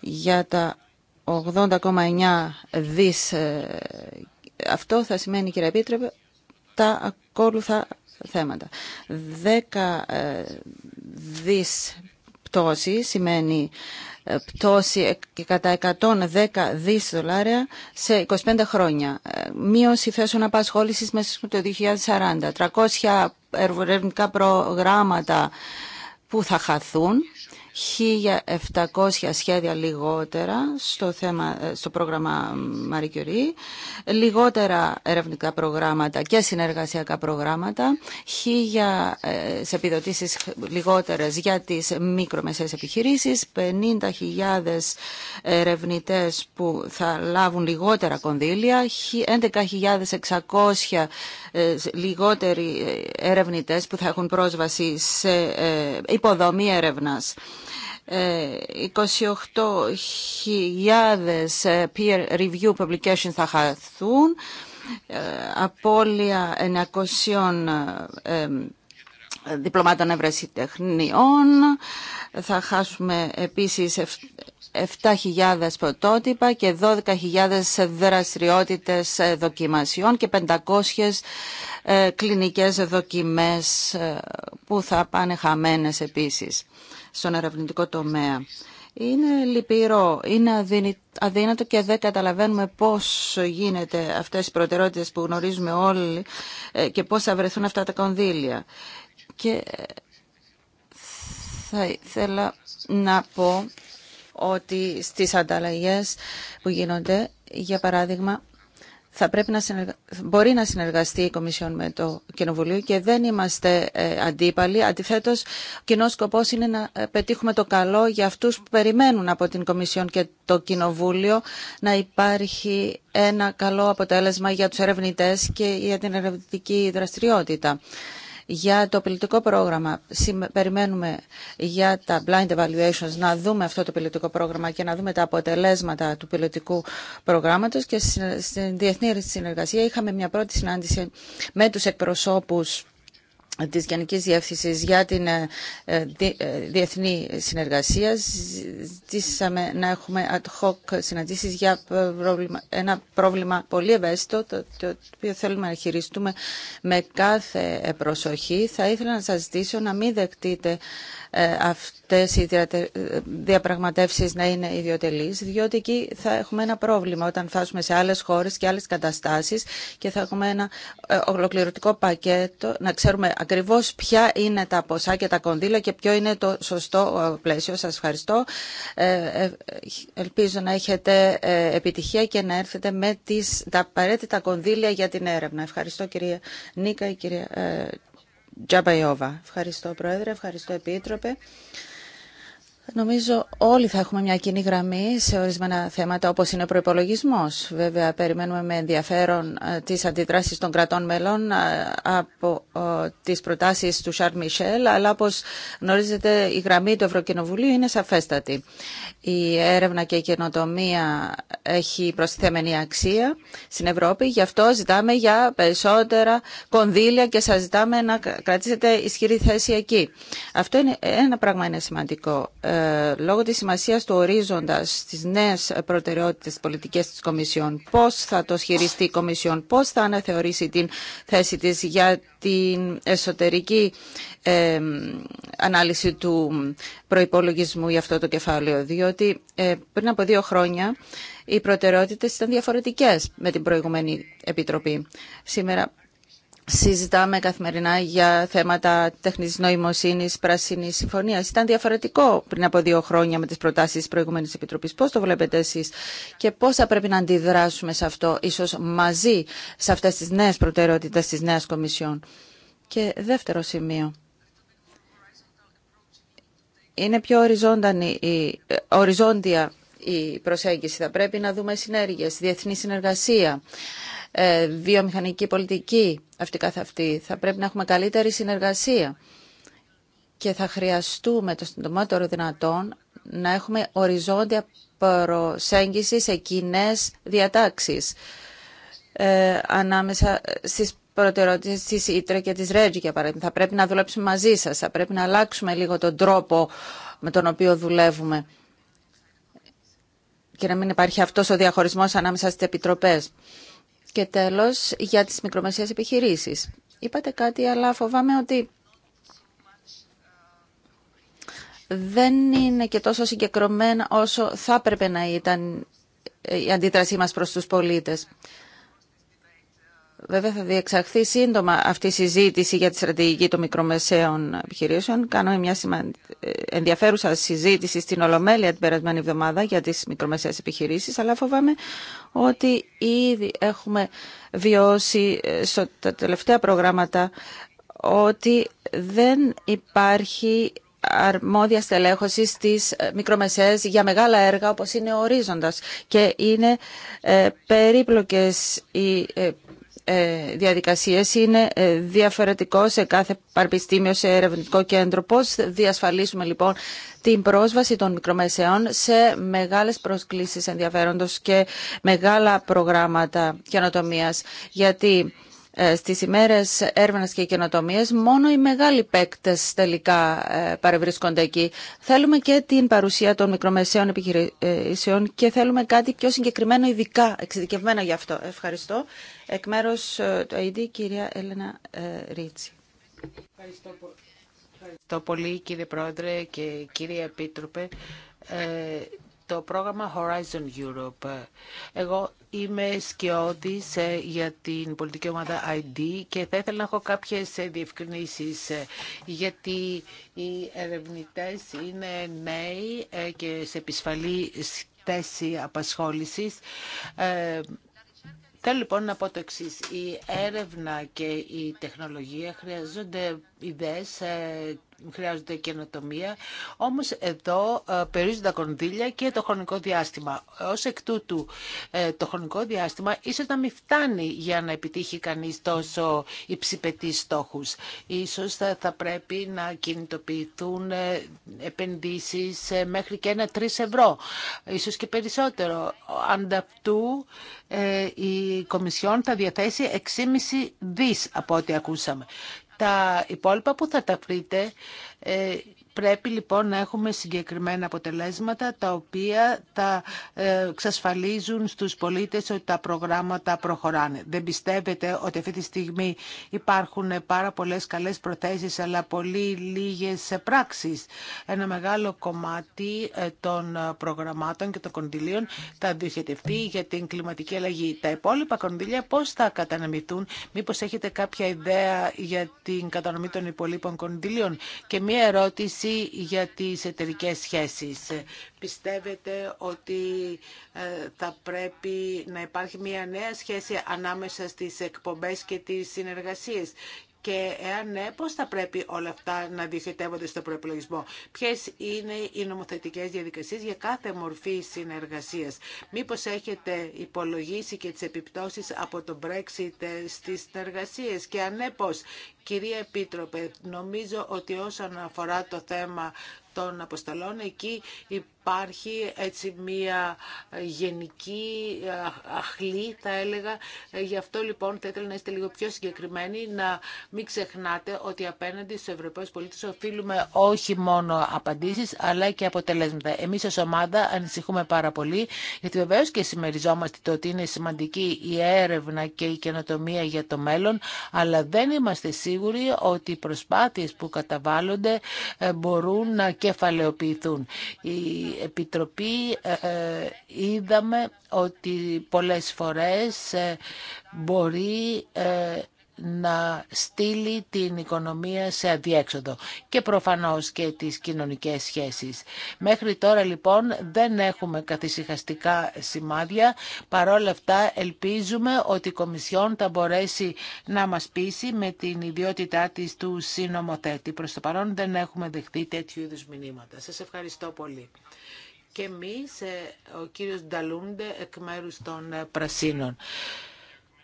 Για τα 80,9 δις ε, αυτό θα σημαίνει κύριε Επίτρεπε τα ακόλουθα θέματα. 10 ε, δις πτώση σημαίνει ε, πτώση κατά 110 δις δολάρια σε 25 χρόνια. Ε, μείωση θέσεων απασχόλησης μέσα στο 2040. 300 ερευνητικά προγράμματα που θα χαθούν 1.700 σχέδια λιγότερα στο, θέμα, ε, στο πρόγραμμα Marie Curie, λιγότερα ερευνητικά προγράμματα και συνεργασιακά προγράμματα, 1.000 ε, επιδοτήσεις λιγότερες για τις μικρομεσαίες επιχειρήσεις, 50.000 ερευνητές που θα λάβουν λιγότερα κονδύλια, 11.600 ε, λιγότεροι ερευνητές που θα έχουν πρόσβαση σε υποδομή έρευνας. 28.000 ε, peer review publications θα χαθούν, ε, απώλεια 900 ε, διπλωμάτων ευρεσιτεχνιών, θα χάσουμε επίσης 7.000 πρωτότυπα και 12.000 δραστηριότητες δοκιμασιών και 500 κλινικές δοκιμές που θα πάνε χαμένες επίσης στον ερευνητικό τομέα. Είναι λυπηρό, είναι αδύνατο και δεν καταλαβαίνουμε πώς γίνεται αυτές οι προτεραιότητες που γνωρίζουμε όλοι ε, και πώς θα βρεθούν αυτά τα κονδύλια. Και ε, θα ήθελα να πω ότι στις ανταλλαγές που γίνονται, για παράδειγμα, θα πρέπει να μπορεί να συνεργαστεί η Κομισιόν με το Κοινοβουλίο και δεν είμαστε ε, αντίπαλοι. Αντιθέτω, ο κοινό σκοπό είναι να ε, πετύχουμε το καλό για αυτού που περιμένουν από την Κομισιόν και το Κοινοβούλιο να υπάρχει ένα καλό αποτέλεσμα για του ερευνητέ και για την ερευνητική δραστηριότητα για το πιλωτικό πρόγραμμα. Περιμένουμε για τα blind evaluations να δούμε αυτό το πιλωτικό πρόγραμμα και να δούμε τα αποτελέσματα του πιλωτικού προγράμματος και στην διεθνή συνεργασία είχαμε μια πρώτη συνάντηση με τους εκπροσώπους της Γενικής Διεύθυνσης για την ε, ε, ε, διεθνή συνεργασία. Ζήσαμε να έχουμε ad hoc συναντήσεις για ένα πρόβλημα πολύ ευαίσθητο, το οποίο θέλουμε να χειριστούμε με κάθε προσοχή. Θα ήθελα να σας ζητήσω να μην δεχτείτε ε, αυτές οι ε, διαπραγματεύσεις να είναι ιδιωτελείς, διότι εκεί θα έχουμε ένα πρόβλημα όταν φτάσουμε σε άλλες χώρες και άλλες καταστάσεις και θα έχουμε ένα ε, ολοκληρωτικό πακέτο, να ξέρουμε ακριβώς ποια είναι τα ποσά και τα κονδύλια και ποιο είναι το σωστό πλαίσιο. Σας ευχαριστώ. Ελπίζω να έχετε επιτυχία και να έρθετε με τα απαραίτητα κονδύλια για την έρευνα. Ευχαριστώ κυρία Νίκα και κυρία Τζαμπαϊόβα. Ευχαριστώ Πρόεδρε, ευχαριστώ Επίτροπε. Νομίζω όλοι θα έχουμε μια κοινή γραμμή σε ορισμένα θέματα όπως είναι ο προϋπολογισμός. Βέβαια περιμένουμε με ενδιαφέρον ε, τις αντιδράσεις των κρατών μελών ε, από ε, τις προτάσεις του Σαρ Μισελ, αλλά όπως γνωρίζετε η γραμμή του Ευρωκοινοβουλίου είναι σαφέστατη. Η έρευνα και η καινοτομία έχει προστιθέμενη αξία στην Ευρώπη, γι' αυτό ζητάμε για περισσότερα κονδύλια και σα ζητάμε να κρατήσετε ισχυρή θέση εκεί. Αυτό είναι ένα πράγμα είναι σημαντικό ε, λόγω της σημασίας του ορίζοντας στις νέες προτεραιότητες πολιτικές της Κομισιόν, πώς θα το σχηριστεί η Κομισιόν, πώς θα αναθεωρήσει την θέση της για την εσωτερική ε, ανάλυση του προϋπολογισμού για αυτό το κεφάλαιο. Διότι ε, πριν από δύο χρόνια οι προτεραιότητες ήταν διαφορετικές με την προηγούμενη Επιτροπή. Σήμερα συζητάμε καθημερινά για θέματα τεχνής νοημοσύνης, πράσινης συμφωνίας. Ήταν διαφορετικό πριν από δύο χρόνια με τις προτάσεις της προηγούμενης Επιτροπής. Πώς το βλέπετε εσείς και πώς θα πρέπει να αντιδράσουμε σε αυτό, ίσως μαζί σε αυτές τις νέες προτεραιότητες της νέας Κομισιόν. Και δεύτερο σημείο. Είναι πιο η, οριζόντια η προσέγγιση. Θα πρέπει να δούμε συνέργειες, διεθνή συνεργασία. Ε, βιομηχανική πολιτική αυτή καθ' αυτή. Θα πρέπει να έχουμε καλύτερη συνεργασία και θα χρειαστούμε το συντομότερο δυνατόν να έχουμε οριζόντια προσέγγιση σε κοινέ διατάξεις ε, ανάμεσα στις προτεραιότητες της Ήτρα και της Ρέτζη, για παράδειγμα. Θα πρέπει να δουλέψουμε μαζί σας, θα πρέπει να αλλάξουμε λίγο τον τρόπο με τον οποίο δουλεύουμε και να μην υπάρχει αυτός ο διαχωρισμός ανάμεσα στις επιτροπές. Και τέλος, για τις μικρομεσαίες επιχειρήσεις. Είπατε κάτι, αλλά φοβάμαι ότι δεν είναι και τόσο συγκεκριμένα όσο θα έπρεπε να ήταν η αντίδρασή μας προς τους πολίτες. Βέβαια θα διεξαχθεί σύντομα αυτή η συζήτηση για τη στρατηγική των μικρομεσαίων επιχειρήσεων. Κάνουμε μια ενδιαφέρουσα συζήτηση στην Ολομέλεια την περασμένη εβδομάδα για τις μικρομεσαίες επιχειρήσεις, αλλά φοβάμαι ότι ήδη έχουμε βιώσει ε, στα τελευταία προγράμματα ότι δεν υπάρχει αρμόδια στελέχωση στις ε, μικρομεσαίες για μεγάλα έργα όπως είναι ο ορίζοντας και είναι ε, περίπλοκες οι ε, διαδικασίες είναι ε, διαφορετικό σε κάθε παρπιστήμιο, σε ερευνητικό κέντρο. Πώς διασφαλίσουμε λοιπόν την πρόσβαση των μικρομεσαίων σε μεγάλες προσκλήσεις ενδιαφέροντος και μεγάλα προγράμματα καινοτομία, Γιατί ε, στις ημέρες έρευνα και καινοτομίες μόνο οι μεγάλοι παίκτες τελικά ε, παρευρίσκονται εκεί. Θέλουμε και την παρουσία των μικρομεσαίων επιχειρήσεων και θέλουμε κάτι πιο συγκεκριμένο ειδικά εξειδικευμένο γι' αυτό. Ευχαριστώ. Εκ μέρους ε, του ΑΕΔ, κυρία Έλενα Ρίτσι. Ευχαριστώ, πολύ κύριε Πρόεδρε και κύριε Επίτροπε. Ε, το πρόγραμμα Horizon Europe. Εγώ είμαι σκιώδης ε, για την πολιτική ομάδα ID και θα ήθελα να έχω κάποιες ε, διευκρινήσει. Ε, γιατί οι ερευνητές είναι νέοι και σε επισφαλή θέση απασχόλησης. Θέλω λοιπόν να πω το εξή. Η έρευνα και η τεχνολογία χρειαζόνται ιδέες, ε, χρειάζονται καινοτομία. Όμως εδώ ε, περίζουν τα κονδύλια και το χρονικό διάστημα. Ως εκ τούτου ε, το χρονικό διάστημα ίσως να μην φτάνει για να επιτύχει κανείς τόσο υψηπετής στόχους. Ίσως θα, πρέπει να κινητοποιηθούν επενδύσεις μέχρι και ένα 3 ευρώ, ίσως και περισσότερο. Ανταπτού η Κομισιόν θα διαθέσει 6,5 δις από ό,τι ακούσαμε. Τα υπόλοιπα που θα τα βρείτε ε, Πρέπει λοιπόν να έχουμε συγκεκριμένα αποτελέσματα τα οποία θα ε, εξασφαλίζουν στους πολίτες ότι τα προγράμματα προχωράνε. Δεν πιστεύετε ότι αυτή τη στιγμή υπάρχουν πάρα πολλές καλές προθέσεις αλλά πολύ λίγες πράξεις. Ένα μεγάλο κομμάτι ε, των προγραμμάτων και των κονδυλίων θα διοχετευτεί για την κλιματική αλλαγή. Τα υπόλοιπα κονδύλια πώς θα καταναμηθούν, μήπως έχετε κάποια ιδέα για την κατανομή των υπολείπων κονδυλίων. Και μία ερώτηση για τις εταιρικές σχέσεις. Πιστεύετε ότι ε, θα πρέπει να υπάρχει μια νέα σχέση ανάμεσα στις εκπομπές και τις συνεργασίες και εάν ναι, πώς θα πρέπει όλα αυτά να διοχετεύονται στο προπολογισμό. ποιε είναι οι νομοθετικέ διαδικασίε για κάθε μορφή συνεργασία, μήπω έχετε υπολογίσει και τι επιπτώσει από το Brexit στι συνεργασίε και αν ναι, πώς. Κυρία Επίτροπε, νομίζω ότι όσον αφορά το θέμα των αποστολών. Εκεί υπάρχει έτσι μια γενική ε, αχλή, θα έλεγα. Ε, γι' αυτό λοιπόν θα ήθελα να είστε λίγο πιο συγκεκριμένοι, να μην ξεχνάτε ότι απέναντι στους Ευρωπαίους πολίτες οφείλουμε όχι μόνο απαντήσεις, αλλά και αποτελέσματα. Εμείς ως ομάδα ανησυχούμε πάρα πολύ, γιατί βεβαίω και συμμεριζόμαστε το ότι είναι σημαντική η έρευνα και η καινοτομία για το μέλλον, αλλά δεν είμαστε σίγουροι ότι οι προσπάθειες που καταβάλλονται ε, μπορούν να κεφαλαιοποιηθούν. Η Επιτροπή ε, ε, είδαμε ότι πολλές φορές ε, μπορεί να στείλει την οικονομία σε αδιέξοδο και προφανώς και τις κοινωνικές σχέσεις. Μέχρι τώρα λοιπόν δεν έχουμε καθησυχαστικά σημάδια. Παρόλα αυτά ελπίζουμε ότι η Κομισιόν θα μπορέσει να μας πείσει με την ιδιότητά της του συνομοθέτη. Προς το παρόν δεν έχουμε δεχτεί τέτοιου είδους μηνύματα. Σας ευχαριστώ πολύ. Και εμείς, ε, ο κύριος Νταλούντε, εκ μέρους των ε, Πρασίνων.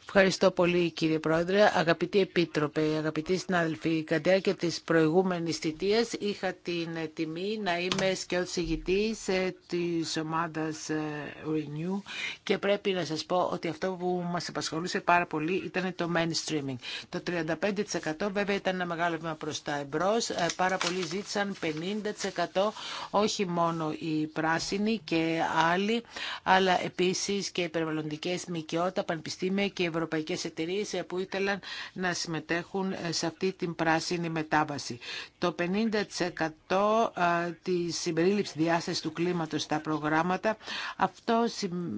Ευχαριστώ πολύ κύριε Πρόεδρε. Αγαπητοί Επίτροπε, αγαπητοί συνάδελφοι, κατά και της προηγούμενης θητείας είχα την τιμή να είμαι σκιώτη ηγητής ε, της ομάδας ε, Renew και πρέπει να σας πω ότι αυτό που μας απασχολούσε πάρα πολύ ήταν το mainstreaming. Το 35% βέβαια ήταν ένα μεγάλο βήμα προς τα εμπρό. Ε, πάρα πολλοί ζήτησαν 50% όχι μόνο οι πράσινοι και άλλοι, αλλά επίσης και οι περιβαλλοντικές ΜΚΟ, πανεπιστήμια και ευρωπαϊκές εταιρείες που ήθελαν να συμμετέχουν σε αυτή την πράσινη μετάβαση. Το 50% της συμπερίληψης διάσταση του κλίματος στα προγράμματα, αυτό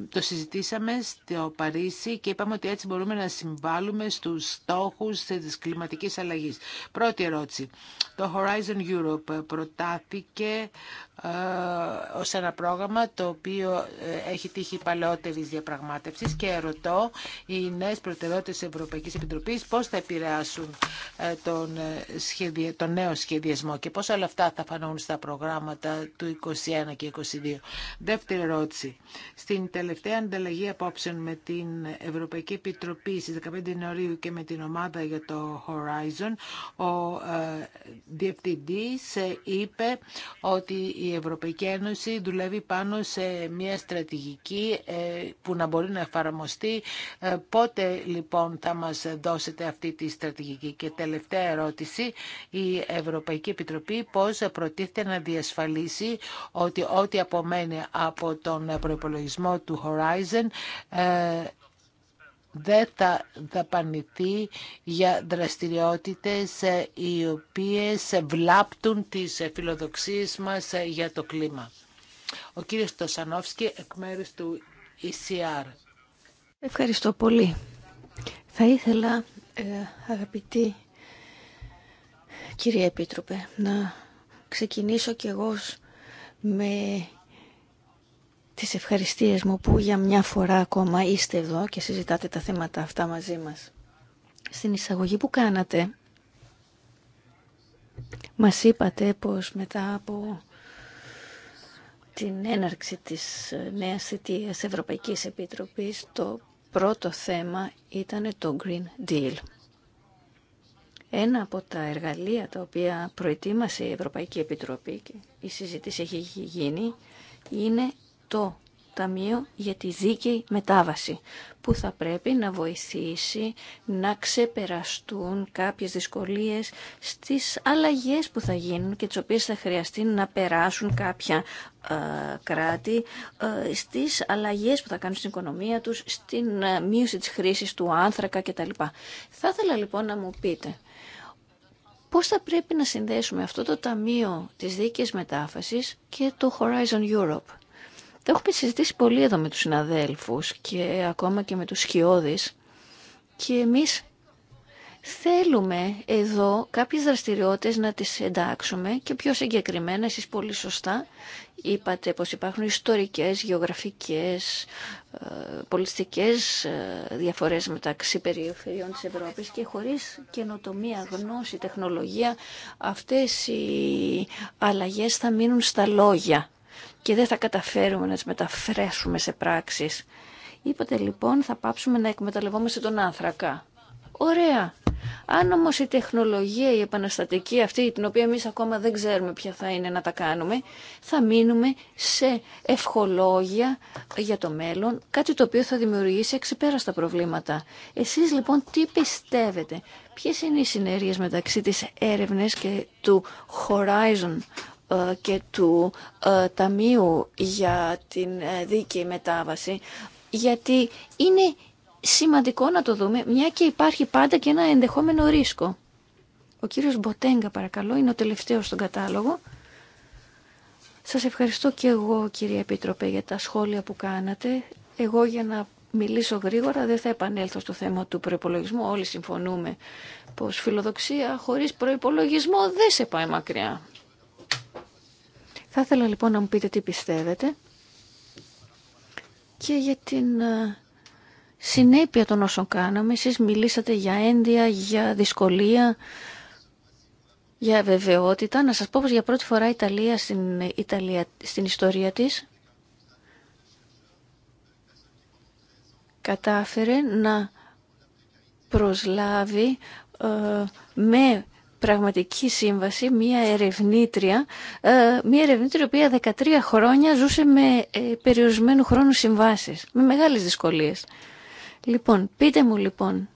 το συζητήσαμε στο Παρίσι και είπαμε ότι έτσι μπορούμε να συμβάλλουμε στους στόχους της κλιματικής αλλαγής. Πρώτη ερώτηση. Το Horizon Europe προτάθηκε ε, ως ένα πρόγραμμα το οποίο ε, έχει τύχει παλαιότερη διαπραγμάτευση και ρωτώ οι νέες προτεραιότητες της Ευρωπαϊκής Επιτροπής πώς θα επηρεάσουν ε, τον, τον νέο σχεδιασμό και πώς όλα αυτά θα φανούν στα προγράμματα του 2021 και 2022. Δεύτερη ερώτηση. Στην τελευταία ανταλλαγή απόψεων με την Ευρωπαϊκή Επιτροπή στις 15 Ιανουαρίου και με την ομάδα για το Horizon, ο ε, είπε ότι η Ευρωπαϊκή Ένωση δουλεύει πάνω σε μια στρατηγική ε, που να μπορεί να εφαρμοστεί. Ε, πότε λοιπόν θα μας δώσετε αυτή τη στρατηγική. Και τελευταία ερώτηση, η Ευρωπαϊκή Επιτροπή πώς προτίθεται να διασφαλίσει ότι ό,τι απομένει από τον προπολογισμό του Horizon ε, δεν θα δαπανηθεί για δραστηριότητες ε, οι οποίες βλάπτουν τις ε, φιλοδοξίες μας ε, για το κλίμα. Ο κύριος Τωσανόφσκι εκ μέρους του ECR. Ευχαριστώ πολύ. Θα ήθελα, αγαπητή κυρία Επίτροπε, να ξεκινήσω κι εγώ με τις ευχαριστίες μου που για μια φορά ακόμα είστε εδώ και συζητάτε τα θέματα αυτά μαζί μας. Στην εισαγωγή που κάνατε, μας είπατε πως μετά από την έναρξη της νέας θητείας Ευρωπαϊκής Επιτροπής, το πρώτο θέμα ήταν το Green Deal. Ένα από τα εργαλεία τα οποία προετοίμασε η Ευρωπαϊκή Επιτροπή και η συζήτηση έχει γίνει είναι το Ταμείο για τη Δίκαιη Μετάβαση που θα πρέπει να βοηθήσει να ξεπεραστούν κάποιες δυσκολίες στις αλλαγές που θα γίνουν και τις οποίες θα χρειαστεί να περάσουν κάποια ε, κράτη ε, στις αλλαγές που θα κάνουν στην οικονομία τους, στην ε, μείωση της χρήσης του άνθρακα κτλ. Θα ήθελα λοιπόν να μου πείτε πώς θα πρέπει να συνδέσουμε αυτό το Ταμείο της Δίκαιης Μετάφασης και το Horizon Europe το έχουμε συζητήσει πολύ εδώ με τους συναδέλφους και ακόμα και με τους σκιώδεις και εμείς θέλουμε εδώ κάποιες δραστηριότητες να τις εντάξουμε και πιο συγκεκριμένα, εσείς πολύ σωστά είπατε πως υπάρχουν ιστορικές, γεωγραφικές, ε, πολιτιστικές ε, διαφορές μεταξύ περιοχών της Ευρώπης και χωρίς καινοτομία, γνώση, τεχνολογία αυτές οι αλλαγές θα μείνουν στα λόγια και δεν θα καταφέρουμε να τις μεταφρέσουμε σε πράξεις. Είπατε λοιπόν θα πάψουμε να εκμεταλλευόμαστε τον άνθρακα. Ωραία. Αν όμω η τεχνολογία, η επαναστατική αυτή, την οποία εμείς ακόμα δεν ξέρουμε ποια θα είναι να τα κάνουμε, θα μείνουμε σε ευχολόγια για το μέλλον, κάτι το οποίο θα δημιουργήσει εξυπέραστα προβλήματα. Εσείς λοιπόν τι πιστεύετε, ποιε είναι οι συνέργειες μεταξύ της έρευνες και του Horizon ε, και του ε, Ταμείου για την ε, δίκαιη μετάβαση, γιατί είναι σημαντικό να το δούμε, μια και υπάρχει πάντα και ένα ενδεχόμενο ρίσκο. Ο κύριος Μποτέγκα, παρακαλώ, είναι ο τελευταίος στον κατάλογο. Σας ευχαριστώ και εγώ, κύριε Επίτροπε, για τα σχόλια που κάνατε. Εγώ για να μιλήσω γρήγορα δεν θα επανέλθω στο θέμα του προπολογισμού. Όλοι συμφωνούμε πως φιλοδοξία χωρίς προϋπολογισμό δεν σε πάει μακριά. Θα ήθελα λοιπόν να μου πείτε τι πιστεύετε και για την ε, συνέπεια των όσων κάναμε. Εσείς μιλήσατε για ένδια, για δυσκολία, για βεβαιότητα. Να σας πω πως για πρώτη φορά η Ιταλία στην, ιστορία της κατάφερε να προσλάβει ε, με πραγματική σύμβαση, μία ερευνήτρια, ε, μία ερευνήτρια η οποία 13 χρόνια ζούσε με ε, περιορισμένου χρόνου συμβάσεις, με μεγάλες δυσκολίες. Λοιπόν, πείτε μου λοιπόν,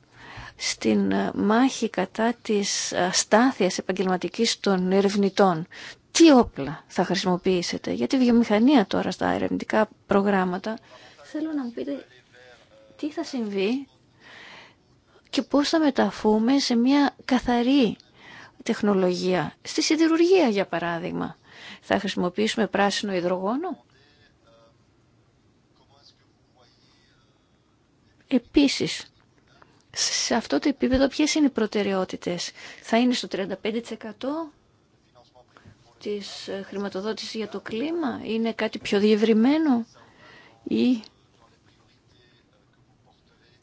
στην ε, μάχη κατά της αστάθειας επαγγελματικής των ερευνητών, τι όπλα θα χρησιμοποιήσετε για τη βιομηχανία τώρα στα ερευνητικά προγράμματα. Θέλω να μου πείτε τι θα συμβεί και πώς θα μεταφούμε σε μια καθαρή τεχνολογία. Στη σιδηρουργία, για παράδειγμα. Θα χρησιμοποιήσουμε πράσινο υδρογόνο. Επίσης, σε αυτό το επίπεδο ποιες είναι οι προτεραιότητες. Θα είναι στο 35% της ε, χρηματοδότησης για το κλίμα. Είναι κάτι πιο διευρυμένο ή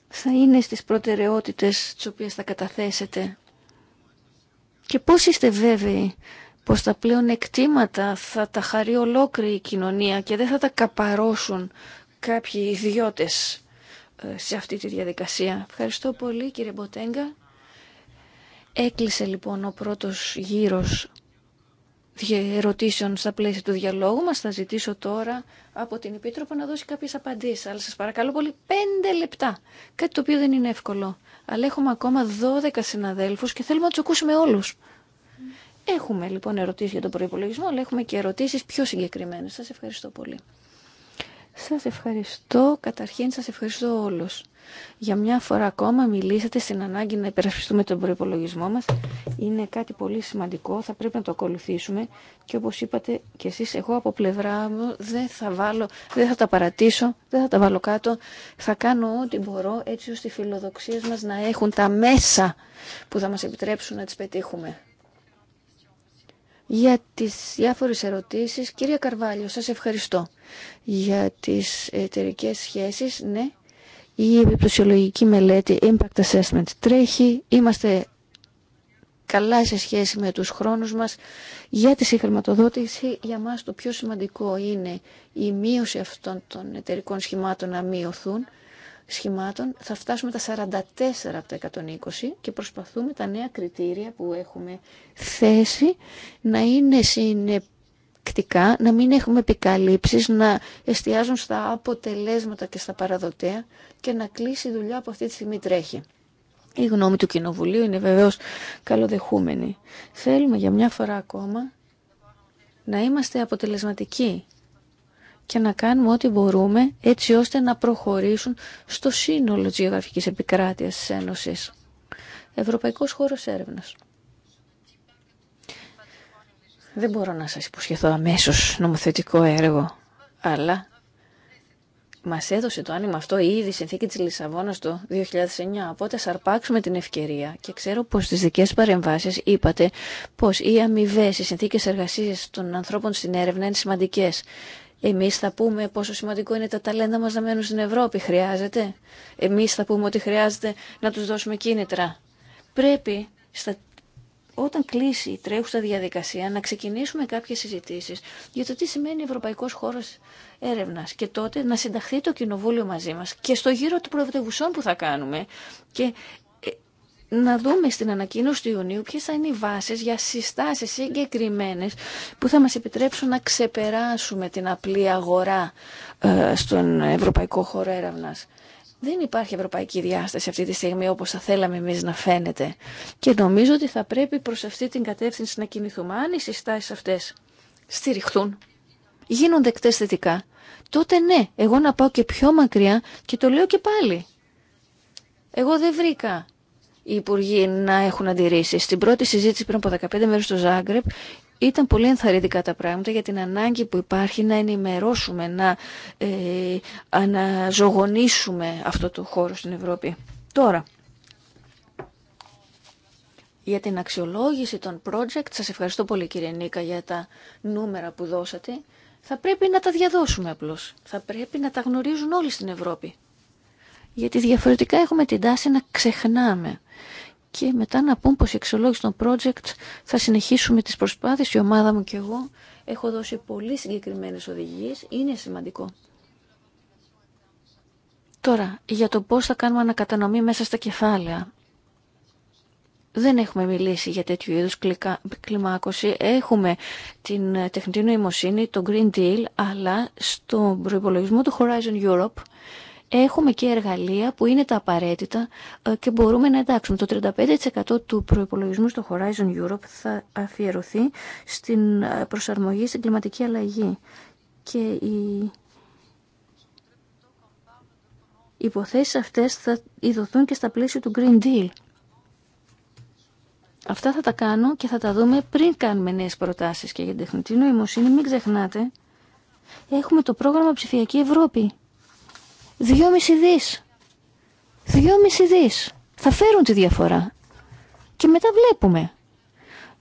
θα είναι στις προτεραιότητες τις οποίες θα καταθέσετε. Και πώς είστε βέβαιοι πως τα πλέον εκτίματα θα τα χαρεί ολόκληρη η κοινωνία και δεν θα τα καπαρώσουν κάποιοι ιδιώτες ε, σε αυτή τη διαδικασία. Ευχαριστώ πολύ κύριε Μποτέγκα. Έκλεισε λοιπόν ο πρώτος γύρος ερωτήσεων στα πλαίσια του διαλόγου μας. Θα ζητήσω τώρα από την Επίτροπο να δώσει κάποιες απαντήσεις. Αλλά σας παρακαλώ πολύ πέντε λεπτά. Κάτι το οποίο δεν είναι εύκολο. Αλλά έχουμε ακόμα 12 συναδέλφους και θέλουμε να τους ακούσουμε όλους. Έχουμε λοιπόν ερωτήσεις για τον προϋπολογισμό, αλλά έχουμε και ερωτήσεις πιο συγκεκριμένες. Σας ευχαριστώ πολύ. Σας ευχαριστώ. Καταρχήν σας ευχαριστώ όλους. Για μια φορά ακόμα μιλήσατε στην ανάγκη να υπερασπιστούμε τον προπολογισμό μας. Είναι κάτι πολύ σημαντικό, θα πρέπει να το ακολουθήσουμε και όπως είπατε και εσείς, εγώ από πλευρά μου δεν θα, βάλω, δεν θα τα παρατήσω, δεν θα τα βάλω κάτω. Θα κάνω ό,τι μπορώ έτσι ώστε οι φιλοδοξίες μας να έχουν τα μέσα που θα μας επιτρέψουν να τις πετύχουμε για τις διάφορες ερωτήσεις. Κυρία Καρβάλιο, σας ευχαριστώ για τις εταιρικέ σχέσεις. Ναι, η επιπτωσιολογική μελέτη Impact Assessment τρέχει. Είμαστε καλά σε σχέση με τους χρόνους μας. Για τη συγχρηματοδότηση, για μας το πιο σημαντικό είναι η μείωση αυτών των εταιρικών σχημάτων να μειωθούν. Σχημάτων. Θα φτάσουμε τα 44 από τα 120 και προσπαθούμε τα νέα κριτήρια που έχουμε θέσει να είναι συνεπή να μην έχουμε επικαλύψεις, να εστιάζουν στα αποτελέσματα και στα παραδοτέα και να κλείσει η δουλειά που αυτή τη στιγμή τρέχει. Η γνώμη του Κοινοβουλίου είναι βεβαίως καλοδεχούμενη. Θέλουμε για μια φορά ακόμα να είμαστε αποτελεσματικοί και να κάνουμε ό,τι μπορούμε έτσι ώστε να προχωρήσουν στο σύνολο της γεωγραφικής επικράτειας της Ένωσης. Ευρωπαϊκός χώρος έρευνας. Δεν μπορώ να σας υποσχεθώ αμέσως νομοθετικό έργο, αλλά μας έδωσε το άνοιγμα αυτό ήδη η συνθήκη της Λισαβόνας το 2009, οπότε ας αρπάξουμε την ευκαιρία. Και ξέρω πως στις δικές παρεμβάσεις είπατε πως οι αμοιβέ, οι συνθήκες εργασίας των ανθρώπων στην έρευνα είναι σημαντικές. Εμείς θα πούμε πόσο σημαντικό είναι τα ταλέντα μας να μένουν στην Ευρώπη, χρειάζεται. Εμείς θα πούμε ότι χρειάζεται να τους δώσουμε κίνητρα. Πρέπει στα όταν κλείσει η τρέχουσα διαδικασία να ξεκινήσουμε κάποιες συζητήσει για το τι σημαίνει Ευρωπαϊκός Χώρος Έρευνας και τότε να συνταχθεί το Κοινοβούλιο μαζί μας και στο γύρο του προεδρευουσών που θα κάνουμε και ε, να δούμε στην ανακοίνωση του Ιουνίου ποιε θα είναι οι βάσει για συστάσεις συγκεκριμένε που θα μα επιτρέψουν να ξεπεράσουμε την απλή αγορά ε, στον ευρωπαϊκό χώρο έρευνα δεν υπάρχει ευρωπαϊκή διάσταση αυτή τη στιγμή όπως θα θέλαμε εμείς να φαίνεται. Και νομίζω ότι θα πρέπει προς αυτή την κατεύθυνση να κινηθούμε. Αν οι συστάσεις αυτές στηριχθούν, γίνονται εκτεσθετικά, θετικά, τότε ναι, εγώ να πάω και πιο μακριά και το λέω και πάλι. Εγώ δεν βρήκα οι υπουργοί να έχουν αντιρρήσει. Στην πρώτη συζήτηση πριν από 15 μέρες στο Ζάγκρεπ ήταν πολύ ενθαρρυντικά τα πράγματα για την ανάγκη που υπάρχει να ενημερώσουμε, να ε, αναζωογονήσουμε αυτό το χώρο στην Ευρώπη. Τώρα, για την αξιολόγηση των project, σας ευχαριστώ πολύ κύριε Νίκα για τα νούμερα που δώσατε. Θα πρέπει να τα διαδώσουμε απλώς. Θα πρέπει να τα γνωρίζουν όλοι στην Ευρώπη. Γιατί διαφορετικά έχουμε την τάση να ξεχνάμε και μετά να πούν πως η εξολόγηση των project θα συνεχίσουμε τις προσπάθειες, η ομάδα μου και εγώ έχω δώσει πολύ συγκεκριμένες οδηγίες, είναι σημαντικό. Τώρα, για το πώς θα κάνουμε ανακατανομή μέσα στα κεφάλαια. Δεν έχουμε μιλήσει για τέτοιου είδους κλιμάκωση. Έχουμε την τεχνητή νοημοσύνη, το Green Deal, αλλά στον προϋπολογισμό του Horizon Europe έχουμε και εργαλεία που είναι τα απαραίτητα ε, και μπορούμε να εντάξουμε. Το 35% του προϋπολογισμού στο Horizon Europe θα αφιερωθεί στην ε, προσαρμογή στην κλιματική αλλαγή. Και οι υποθέσεις αυτές θα ειδωθούν και στα πλαίσια του Green Deal. Αυτά θα τα κάνω και θα τα δούμε πριν κάνουμε νέες προτάσεις και για την τεχνητή νοημοσύνη. Μην ξεχνάτε, έχουμε το πρόγραμμα Ψηφιακή Ευρώπη Δυόμιση δις. Δυόμιση δις. Θα φέρουν τη διαφορά. Και μετά βλέπουμε.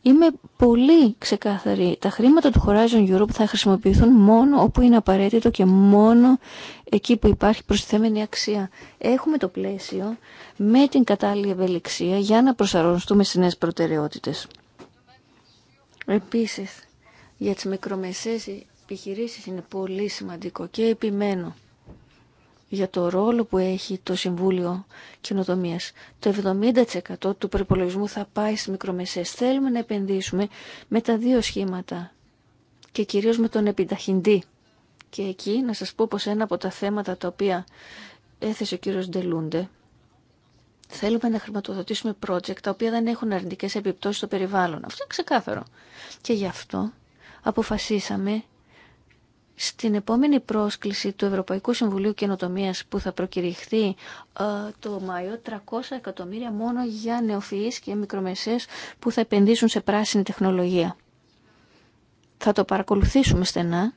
Είμαι πολύ ξεκάθαρη. Τα χρήματα του Horizon Europe θα χρησιμοποιηθούν μόνο όπου είναι απαραίτητο και μόνο εκεί που υπάρχει προστιθέμενη αξία. Έχουμε το πλαίσιο με την κατάλληλη ευελιξία για να προσαρμοστούμε στις νέες προτεραιότητες. Επίσης, για τις μικρομεσαίες επιχειρήσεις είναι πολύ σημαντικό και επιμένω για το ρόλο που έχει το Συμβούλιο καινοτομίας, Το 70% του προπολογισμού θα πάει στις μικρομεσαίες. Θέλουμε να επενδύσουμε με τα δύο σχήματα και κυρίως με τον επιταχυντή. Και εκεί να σας πω πως ένα από τα θέματα τα οποία έθεσε ο κύριος Ντελούντε, Θέλουμε να χρηματοδοτήσουμε project τα οποία δεν έχουν αρνητικές επιπτώσεις στο περιβάλλον. Αυτό είναι ξεκάθαρο. Και γι' αυτό αποφασίσαμε στην επόμενη πρόσκληση του Ευρωπαϊκού Συμβουλίου Καινοτομία που θα προκηρυχθεί ε, το Μάιο, 300 εκατομμύρια μόνο για νεοφυείς και μικρομεσαίες που θα επενδύσουν σε πράσινη τεχνολογία. Θα το παρακολουθήσουμε στενά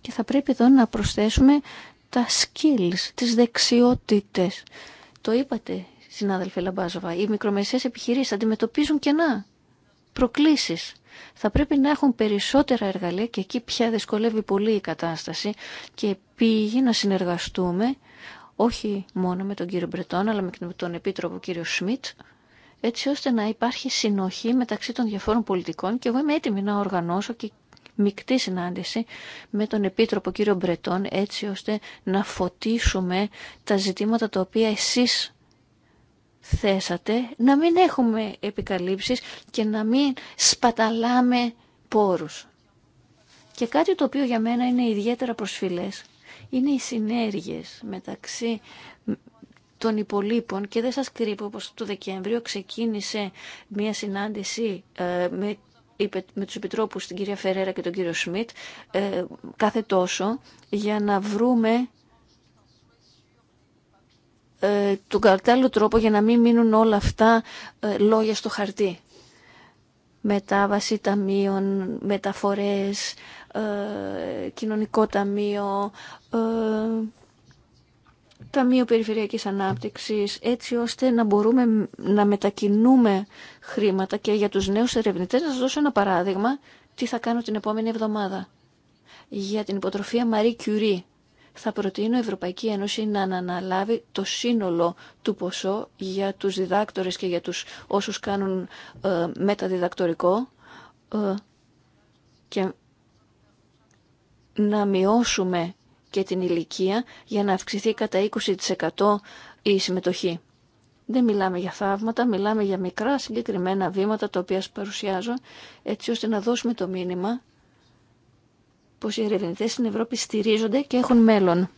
και θα πρέπει εδώ να προσθέσουμε τα skills, τις δεξιότητες. Το είπατε, συνάδελφε Λαμπάζοβα, οι μικρομεσαίες επιχειρήσεις αντιμετωπίζουν κενά, προκλήσεις θα πρέπει να έχουν περισσότερα εργαλεία και εκεί πια δυσκολεύει πολύ η κατάσταση και πήγε να συνεργαστούμε όχι μόνο με τον κύριο Μπρετόν αλλά με τον επίτροπο κύριο Σμιτ έτσι ώστε να υπάρχει συνοχή μεταξύ των διαφόρων πολιτικών και εγώ είμαι έτοιμη να οργανώσω και μεικτή συνάντηση με τον Επίτροπο κύριο Μπρετόν έτσι ώστε να φωτίσουμε τα ζητήματα τα οποία εσείς θέσατε, να μην έχουμε επικαλύψεις και να μην σπαταλάμε πόρους. Και κάτι το οποίο για μένα είναι ιδιαίτερα προσφυλές είναι οι συνέργειες μεταξύ των υπολείπων και δεν σας κρύβω πως το Δεκέμβριο ξεκίνησε μια συνάντηση ε, με με τους επιτρόπους την κυρία Φερέρα και τον κύριο Σμιτ ε, κάθε τόσο για να βρούμε ε, Του κατάλληλο τρόπο για να μην μείνουν όλα αυτά ε, λόγια στο χαρτί. Μετάβαση ταμείων, μεταφορές, ε, κοινωνικό ταμείο, Ταμείο Περιφερειακής Ανάπτυξης, έτσι ώστε να μπορούμε να μετακινούμε χρήματα και για τους νέους ερευνητές. Να σας δώσω ένα παράδειγμα, τι θα κάνω την επόμενη εβδομάδα. Για την υποτροφία Marie Curie θα προτείνω η Ευρωπαϊκή Ένωση να αναλάβει το σύνολο του ποσό για τους διδάκτορες και για τους όσους κάνουν ε, μεταδιδακτορικό ε, και να μειώσουμε και την ηλικία για να αυξηθεί κατά 20% η συμμετοχή. Δεν μιλάμε για θαύματα, μιλάμε για μικρά συγκεκριμένα βήματα τα οποία παρουσιάζω έτσι ώστε να δώσουμε το μήνυμα πως οι ερευνητέ στην Ευρώπη στηρίζονται και έχουν μέλλον.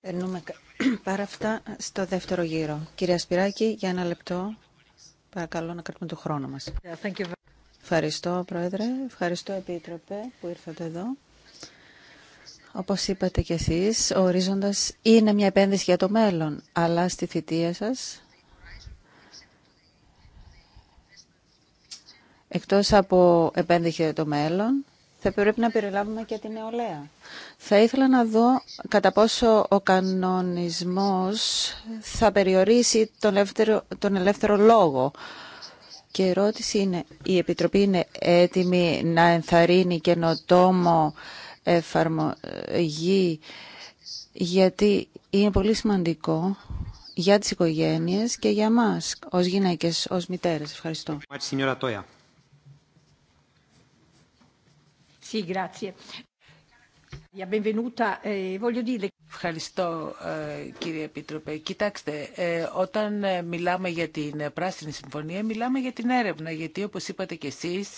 Περνούμε πάρα αυτά στο δεύτερο γύρο. Κυρία Σπυράκη, για ένα λεπτό, παρακαλώ να κρατούμε το χρόνο μας. Ευχαριστώ, Πρόεδρε. Ευχαριστώ, Επίτροπε, που ήρθατε εδώ. Όπως είπατε κι εσείς, ο ορίζοντας είναι μια επένδυση για το μέλλον, αλλά στη θητεία σας Εκτός από επένδυση για το μέλλον, θα πρέπει να περιλάβουμε και την νεολαία. Θα ήθελα να δω κατά πόσο ο κανονισμός θα περιορίσει τον ελεύθερο, τον ελεύθερο λόγο. Και η ερώτηση είναι, η Επιτροπή είναι έτοιμη να ενθαρρύνει καινοτόμο εφαρμογή, γιατί είναι πολύ σημαντικό για τις οικογένειες και για μας ως γυναίκες, ως μητέρες. Ευχαριστώ. Eh, Ευχαριστώ ε, κύριε Επίτροπε. Κοιτάξτε, ε, όταν ε, μιλάμε για την Πράσινη Συμφωνία, μιλάμε για την έρευνα, γιατί όπως είπατε και εσείς,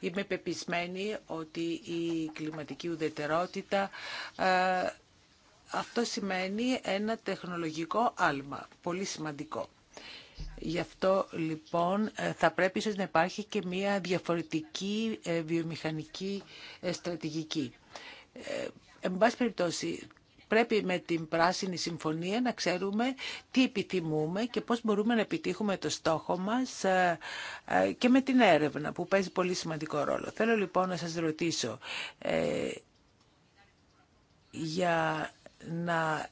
είμαι πεπισμένη ότι η κλιματική ουδετερότητα αυτό σημαίνει ένα τεχνολογικό άλμα, πολύ σημαντικό. Γι' αυτό λοιπόν ε, θα πρέπει ίσως να υπάρχει και μια διαφορετική ε, βιομηχανική ε, στρατηγική. Εν πάση περιπτώσει, πρέπει με την Πράσινη Συμφωνία να ξέρουμε τι επιθυμούμε και πώς μπορούμε να επιτύχουμε το στόχο μας και με την έρευνα που παίζει πολύ σημαντικό ρόλο. Θέλω λοιπόν να σας ρωτήσω για να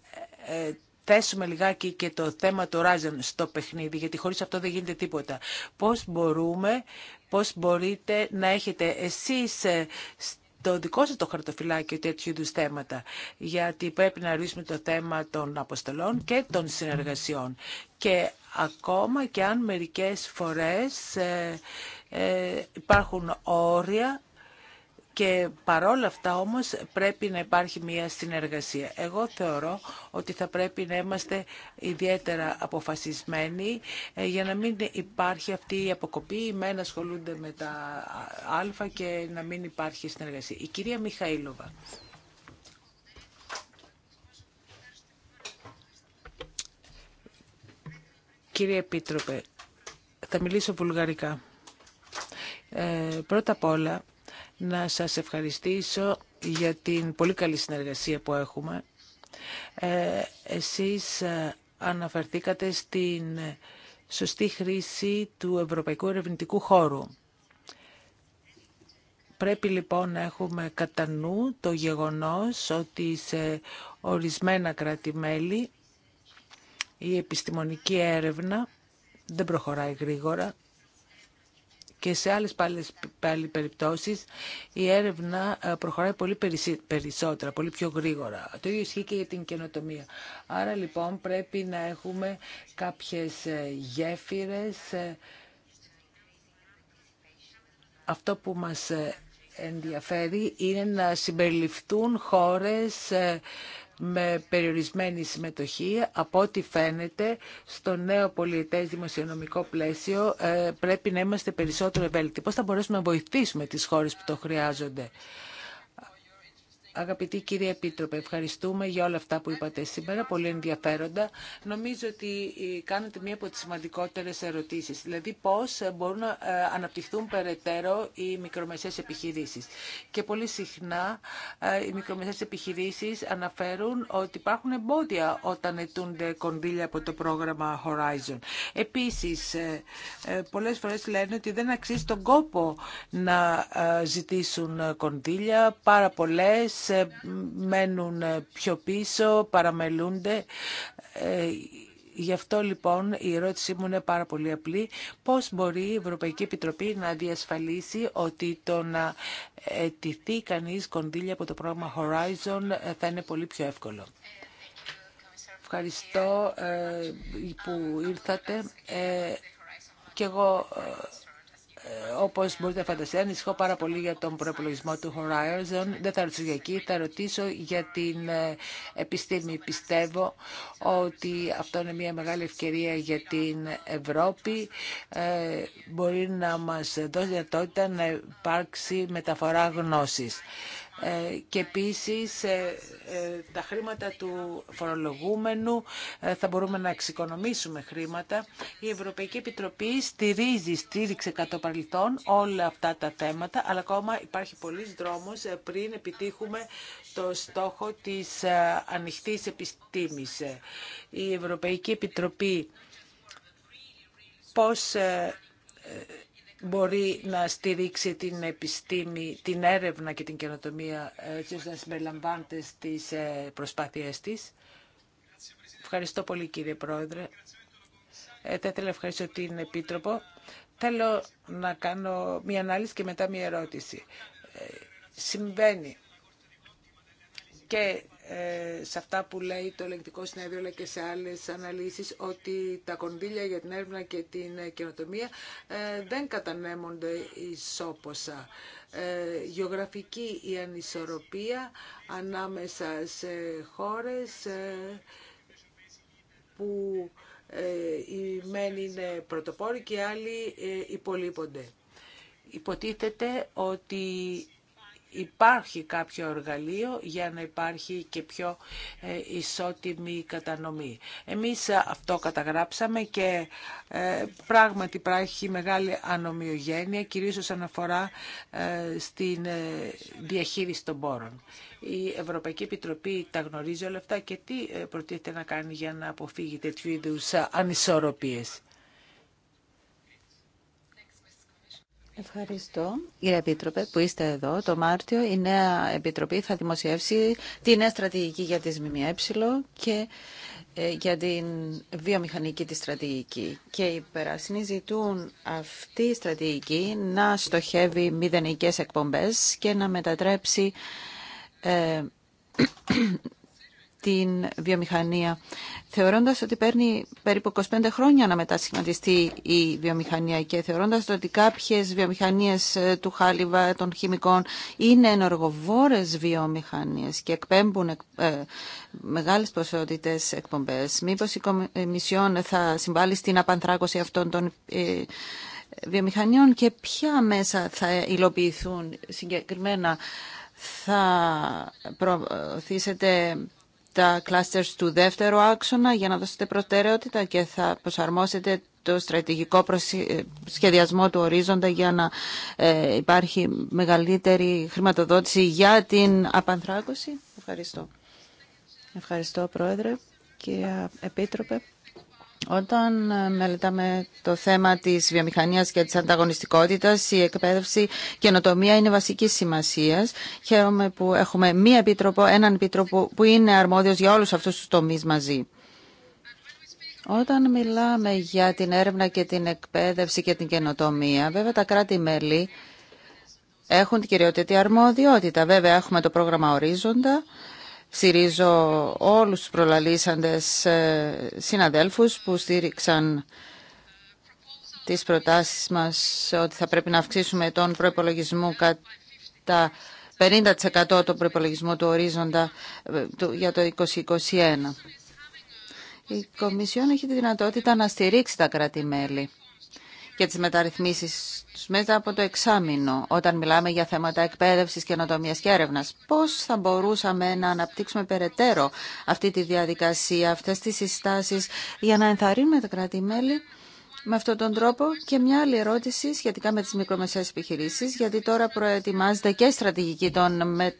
θέσουμε λιγάκι και το θέμα του Horizon στο παιχνίδι, γιατί χωρίς αυτό δεν γίνεται τίποτα. Πώς μπορούμε, πώς μπορείτε να έχετε εσείς ε, το δικό σας το χαρτοφυλάκιο τέτοιου είδου θέματα, γιατί πρέπει να ρίσουμε το θέμα των αποστολών και των συνεργασιών. Και ακόμα και αν μερικές φορές ε, ε, υπάρχουν όρια, και παρόλα αυτά όμως πρέπει να υπάρχει μια συνεργασία. Εγώ θεωρώ ότι θα πρέπει να είμαστε ιδιαίτερα αποφασισμένοι ε, για να μην υπάρχει αυτή η αποκοπή, οι μένα ασχολούνται με τα α και να μην υπάρχει συνεργασία. Η κυρία Μιχαήλοβα. Κύριε Επίτροπε, θα μιλήσω βουλγαρικά. Ε, πρώτα απ' όλα, να σας ευχαριστήσω για την πολύ καλή συνεργασία που έχουμε. Ε, εσείς ε, αναφερθήκατε στην σωστή χρήση του Ευρωπαϊκού Ερευνητικού Χώρου. Πρέπει λοιπόν να έχουμε κατά νου το γεγονός ότι σε ορισμένα κράτη-μέλη η επιστημονική έρευνα δεν προχωράει γρήγορα και σε άλλες πάλι, πάλι περιπτώσεις η έρευνα ε, προχωράει πολύ περισσότερα, πολύ πιο γρήγορα. Το ίδιο ισχύει και για την καινοτομία. Άρα λοιπόν πρέπει να έχουμε κάποιες ε, γέφυρες. Ε, αυτό που μας ενδιαφέρει είναι να συμπεριληφθούν χώρες με περιορισμένη συμμετοχή. Από ό,τι φαίνεται, στο νέο πολιετές δημοσιονομικό πλαίσιο ε, πρέπει να είμαστε περισσότερο ευέλικτοι. Πώς θα μπορέσουμε να βοηθήσουμε τις χώρες που το χρειάζονται. Αγαπητοί κύριε Επίτροπε, ευχαριστούμε για όλα αυτά που είπατε σήμερα, πολύ ενδιαφέροντα. Νομίζω ότι ε, κάνετε μία από τις σημαντικότερες ερωτήσεις, δηλαδή πώς μπορούν να ε, αναπτυχθούν περαιτέρω οι μικρομεσαίες επιχειρήσεις. Και πολύ συχνά ε, οι μικρομεσαίες επιχειρήσεις αναφέρουν ότι υπάρχουν εμπόδια όταν ετούνται κονδύλια από το πρόγραμμα Horizon. Επίσης, πολλές φορές λένε ότι δεν αξίζει τον κόπο να ζητήσουν κονδύλια, πάρα πολλές ε, μένουν ε, πιο πίσω, παραμελούνται. Ε, γι' αυτό λοιπόν η ερώτησή μου είναι πάρα πολύ απλή. Πώς μπορεί η Ευρωπαϊκή Επιτροπή να διασφαλίσει ότι το να ετηθεί κανείς κονδύλια από το πρόγραμμα Horizon θα είναι πολύ πιο εύκολο. Ευχαριστώ που ήρθατε. Και εγώ ε, όπως μπορείτε να φανταστείτε, ανησυχώ πάρα πολύ για τον προπολογισμό του Horizon. Δεν θα ρωτήσω για εκεί, θα ρωτήσω για την ε, επιστήμη. Πιστεύω ότι αυτό είναι μια μεγάλη ευκαιρία για την Ευρώπη. Ε, μπορεί να μας δώσει δυνατότητα να υπάρξει μεταφορά γνώσης. Ε, και επίσης ε, ε, τα χρήματα του φορολογούμενου θα μπορούμε να εξοικονομήσουμε χρήματα. Η Ευρωπαϊκή Επιτροπή στηρίζει, στήριξε το παρελθόν όλα αυτά τα θέματα, αλλά ακόμα υπάρχει πολλής δρόμος πριν επιτύχουμε το στόχο της ανοιχτής επιστήμης. Η Ευρωπαϊκή Επιτροπή πώς μπορεί να στηρίξει την επιστήμη, την έρευνα και την καινοτομία έτσι ε, ώστε να συμπεριλαμβάνεται στις ε, προσπάθειές της. Ευχαριστώ πολύ κύριε Πρόεδρε. Ε, θα ήθελα να ευχαριστώ την Επίτροπο. Θέλω να κάνω μία ανάλυση και μετά μία ερώτηση. συμβαίνει και ε, σε αυτά που λέει το ελεγκτικό συνέδριο αλλά και σε άλλες αναλύσεις ότι τα κονδύλια για την έρευνα και την καινοτομία ε, δεν κατανέμονται ισόποσα. Ε, γεωγραφική η ανισορροπία ανάμεσα σε χώρες που οι μεν είναι πρωτοπόροι και οι άλλοι υπολείπονται. Υποτίθεται ότι υπάρχει κάποιο εργαλείο για να υπάρχει και πιο ε, ισότιμη κατανομή. Εμείς αυτό καταγράψαμε και ε, πράγματι υπάρχει μεγάλη ανομοιογένεια, κυρίως όσον αφορά ε, στην διαχείριση των πόρων. Η Ευρωπαϊκή Επιτροπή τα γνωρίζει όλα αυτά και τι προτίθεται να κάνει για να αποφύγει τέτοιου είδους ανισορροπίες. Ευχαριστώ, κύριε Επίτροπε, που είστε εδώ. Το Μάρτιο η νέα Επιτροπή θα δημοσιεύσει τη νέα στρατηγική για τη ΜΜΕ και ε, για την βιομηχανική τη στρατηγική. Και οι περάσινοι ζητούν αυτή η στρατηγική να στοχεύει μηδενικές εκπομπές και να μετατρέψει ε, την βιομηχανία, θεωρώντα ότι παίρνει περίπου 25 χρόνια να μετασχηματιστεί η βιομηχανία και θεωρώντας ότι κάποιε βιομηχανίε ε, του χάλιβα, των χημικών, είναι ενεργοβόρε βιομηχανίε και εκπέμπουν ε, μεγάλε ποσότητε εκπομπέ, μήπω η Κομισιόν ε, θα συμβάλλει στην απανθράκωση αυτών των βιομηχανιών και ποια μέσα θα υλοποιηθούν συγκεκριμένα θα προωθήσετε τα clusters του δεύτερου άξονα για να δώσετε προτεραιότητα και θα προσαρμόσετε το στρατηγικό ε, σχεδιασμό του ορίζοντα για να ε, υπάρχει μεγαλύτερη χρηματοδότηση για την απανθράκωση. Ευχαριστώ. Ευχαριστώ, Πρόεδρε. και Επίτροπε. Όταν ε, μελετάμε το θέμα της βιομηχανίας και της ανταγωνιστικότητας, η εκπαίδευση και η καινοτομία είναι βασική σημασία. Χαίρομαι που έχουμε μία επίτροπο, έναν επίτροπο που είναι αρμόδιος για όλους αυτούς τους τομείς μαζί. Όταν μιλάμε για την έρευνα και την εκπαίδευση και την καινοτομία, βέβαια τα κράτη-μέλη έχουν την κυριότητα αρμόδιότητα. Βέβαια έχουμε το πρόγραμμα Ορίζοντα, στηρίζω όλους τους προλαλήσαντες ε, συναδέλφους που στήριξαν τις προτάσεις μας ότι θα πρέπει να αυξήσουμε τον προϋπολογισμό κατά 50% τον προϋπολογισμό του ορίζοντα ε, για το 2021. Η Κομισιόν έχει τη δυνατότητα να στηρίξει τα κράτη-μέλη και τις μεταρρυθμίσεις μέσα από το εξάμεινο, όταν μιλάμε για θέματα εκπαίδευσης, καινοτομίας και έρευνας. Πώς θα μπορούσαμε να αναπτύξουμε περαιτέρω αυτή τη διαδικασία, αυτές τις συστάσεις, για να ενθαρρύνουμε τα κράτη-μέλη με αυτόν τον τρόπο και μια άλλη ερώτηση σχετικά με τις μικρομεσαίες επιχειρήσεις, γιατί τώρα προετοιμάζεται και στρατηγική των ε,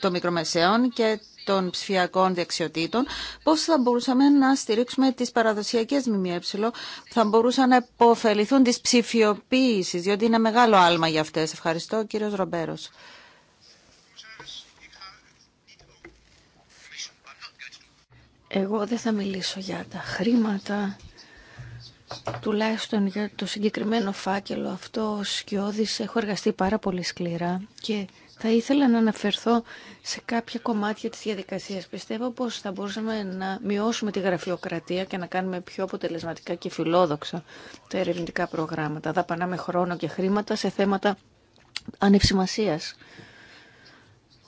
των μικρομεσαίων και των ψηφιακών δεξιοτήτων, πώ θα μπορούσαμε να στηρίξουμε τις παραδοσιακές ΜΜΕ θα μπορούσαν να υποφεληθούν τη ψηφιοποίηση, διότι είναι μεγάλο άλμα για αυτές. Ευχαριστώ, κύριος Ρομπέρος. Εγώ δεν θα μιλήσω για τα χρήματα, τουλάχιστον για το συγκεκριμένο φάκελο αυτό σκιώδης. Έχω εργαστεί πάρα πολύ σκληρά και θα ήθελα να αναφερθώ σε κάποια κομμάτια της διαδικασίας. Πιστεύω πως θα μπορούσαμε να μειώσουμε τη γραφειοκρατία και να κάνουμε πιο αποτελεσματικά και φιλόδοξα τα ερευνητικά προγράμματα. Δαπανάμε χρόνο και χρήματα σε θέματα ανευσημασίας.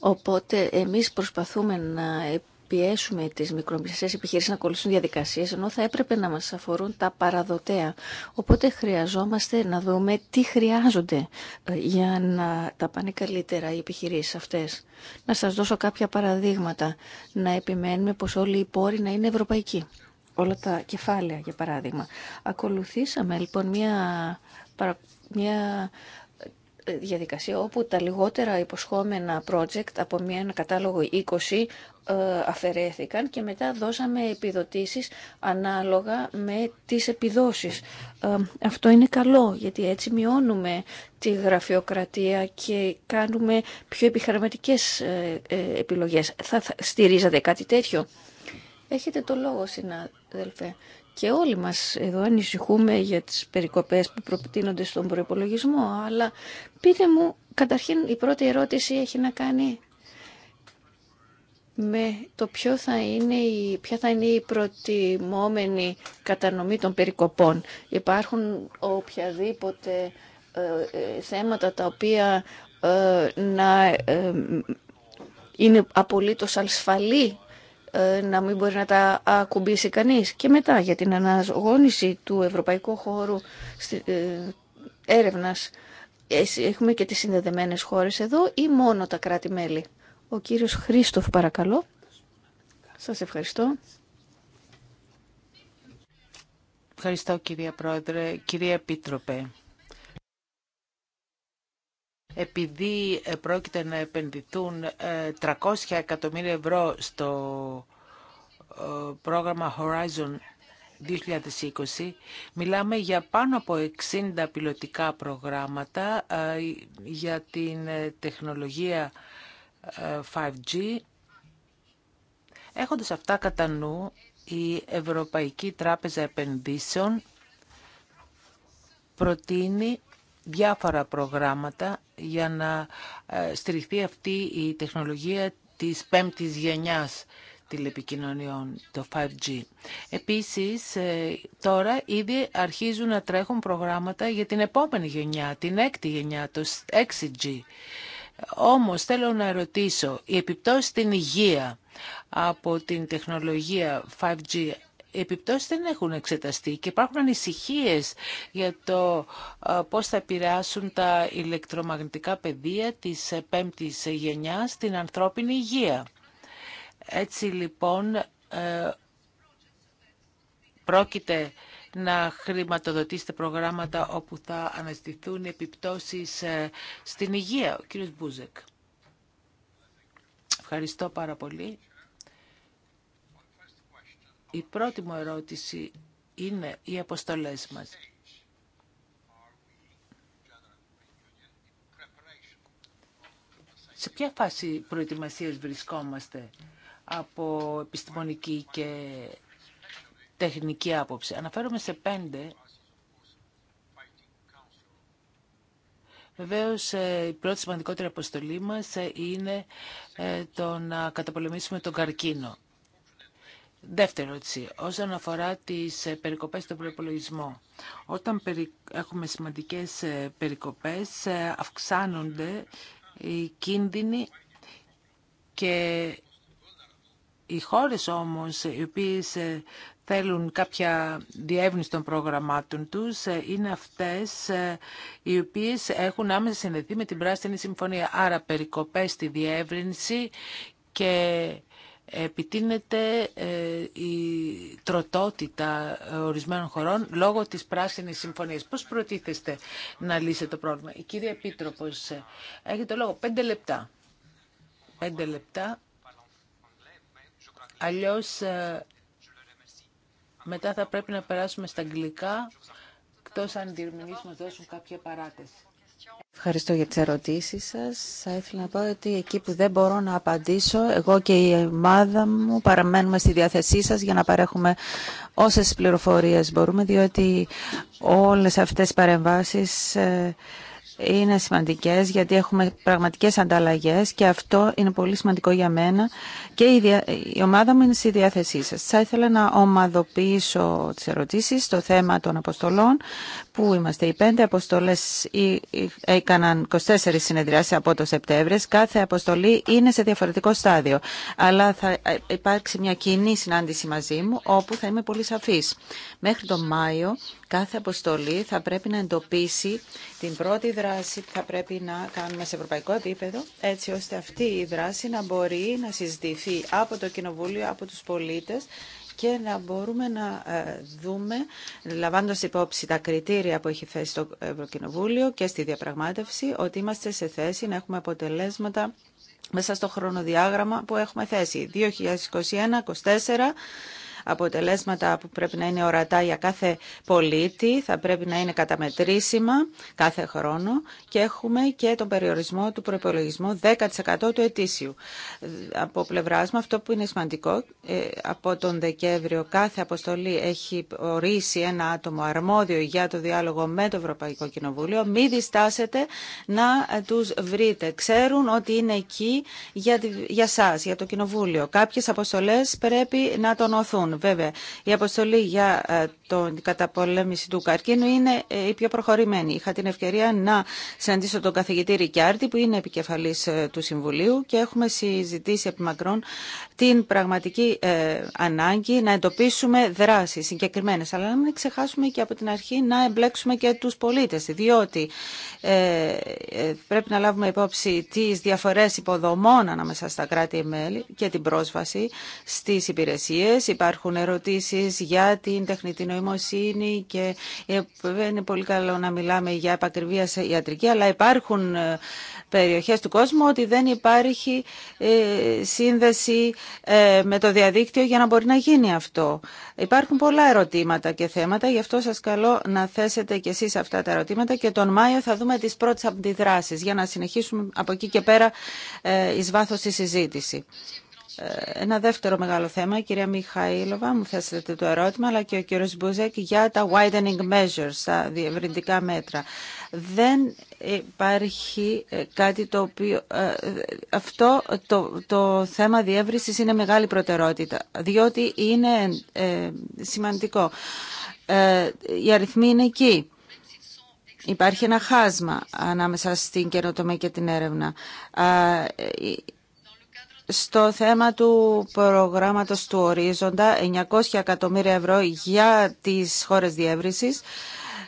Οπότε εμείς προσπαθούμε να πιέσουμε τις μικρομεσαίε επιχειρήσει να ακολουθούν διαδικασίες, ενώ θα έπρεπε να μας αφορούν τα παραδοτέα. Οπότε χρειαζόμαστε να δούμε τι χρειάζονται ε, για να τα πάνε καλύτερα οι επιχειρήσει αυτές. Να σας δώσω κάποια παραδείγματα. Να επιμένουμε πως όλοι οι πόροι να είναι ευρωπαϊκοί. Όλα τα κεφάλαια, για παράδειγμα. Ακολουθήσαμε λοιπόν μια, μια διαδικασία όπου τα λιγότερα υποσχόμενα project από μια κατάλογο 20 ε, αφαιρέθηκαν και μετά δώσαμε επιδοτήσεις ανάλογα με τις επιδόσεις. Ε, αυτό είναι καλό γιατί έτσι μειώνουμε τη γραφειοκρατία και κάνουμε πιο επιχειρηματικές ε, επιλογές. Θα στηρίζατε κάτι τέτοιο. Έχετε το λόγο, συνάδελφε και όλοι μας εδώ ανησυχούμε για τις περικοπές που προτείνονται στον προϋπολογισμό, αλλά πείτε μου, καταρχήν η πρώτη ερώτηση έχει να κάνει με το ποιο θα είναι η, ποια θα είναι η προτιμόμενη κατανομή των περικοπών. Υπάρχουν οποιαδήποτε ε, ε, θέματα τα οποία ε, να είναι απολύτως ασφαλή ε, να μην μπορεί να τα ακουμπήσει κανείς. Και μετά για την αναγόνηση του ευρωπαϊκού χώρου ε, έρευνας έχουμε και τις συνδεδεμένες χώρες εδώ ή μόνο τα κράτη-μέλη. Ο κύριος Χρήστοφ παρακαλώ. Σας ευχαριστώ. Ευχαριστώ κυρία Πρόεδρε, κυρία Επίτροπε επειδή ε, πρόκειται να επενδυθούν 300 ε, εκατομμύρια ευρώ στο ε, πρόγραμμα Horizon 2020, μιλάμε για πάνω από 60 πιλωτικά προγράμματα για την τεχνολογία 5G. Έχοντας αυτά κατά νου, η Ευρωπαϊκή Τράπεζα Επενδύσεων προτείνει διάφορα προγράμματα για να ε, στηριχθεί αυτή η τεχνολογία της πέμπτης γενιάς τηλεπικοινωνιών, το 5G. Επίσης, ε, τώρα ήδη αρχίζουν να τρέχουν προγράμματα για την επόμενη γενιά, την έκτη γενιά, το 6G. Όμως θέλω να ρωτήσω, η επιπτώση στην υγεία από την τεχνολογία 5G οι επιπτώσεις δεν έχουν εξεταστεί και υπάρχουν ανησυχίες για το ε, πώς θα επηρεάσουν τα ηλεκτρομαγνητικά πεδία της πέμπτης γενιάς στην ανθρώπινη υγεία. Έτσι λοιπόν ε, πρόκειται να χρηματοδοτήσετε προγράμματα όπου θα αναζητηθούν επιπτώσεις ε, στην υγεία. Ο κύριος Μπούζεκ. Ευχαριστώ πάρα πολύ. Η πρώτη μου ερώτηση είναι οι αποστολές μας. Σε ποια φάση προετοιμασίας βρισκόμαστε από επιστημονική και τεχνική άποψη. Αναφέρομαι σε πέντε. Βεβαίως, ε, η πρώτη σημαντικότερη αποστολή μας ε, είναι ε, το να καταπολεμήσουμε τον καρκίνο. Δεύτερη ερώτηση, όσον αφορά τις ε, περικοπές στον προπολογισμό. Όταν έχουμε σημαντικές ε, περικοπές, ε, αυξάνονται οι κίνδυνοι και οι χώρες όμως οι οποίες θέλουν κάποια διεύνηση των προγραμμάτων τους είναι αυτές οι οποίες έχουν άμεσα συνδεθεί με την Πράσινη Συμφωνία. Άρα περικοπές στη διεύρυνση και επιτείνεται ε, η τροτότητα ε, ορισμένων χωρών λόγω της πράσινης συμφωνίας. Πώς προτίθεστε να λύσετε το πρόβλημα. Η κυρία Επίτροπος ε, έχει το λόγο. Πέντε λεπτά. Πέντε λεπτά. Αλλιώς μετά θα πρέπει να περάσουμε στα αγγλικά, εκτός αν οι μας δώσουν κάποια παράταση. Ευχαριστώ για τις ερωτήσεις σας. Θα ήθελα να πω ότι εκεί που δεν μπορώ να απαντήσω, εγώ και η ομάδα μου παραμένουμε στη διάθεσή σας για να παρέχουμε όσες πληροφορίες μπορούμε, διότι όλες αυτές οι παρεμβάσεις ε, είναι σημαντικές γιατί έχουμε πραγματικές ανταλλαγές και αυτό είναι πολύ σημαντικό για μένα και η, ομάδα μου είναι στη διάθεσή σας. Θα ήθελα να ομαδοποιήσω τις ερωτήσεις στο θέμα των αποστολών που είμαστε οι πέντε αποστολές έκαναν 24 συνεδριάσεις από το Σεπτέμβριο. Κάθε αποστολή είναι σε διαφορετικό στάδιο αλλά θα ε, υπάρξει μια κοινή συνάντηση μαζί μου όπου θα είμαι πολύ σαφής. Μέχρι τον Μάιο Κάθε αποστολή θα πρέπει να εντοπίσει την πρώτη δράση που θα πρέπει να κάνουμε σε ευρωπαϊκό επίπεδο, έτσι ώστε αυτή η δράση να μπορεί να συζητηθεί από το Κοινοβούλιο, από τους πολίτες και να μπορούμε να ε, δούμε, λαμβάνοντα υπόψη τα κριτήρια που έχει θέσει το Ευρωκοινοβούλιο και στη διαπραγμάτευση, ότι είμαστε σε θέση να έχουμε αποτελέσματα μέσα στο χρονοδιάγραμμα που έχουμε θέσει. 2021-2024 αποτελέσματα που πρέπει να είναι ορατά για κάθε πολίτη, θα πρέπει να είναι καταμετρήσιμα κάθε χρόνο και έχουμε και τον περιορισμό του προπολογισμού 10% του ετήσιου. Από πλευρά μου, αυτό που είναι σημαντικό, ε, από τον Δεκέμβριο κάθε αποστολή έχει ορίσει ένα άτομο αρμόδιο για το διάλογο με το Ευρωπαϊκό Κοινοβούλιο. Μην διστάσετε να τους βρείτε. Ξέρουν ότι είναι εκεί για, για για το Κοινοβούλιο. Κάποιες αποστολές πρέπει να τονωθούν. Βέβαια, η αποστολή για ε, την καταπολέμηση του καρκίνου είναι ε, η πιο προχωρημένη. Είχα την ευκαιρία να συναντήσω τον καθηγητή Ρικιάρτη, που είναι επικεφαλή ε, του Συμβουλίου, και έχουμε συζητήσει επί μακρόν την πραγματική ανάγκη να εντοπίσουμε δράσει συγκεκριμένε. Αλλά να μην ξεχάσουμε και από την αρχή να εμπλέξουμε και του πολίτε, διότι πρέπει να λάβουμε υπόψη τι διαφορέ υποδομών ανάμεσα στα κράτη-μέλη και την πρόσβαση στι υπηρεσίε. Υπάρχουν ερωτήσεις για την τεχνητή νοημοσύνη και ε, είναι πολύ καλό να μιλάμε για επακριβία σε ιατρική, αλλά υπάρχουν ε, περιοχές του κόσμου ότι δεν υπάρχει ε, σύνδεση με το διαδίκτυο για να μπορεί να γίνει αυτό. Υπάρχουν πολλά ερωτήματα και θέματα, γι' αυτό σας καλώ να θέσετε κι εσείς αυτά τα ερωτήματα και τον Μάιο θα δούμε τις πρώτες αντιδράσεις για να συνεχίσουμε από εκεί και πέρα εις βάθος τη συζήτηση. Ε, ένα δεύτερο μεγάλο θέμα, η κυρία Μιχαήλοβα μου θέσατε το ερώτημα, αλλά και ο κύριος Μπούζεκ για τα widening measures, τα διευρυντικά μέτρα. Δεν υπάρχει ε, κάτι το οποίο... Ε, αυτό το, το θέμα διεύρυνσης είναι μεγάλη προτερότητα, διότι είναι σημαντικό. Ε, οι αριθμοί είναι εκεί. Υπάρχει ένα χάσμα ανάμεσα στην καινοτομία και την έρευνα στο θέμα του προγράμματος του ορίζοντα 900 εκατομμύρια ευρώ για τις χώρες διεύρυνσης.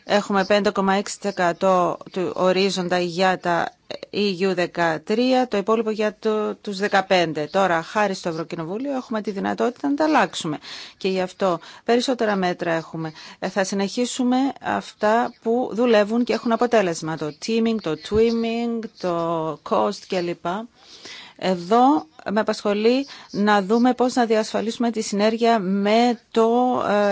Έχουμε 5,6% του ορίζοντα για τα EU13, το υπόλοιπο για τους 15. Τώρα, χάρη στο Ευρωκοινοβούλιο, έχουμε τη δυνατότητα να τα αλλάξουμε. Και γι' αυτό περισσότερα μέτρα έχουμε. Ε, θα συνεχίσουμε αυτά που δουλεύουν και έχουν αποτέλεσμα. Το teaming, το twimming, το cost κλπ. Εδώ με απασχολεί να δούμε πώς να διασφαλίσουμε τη συνέργεια με το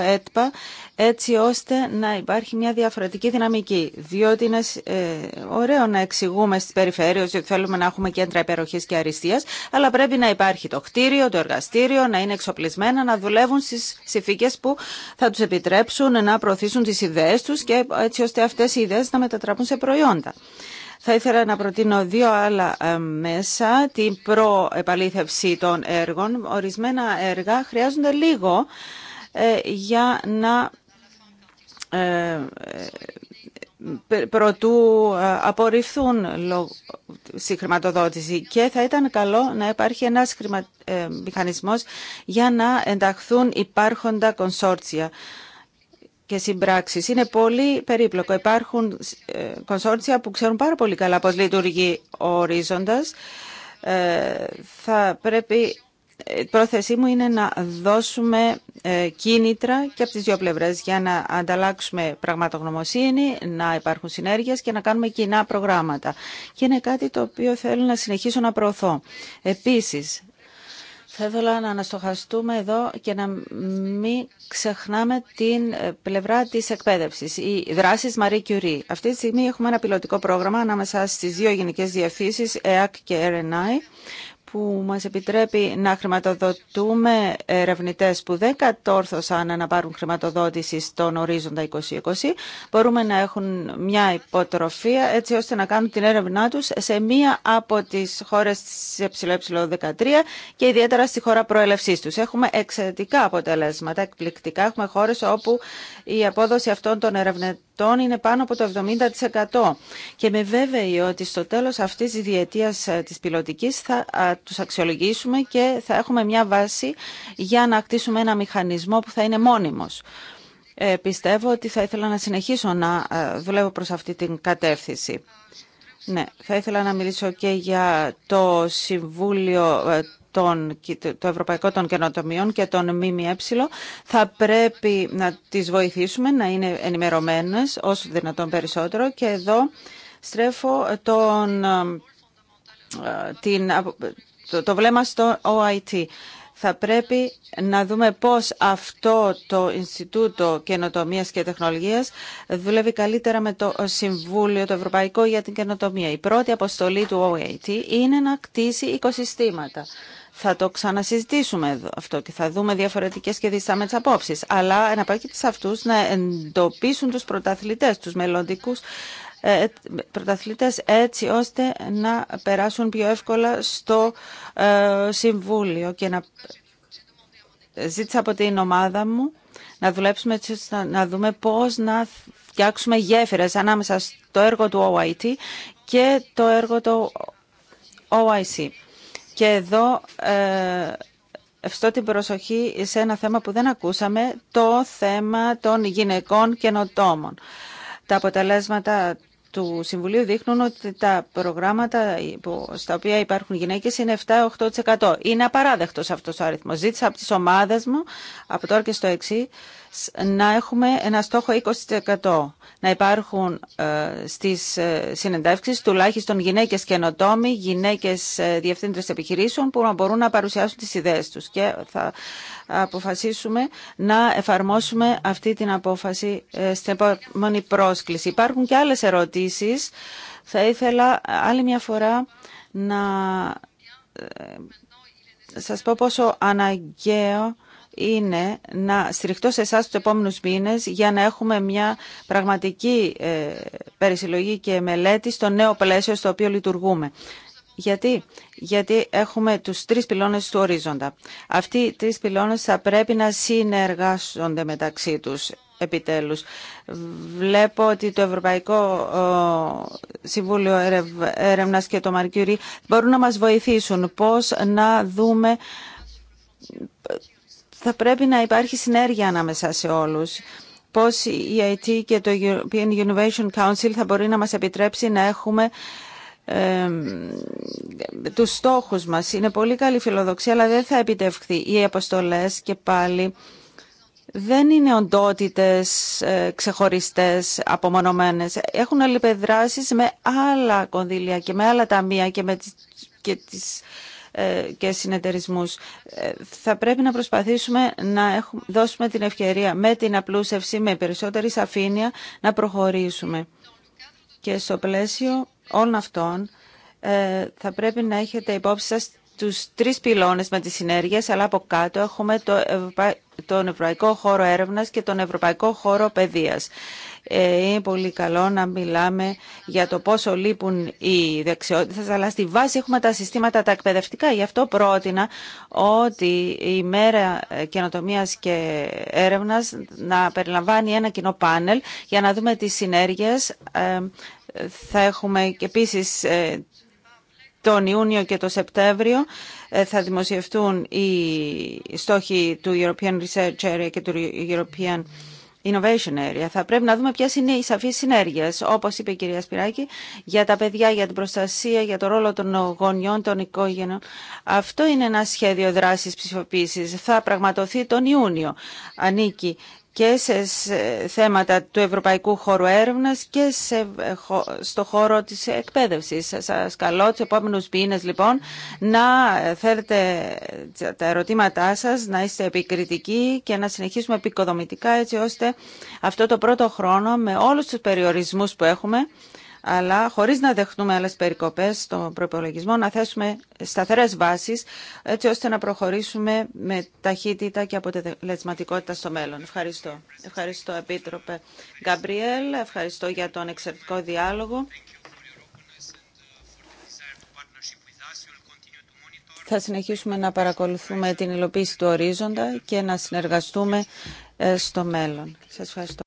ε, ΕΤΠΑ έτσι ώστε να υπάρχει μια διαφορετική δυναμική. Διότι είναι ε, ωραίο να εξηγούμε στις περιφέρειες ότι θέλουμε να έχουμε κέντρα υπεροχής και αριστείας, αλλά πρέπει να υπάρχει το κτίριο, το εργαστήριο, να είναι εξοπλισμένα, να δουλεύουν στις συνθήκες που θα τους επιτρέψουν να προωθήσουν τις ιδέες τους και έτσι ώστε αυτές οι ιδέες να μετατραπούν σε προϊόντα. Θα ήθελα να προτείνω δύο άλλα ε, μέσα. Την προεπαλήθευση των έργων. Ορισμένα έργα χρειάζονται λίγο ε, για να ε, προτού απορριφθούν στη χρηματοδότηση και θα ήταν καλό να υπάρχει ένας μηχανισμός για να ενταχθούν υπάρχοντα κονσόρτσια και συμπράξεις. Είναι πολύ περίπλοκο. Υπάρχουν ε, κονσόρτσια που ξέρουν πάρα πολύ καλά πώς λειτουργεί ο ορίζοντας. Ε, θα πρέπει ε, η πρόθεσή μου είναι να δώσουμε κίνητρα και από τις δύο πλευρές για να ανταλλάξουμε πραγματογνωμοσύνη, να υπάρχουν συνέργειες και να κάνουμε κοινά προγράμματα. Και είναι κάτι το οποίο θέλω να συνεχίσω να προωθώ. Επίσης, θα ήθελα να αναστοχαστούμε εδώ και να μην ξεχνάμε την ε, πλευρά της εκπαίδευσης. Οι δράσεις Marie Curie. Αυτή τη στιγμή έχουμε ένα πιλωτικό πρόγραμμα ανάμεσα στις δύο γενικές διευθύνσεις, ΕΑΚ και RNI, που μας επιτρέπει να χρηματοδοτούμε ερευνητές που δεν κατόρθωσαν να πάρουν χρηματοδότηση στον ορίζοντα 2020, μπορούμε να έχουν μια υποτροφία έτσι ώστε να κάνουν την έρευνά τους σε μία από τις χώρες της ΕΕ13 και ιδιαίτερα στη χώρα προέλευσής τους. Έχουμε εξαιρετικά αποτελέσματα, εκπληκτικά. Έχουμε χώρες όπου η απόδοση αυτών των ερευνητών είναι πάνω από το 70% και με βέβαιη ότι στο τέλος αυτής της διετίας ε, της πιλωτικής θα τους αξιολογήσουμε και θα έχουμε μια βάση για να κτίσουμε ένα μηχανισμό που θα είναι μόνιμος. Ε, πιστεύω ότι θα ήθελα να συνεχίσω να ε, δουλεύω προς αυτή την κατεύθυνση. Ναι, θα ήθελα να μιλήσω και για το Συμβούλιο ε, των, το Ευρωπαϊκό των Καινοτομιών και των ΜΜΕ. Θα πρέπει να τις βοηθήσουμε να είναι ενημερωμένες όσο δυνατόν περισσότερο και εδώ στρέφω τον, την, το, το βλέμμα στο OIT. Θα πρέπει να δούμε πώς αυτό το Ινστιτούτο Καινοτομίας και Τεχνολογίας δουλεύει καλύτερα με το Συμβούλιο το Ευρωπαϊκό για την Καινοτομία. Η πρώτη αποστολή του OIT είναι να κτίσει οικοσυστήματα. Θα το ξανασυζητήσουμε εδώ αυτό και θα δούμε διαφορετικέ και διστάμενε απόψει. Αλλά να πάει και σε αυτού να εντοπίσουν του πρωταθλητέ, του μελλοντικού ε, ε, πρωταθλήτες έτσι ώστε να περάσουν πιο εύκολα στο ε, Συμβούλιο και να ζήτησα από την ομάδα μου να δουλέψουμε έτσι να δούμε πώς να φτιάξουμε γέφυρες ανάμεσα στο έργο του OIT και το έργο του OIC. Και εδώ ευστώ την προσοχή σε ένα θέμα που δεν ακούσαμε, το θέμα των γυναικών καινοτόμων. Τα αποτελέσματα του Συμβουλίου δείχνουν ότι τα προγράμματα στα οποία υπάρχουν γυναίκες είναι 7-8%. Είναι απαράδεκτος αυτός ο αριθμός. Ζήτησα από τις ομάδες μου, από τώρα και στο εξή, να έχουμε ένα στόχο 20%. Να υπάρχουν ε, στις ε, συνεντεύξεις τουλάχιστον γυναίκες καινοτόμοι, γυναίκες ε, διευθύντρες επιχειρήσεων που να μπορούν να παρουσιάσουν τις ιδέες τους. Και θα αποφασίσουμε να εφαρμόσουμε αυτή την απόφαση στην επόμενη πρόσκληση. Υπάρχουν και άλλες ερωτήσεις. Θα ήθελα άλλη μια φορά να σας πω πόσο αναγκαίο είναι να στηριχτώ σε εσά του επόμενου μήνε για να έχουμε μια πραγματική ε, περισυλλογή και μελέτη στο νέο πλαίσιο στο οποίο λειτουργούμε. Γιατί? Γιατί έχουμε τους τρεις πυλώνες του ορίζοντα. Αυτοί οι τρεις πυλώνες θα πρέπει να συνεργάζονται μεταξύ τους επιτέλους. Βλέπω ότι το Ευρωπαϊκό Συμβούλιο Έρευνας και το Μαρκιουρί μπορούν να μας βοηθήσουν πώς να δούμε θα πρέπει να υπάρχει συνέργεια ανάμεσα σε όλους. Πώς η IT και το European Innovation Council θα μπορεί να μας επιτρέψει να έχουμε ε, τους στόχους μας. Είναι πολύ καλή φιλοδοξία, αλλά δεν θα επιτευχθεί. Οι αποστολές και πάλι δεν είναι οντότητες ε, ξεχωριστές, απομονωμένες. Έχουν αλληλεπιδράσεις με άλλα κονδύλια και με άλλα ταμεία και με τις ε, και συνεταιρισμούς. Ε, θα πρέπει να προσπαθήσουμε να δώσουμε την ευκαιρία με την απλούσευση, με περισσότερη σαφήνεια να προχωρήσουμε. Και στο πλαίσιο όλων αυτών ε, θα πρέπει να έχετε υπόψη σας τους τρεις πυλώνες με τις συνέργειες, αλλά από κάτω έχουμε το τον Ευρωπαϊκό Χώρο Έρευνας και τον Ευρωπαϊκό Χώρο Παιδείας. Ε, είναι πολύ καλό να μιλάμε για το πόσο λείπουν οι δεξιότητε, αλλά στη βάση έχουμε τα συστήματα τα εκπαιδευτικά. Γι' αυτό πρότεινα ότι η μέρα καινοτομία και έρευνας να περιλαμβάνει ένα κοινό πάνελ για να δούμε τις συνέργειες. Ε, θα έχουμε και επίσης ε, τον Ιούνιο και τον Σεπτέμβριο θα δημοσιευτούν οι στόχοι του European Research Area και του European innovation area. Θα πρέπει να δούμε ποιε είναι οι σαφεί συνέργειε, όπως είπε η κυρία Σπυράκη, για τα παιδιά, για την προστασία, για το ρόλο των γονιών, των οικογενών. Αυτό είναι ένα σχέδιο δράσης ψηφοποίηση. Θα πραγματοθεί τον Ιούνιο. Ανήκει και σε θέματα του Ευρωπαϊκού Χώρου Έρευνας και ε, στο χώρο της εκπαίδευσης. Σας καλώ τους επόμενους μήνες λοιπόν να ε, θέλετε ε, τα ερωτήματά σας, να είστε επικριτικοί και να συνεχίσουμε επικοδομητικά έτσι ώστε αυτό το πρώτο χρόνο με όλους τους περιορισμούς που έχουμε αλλά χωρίς να δεχτούμε άλλες περικοπές στον προπολογισμό, να θέσουμε σταθερές βάσεις, έτσι ώστε να προχωρήσουμε με ταχύτητα και αποτελεσματικότητα στο μέλλον. Ευχαριστώ. Ευχαριστώ, Επίτροπε Γκαμπριέλ. Ευχαριστώ για τον εξαιρετικό διάλογο. Θα συνεχίσουμε να παρακολουθούμε την υλοποίηση του ορίζοντα και να συνεργαστούμε ε, στο μέλλον. Σας ευχαριστώ.